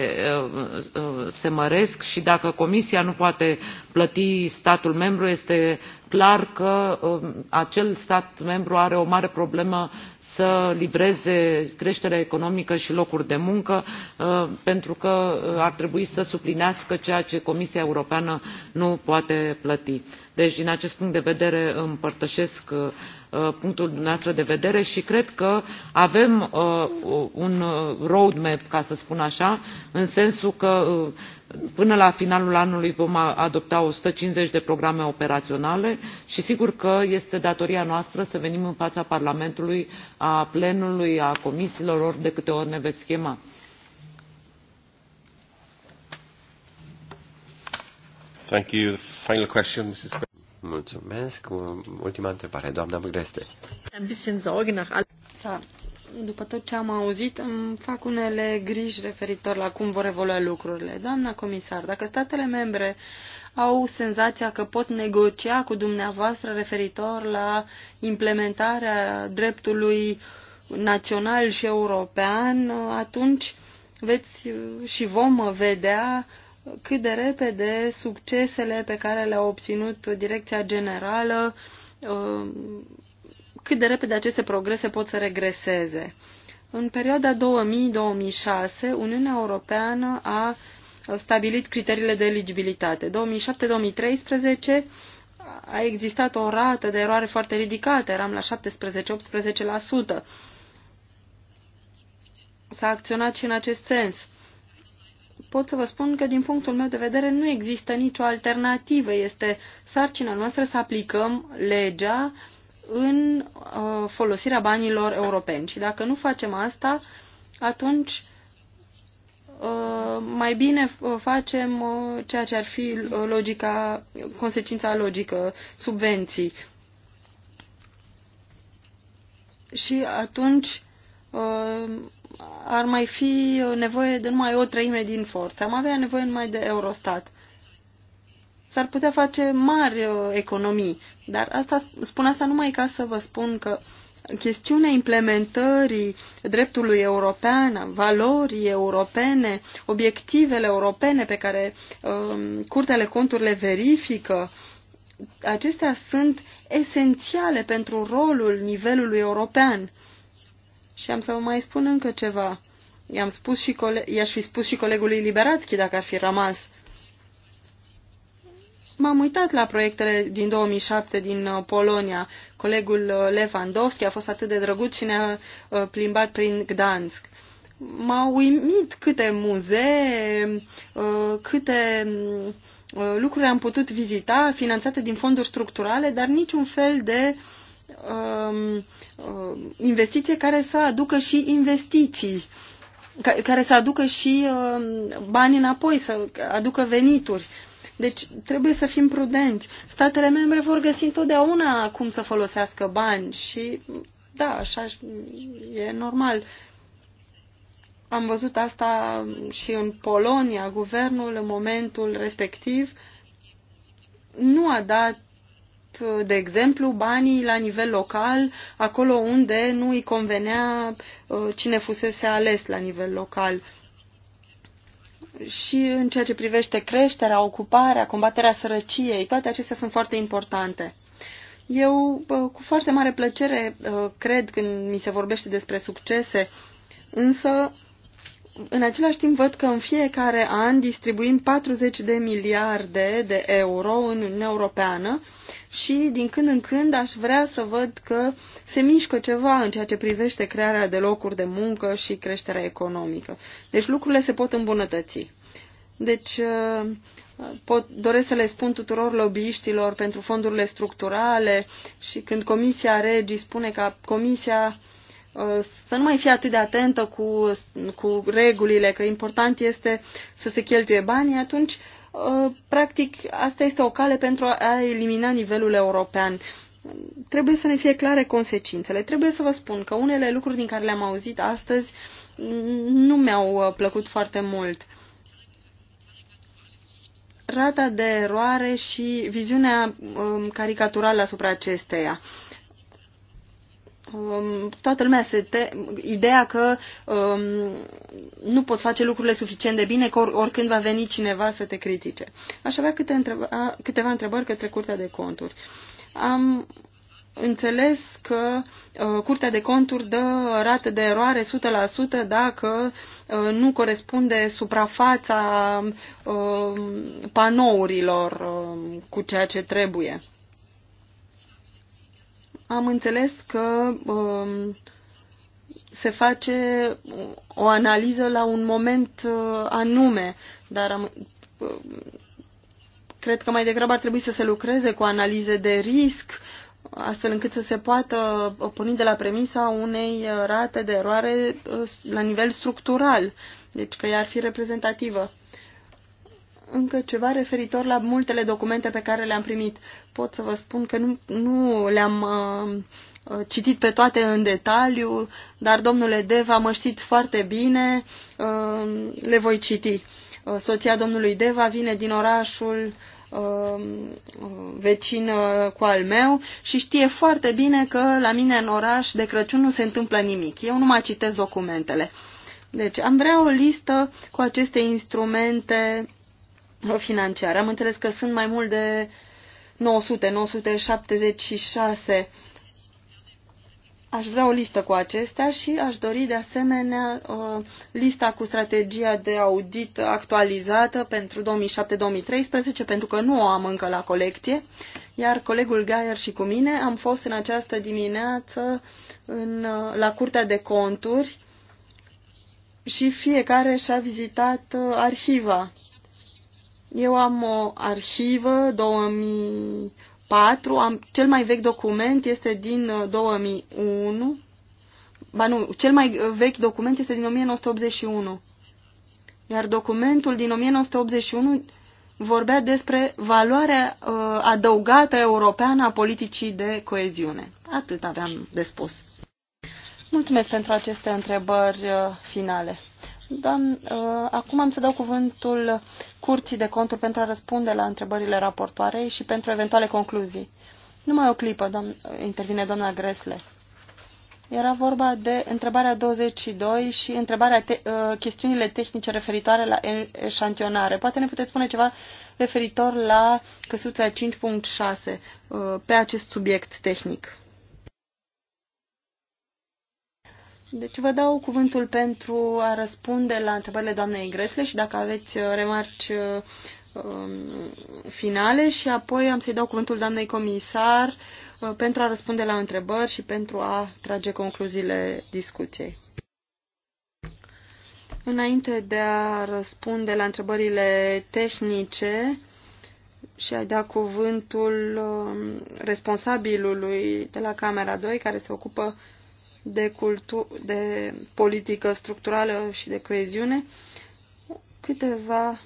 uh, uh, se măresc și dacă comisia nu poate plăti statul membru este clar că um, acel stat membru are o mare problemă să livreze creșterea economică și locuri de muncă pentru că ar trebui să suplinească ceea ce comisia europeană nu poate plăti deci din acest punct de vedere împărtășesc uh, punctul dumneavoastră de vedere și cred că avem uh, un road map ca să spun așa în sensul că uh, până la finalul anului vom adopta o sută cincizeci de programe operaționale și sigur că este datoria noastră să venim în fața parlamentului a plenului a comisiilor ori de câte ori ne veți chema. Thank you. Final question, Mrs. Mulțumesc. Ultima întrebare, doamna Băgreste. Da. După tot ce am auzit, îmi fac unele griji referitor la cum vor evolua lucrurile. Doamna comisar, dacă statele membre au senzația că pot negocia cu dumneavoastră referitor la implementarea dreptului național și european, atunci veți și vom vedea uh, cât de repede succesele pe care le-a obținut direcția generală, uh, cât de repede aceste progrese pot să regreseze. În perioada 2000-2006, Uniunea Europeană a stabilit criteriile de eligibilitate. 2007-2013 a existat o rată de eroare foarte ridicată, eram la 17-18%. S-a acționat și în acest sens pot să vă spun că din punctul meu de vedere nu există nicio alternativă. Este sarcina noastră să aplicăm legea în uh, folosirea banilor europeni. Și dacă nu facem asta, atunci uh, mai bine uh, facem uh, ceea ce ar fi uh, logica, consecința logică, subvenții. Și atunci uh, ar mai fi nevoie de numai o treime din forță. Am avea nevoie numai de Eurostat. S-ar putea face mari uh, economii, dar asta, spun asta numai ca să vă spun că chestiunea implementării dreptului european, valorii europene, obiectivele europene pe care um, curtele de Conturi le verifică, acestea sunt esențiale pentru rolul nivelului european și am să vă mai spun încă ceva. I-am spus și i-aș fi spus și colegului Liberațchi dacă ar fi rămas. M-am uitat la proiectele din 2007 din uh, Polonia. Colegul uh, Lewandowski a fost atât de drăguț și ne-a uh, plimbat prin Gdansk. M-a uimit câte muzee, câte lucruri am putut vizita, finanțate din fonduri structurale, dar niciun fel de uh, Um, um, investiție care să aducă și investiții, care să aducă și um, bani înapoi, să aducă venituri. Deci trebuie să fim prudenți. Statele membre vor găsi întotdeauna cum să folosească bani și da, așa e normal. Am văzut asta și în Polonia. Guvernul în momentul respectiv nu a dat de exemplu, banii la nivel local, acolo unde nu îi convenea uh, cine fusese ales la nivel local. Și în ceea ce privește creșterea, ocuparea, combaterea sărăciei, toate acestea sunt foarte importante. Eu uh, cu foarte mare plăcere uh, cred când mi se vorbește despre succese, însă în același timp văd că în fiecare an distribuim 40 de miliarde de euro în Uniunea Europeană și din când în când aș vrea să văd că se mișcă ceva în ceea ce privește crearea de locuri de muncă și creșterea economică. Deci lucrurile se pot îmbunătăți. Deci uh, pot, doresc să le spun tuturor lobbyiștilor pentru fondurile structurale și când Comisia Regii spune că Comisia Uh, să nu mai fie atât de atentă cu, cu regulile, că important este să se cheltuie banii, atunci, uh, practic, asta este o cale pentru a elimina nivelul european. Trebuie să ne fie clare consecințele. Trebuie să vă spun că unele lucruri din care le-am auzit astăzi nu mi-au uh, plăcut foarte mult. Rata de eroare și viziunea um, caricaturală asupra acesteia um, toată lumea se te... ideea că um, nu poți face lucrurile suficient de bine, că or, oricând va veni cineva să te critique. Aș avea câte întreba, câteva întrebări către Curtea de Conturi. Am înțeles că uh, Curtea de Conturi dă rată de eroare 100% dacă uh, nu corespunde suprafața uh, panourilor uh, cu ceea ce trebuie am înțeles că um, se face o analiză la un moment uh, anume, dar am, uh, cred că mai degrabă ar trebui să se lucreze cu analize de risc, astfel încât să se poată porni de la premisa unei uh, rate de eroare uh, la nivel structural, deci că ea ar fi reprezentativă încă ceva referitor la multele documente pe care le-am primit. Pot să vă spun că nu, nu le-am uh, uh, citit pe toate în detaliu, dar domnule Deva mă știți foarte bine, uh, le voi citi. Uh, soția domnului Deva vine din orașul uh, vecin cu al meu și știe foarte bine că la mine în oraș de Crăciun nu se întâmplă nimic. Eu nu mai citesc documentele. Deci am vrea o listă cu aceste instrumente financiare. Am înțeles că sunt mai mult de 900, 976. Aș vrea o listă cu acestea și aș dori de asemenea uh, lista cu strategia de audit actualizată pentru 2007-2013, pentru că nu o am încă la colecție, iar colegul Gaier și cu mine am fost în această dimineață în, uh, la Curtea de Conturi și fiecare și-a vizitat uh, arhiva eu am o arhivă 2004, am, cel mai vechi document este din 2001, uh, ba nu, cel mai vechi document este din 1981. Iar documentul din 1981 vorbea despre valoarea uh, adăugată europeană a politicii de coeziune. Atât aveam de spus. Mulțumesc pentru aceste întrebări uh, finale. Doamn, uh, acum am să dau cuvântul curții de conturi pentru a răspunde la întrebările raportoarei și pentru eventuale concluzii. Numai o clipă, doamn, intervine doamna Gresle. Era vorba de întrebarea 22 și întrebarea te, uh, chestiunile tehnice referitoare la eșantionare. Poate ne puteți spune ceva referitor la căsuța 5.6 uh, pe acest subiect tehnic. Deci vă dau cuvântul pentru a răspunde la întrebările doamnei Gresle și dacă aveți uh, remarci uh, um, finale și apoi am să-i dau cuvântul doamnei comisar uh, pentru a răspunde la întrebări și pentru a trage concluziile discuției. Înainte de a răspunde la întrebările tehnice și a da cuvântul um, responsabilului de la Camera 2 care se ocupă de, cultu- de politică structurală și de coeziune, câteva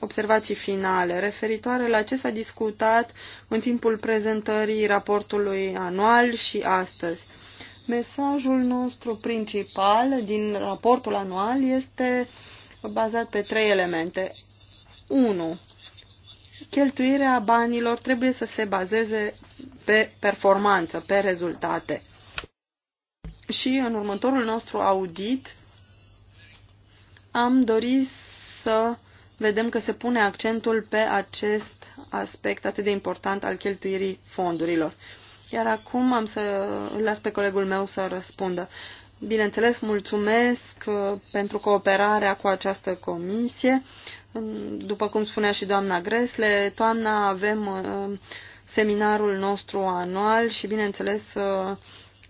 observații finale referitoare la ce s-a discutat în timpul prezentării raportului anual și astăzi. Mesajul nostru principal din raportul anual este bazat pe trei elemente. 1. Cheltuirea banilor trebuie să se bazeze pe performanță, pe rezultate și în următorul nostru audit am dorit să vedem că se pune accentul pe acest aspect atât de important al cheltuirii fondurilor. Iar acum am să îl las pe colegul meu să răspundă. Bineînțeles, mulțumesc uh, pentru cooperarea cu această comisie. După cum spunea și doamna Gresle, toamna avem uh, seminarul nostru anual și, bineînțeles, uh,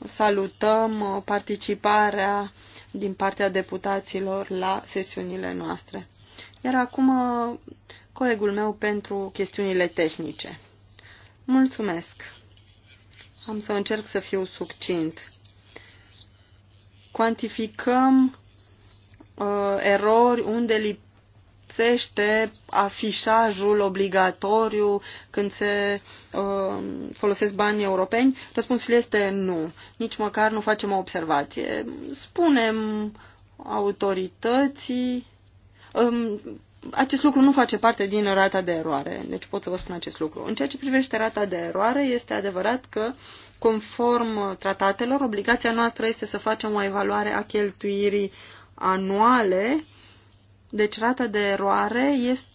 salutăm uh, participarea din partea deputaților la sesiunile noastre. Iar acum uh, colegul meu pentru chestiunile tehnice. Mulțumesc! Am să încerc să fiu succint. Cuantificăm uh, erori unde lipsește afișajul obligatoriu când se uh, folosesc bani europeni? Răspunsul este nu. Nici măcar nu facem o observație. Spunem autorității. Um, acest lucru nu face parte din rata de eroare, deci pot să vă spun acest lucru. În ceea ce privește rata de eroare, este adevărat că, conform tratatelor, obligația noastră este să facem o evaluare a cheltuirii anuale deci rata de eroare este,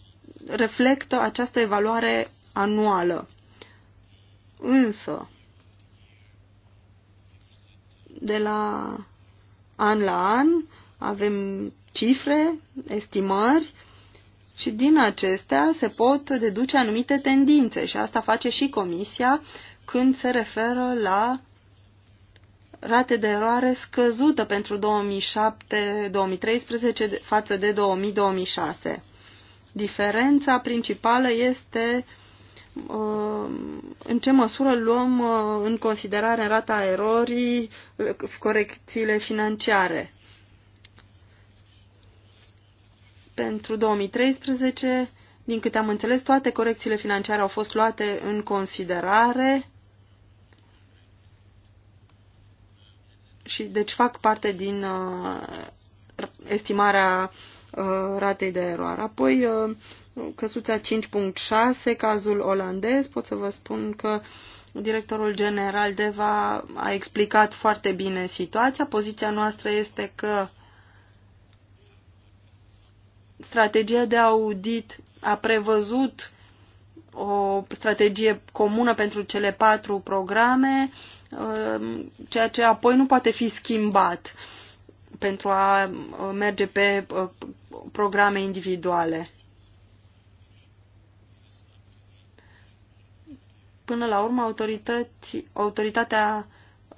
reflectă această evaluare anuală. Însă, de la an la an avem cifre, estimări și din acestea se pot deduce anumite tendințe și asta face și comisia când se referă la rate de eroare scăzută pentru 2007-2013 față de 2000-2006. Diferența principală este uh, în ce măsură luăm uh, în considerare rata erorii uh, corecțiile financiare. Pentru 2013, din câte am înțeles, toate corecțiile financiare au fost luate în considerare și deci fac parte din uh, estimarea uh, ratei de eroare. Apoi, uh, căsuța 5.6, cazul olandez, pot să vă spun că directorul general Deva a explicat foarte bine situația. Poziția noastră este că strategia de audit a prevăzut o strategie comună pentru cele patru programe, Um, ceea ce apoi nu poate fi schimbat pentru a uh, merge pe uh, programe individuale. Până la urmă, autorități, autoritatea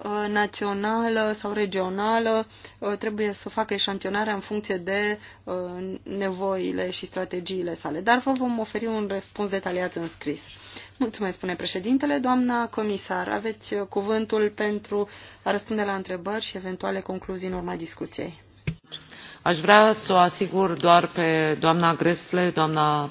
Uh, națională sau regională uh, trebuie să facă eșantionarea în funcție de uh, nevoile și strategiile sale. Dar vă vom oferi un răspuns detaliat în scris. Mulțumesc, spune președintele. Doamna comisar, aveți cuvântul pentru a răspunde la întrebări și eventuale concluzii în urma discuției. Aș vrea să o asigur doar pe doamna Gresle, doamna uh,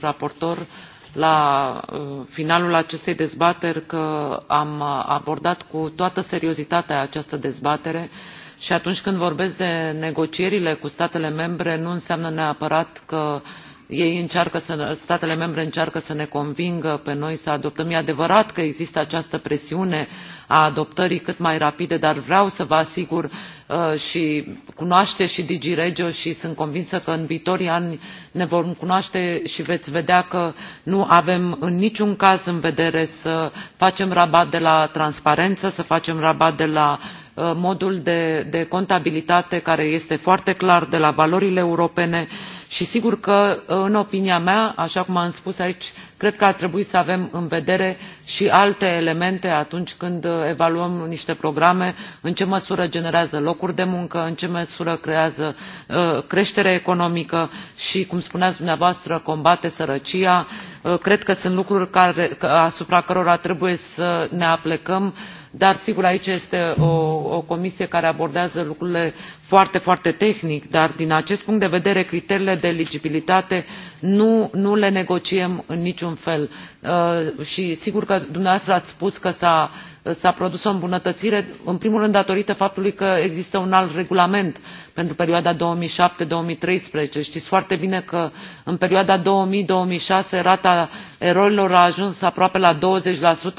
raportor, uh, la uh, finalul acestei dezbateri că am uh, abordat cu toată seriozitatea această dezbatere și atunci când vorbesc de negocierile cu statele membre nu înseamnă neapărat că ei încearcă să, statele membre încearcă să ne convingă pe noi să adoptăm. E adevărat că există această presiune a adoptării cât mai rapide, dar vreau să vă asigur Uh, și cunoaște și dg regio și sunt convinsă că în viitorii ani ne vom cunoaște și veți vedea că nu avem în niciun caz în vedere să facem rabat de la transparență să facem rabat de la uh, modul de, de contabilitate care este foarte clar de la valorile europene și și sigur că în opinia mea așa cum am spus aici cred că ar trebui să avem în vedere și alte elemente atunci când uh, evaluăm niște programe în ce măsură generează locuri de muncă în ce măsură creează uh, creștere economică și cum spuneați dumneavoastră combate sărăcia uh, cred că sunt lucruri care, asupra cărora trebuie să ne aplecăm dar sigur aici este uh, o, o comisie care abordează lucrurile foarte foarte tehnic dar din acest punct de vedere criteriile de eligibilitate nu, nu le negociem în niciun fel uh, și sigur că dumneavoastră ați spus că s a s a produs o îmbunătățire în primul rând datorită faptului că există un alt regulament pentru perioada două mii șapte două mii treisprezece știți foarte bine că în perioada două mii două mii șase rata erorilor a ajuns aproape la douăzeci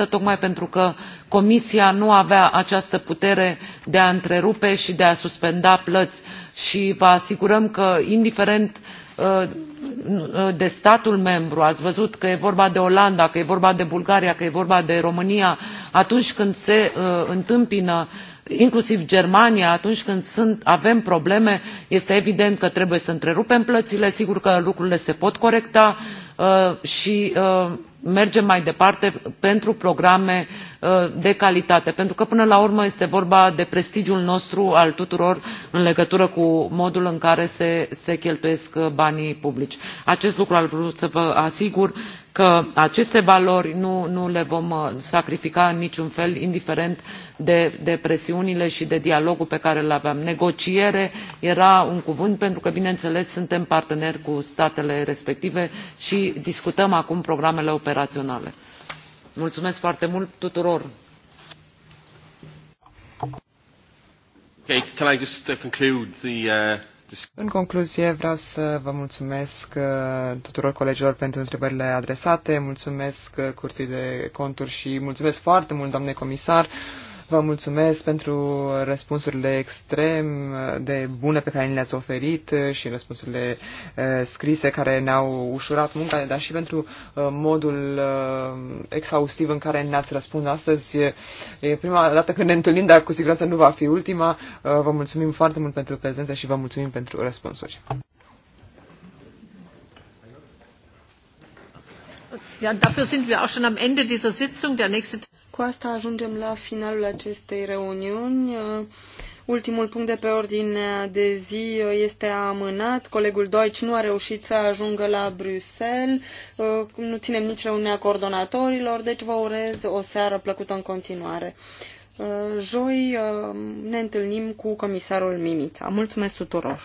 tocmai pentru că comisia nu avea această putere de a întrerupe și de a suspenda plăți și vă asigurăm că indiferent de Uh, de statul membru ați văzut că e vorba de olanda că e vorba de bulgaria că e vorba de românia atunci când se uh, întâmpină inclusiv germania atunci când sunt, avem probleme este evident că trebuie să întrerupem plățile sigur că lucrurile se pot corecta Uh, și uh, mergem mai departe pentru programe uh, de calitate pentru că până la urmă este vorba de prestigiul nostru al tuturor în legătură cu modul în care se, cheltuiesc banii publici. acest lucru am vrut să vă asigur că aceste valori nu, nu le vom sacrifica în niciun fel indiferent de, de presiunile și de dialogul pe care îl aveam. negociere era un cuvânt pentru că bineînțeles suntem parteneri cu statele respective și discutăm acum programele operaționale. mulțumesc foarte mult tuturor. Uh, uh, în concluzie, vreau să vă mulțumesc uh, tuturor colegilor pentru întrebările adresate, mulțumesc Curții de Conturi și mulțumesc foarte mult, doamne comisar, Vă mulțumesc pentru răspunsurile extrem de bune pe care ni le-ați oferit și răspunsurile eh, scrise care ne-au ușurat munca, dar și pentru eh, modul eh, exhaustiv în care ne-ați răspuns astăzi. E prima dată când ne întâlnim, dar cu siguranță nu va fi ultima. Vă mulțumim foarte mult pentru prezență și vă mulțumim pentru răspunsuri. Ja, dafür sind wir auch schon am Ende dieser Sitzung. Der nächste cu asta ajungem la finalul acestei reuniuni. Ultimul punct de pe ordinea de zi este amânat. Colegul Deutsch nu a reușit să ajungă la Bruxelles. Nu ținem nici reuniunea coordonatorilor, deci vă urez o seară plăcută în continuare. Joi ne întâlnim cu comisarul Mimita. Mulțumesc tuturor!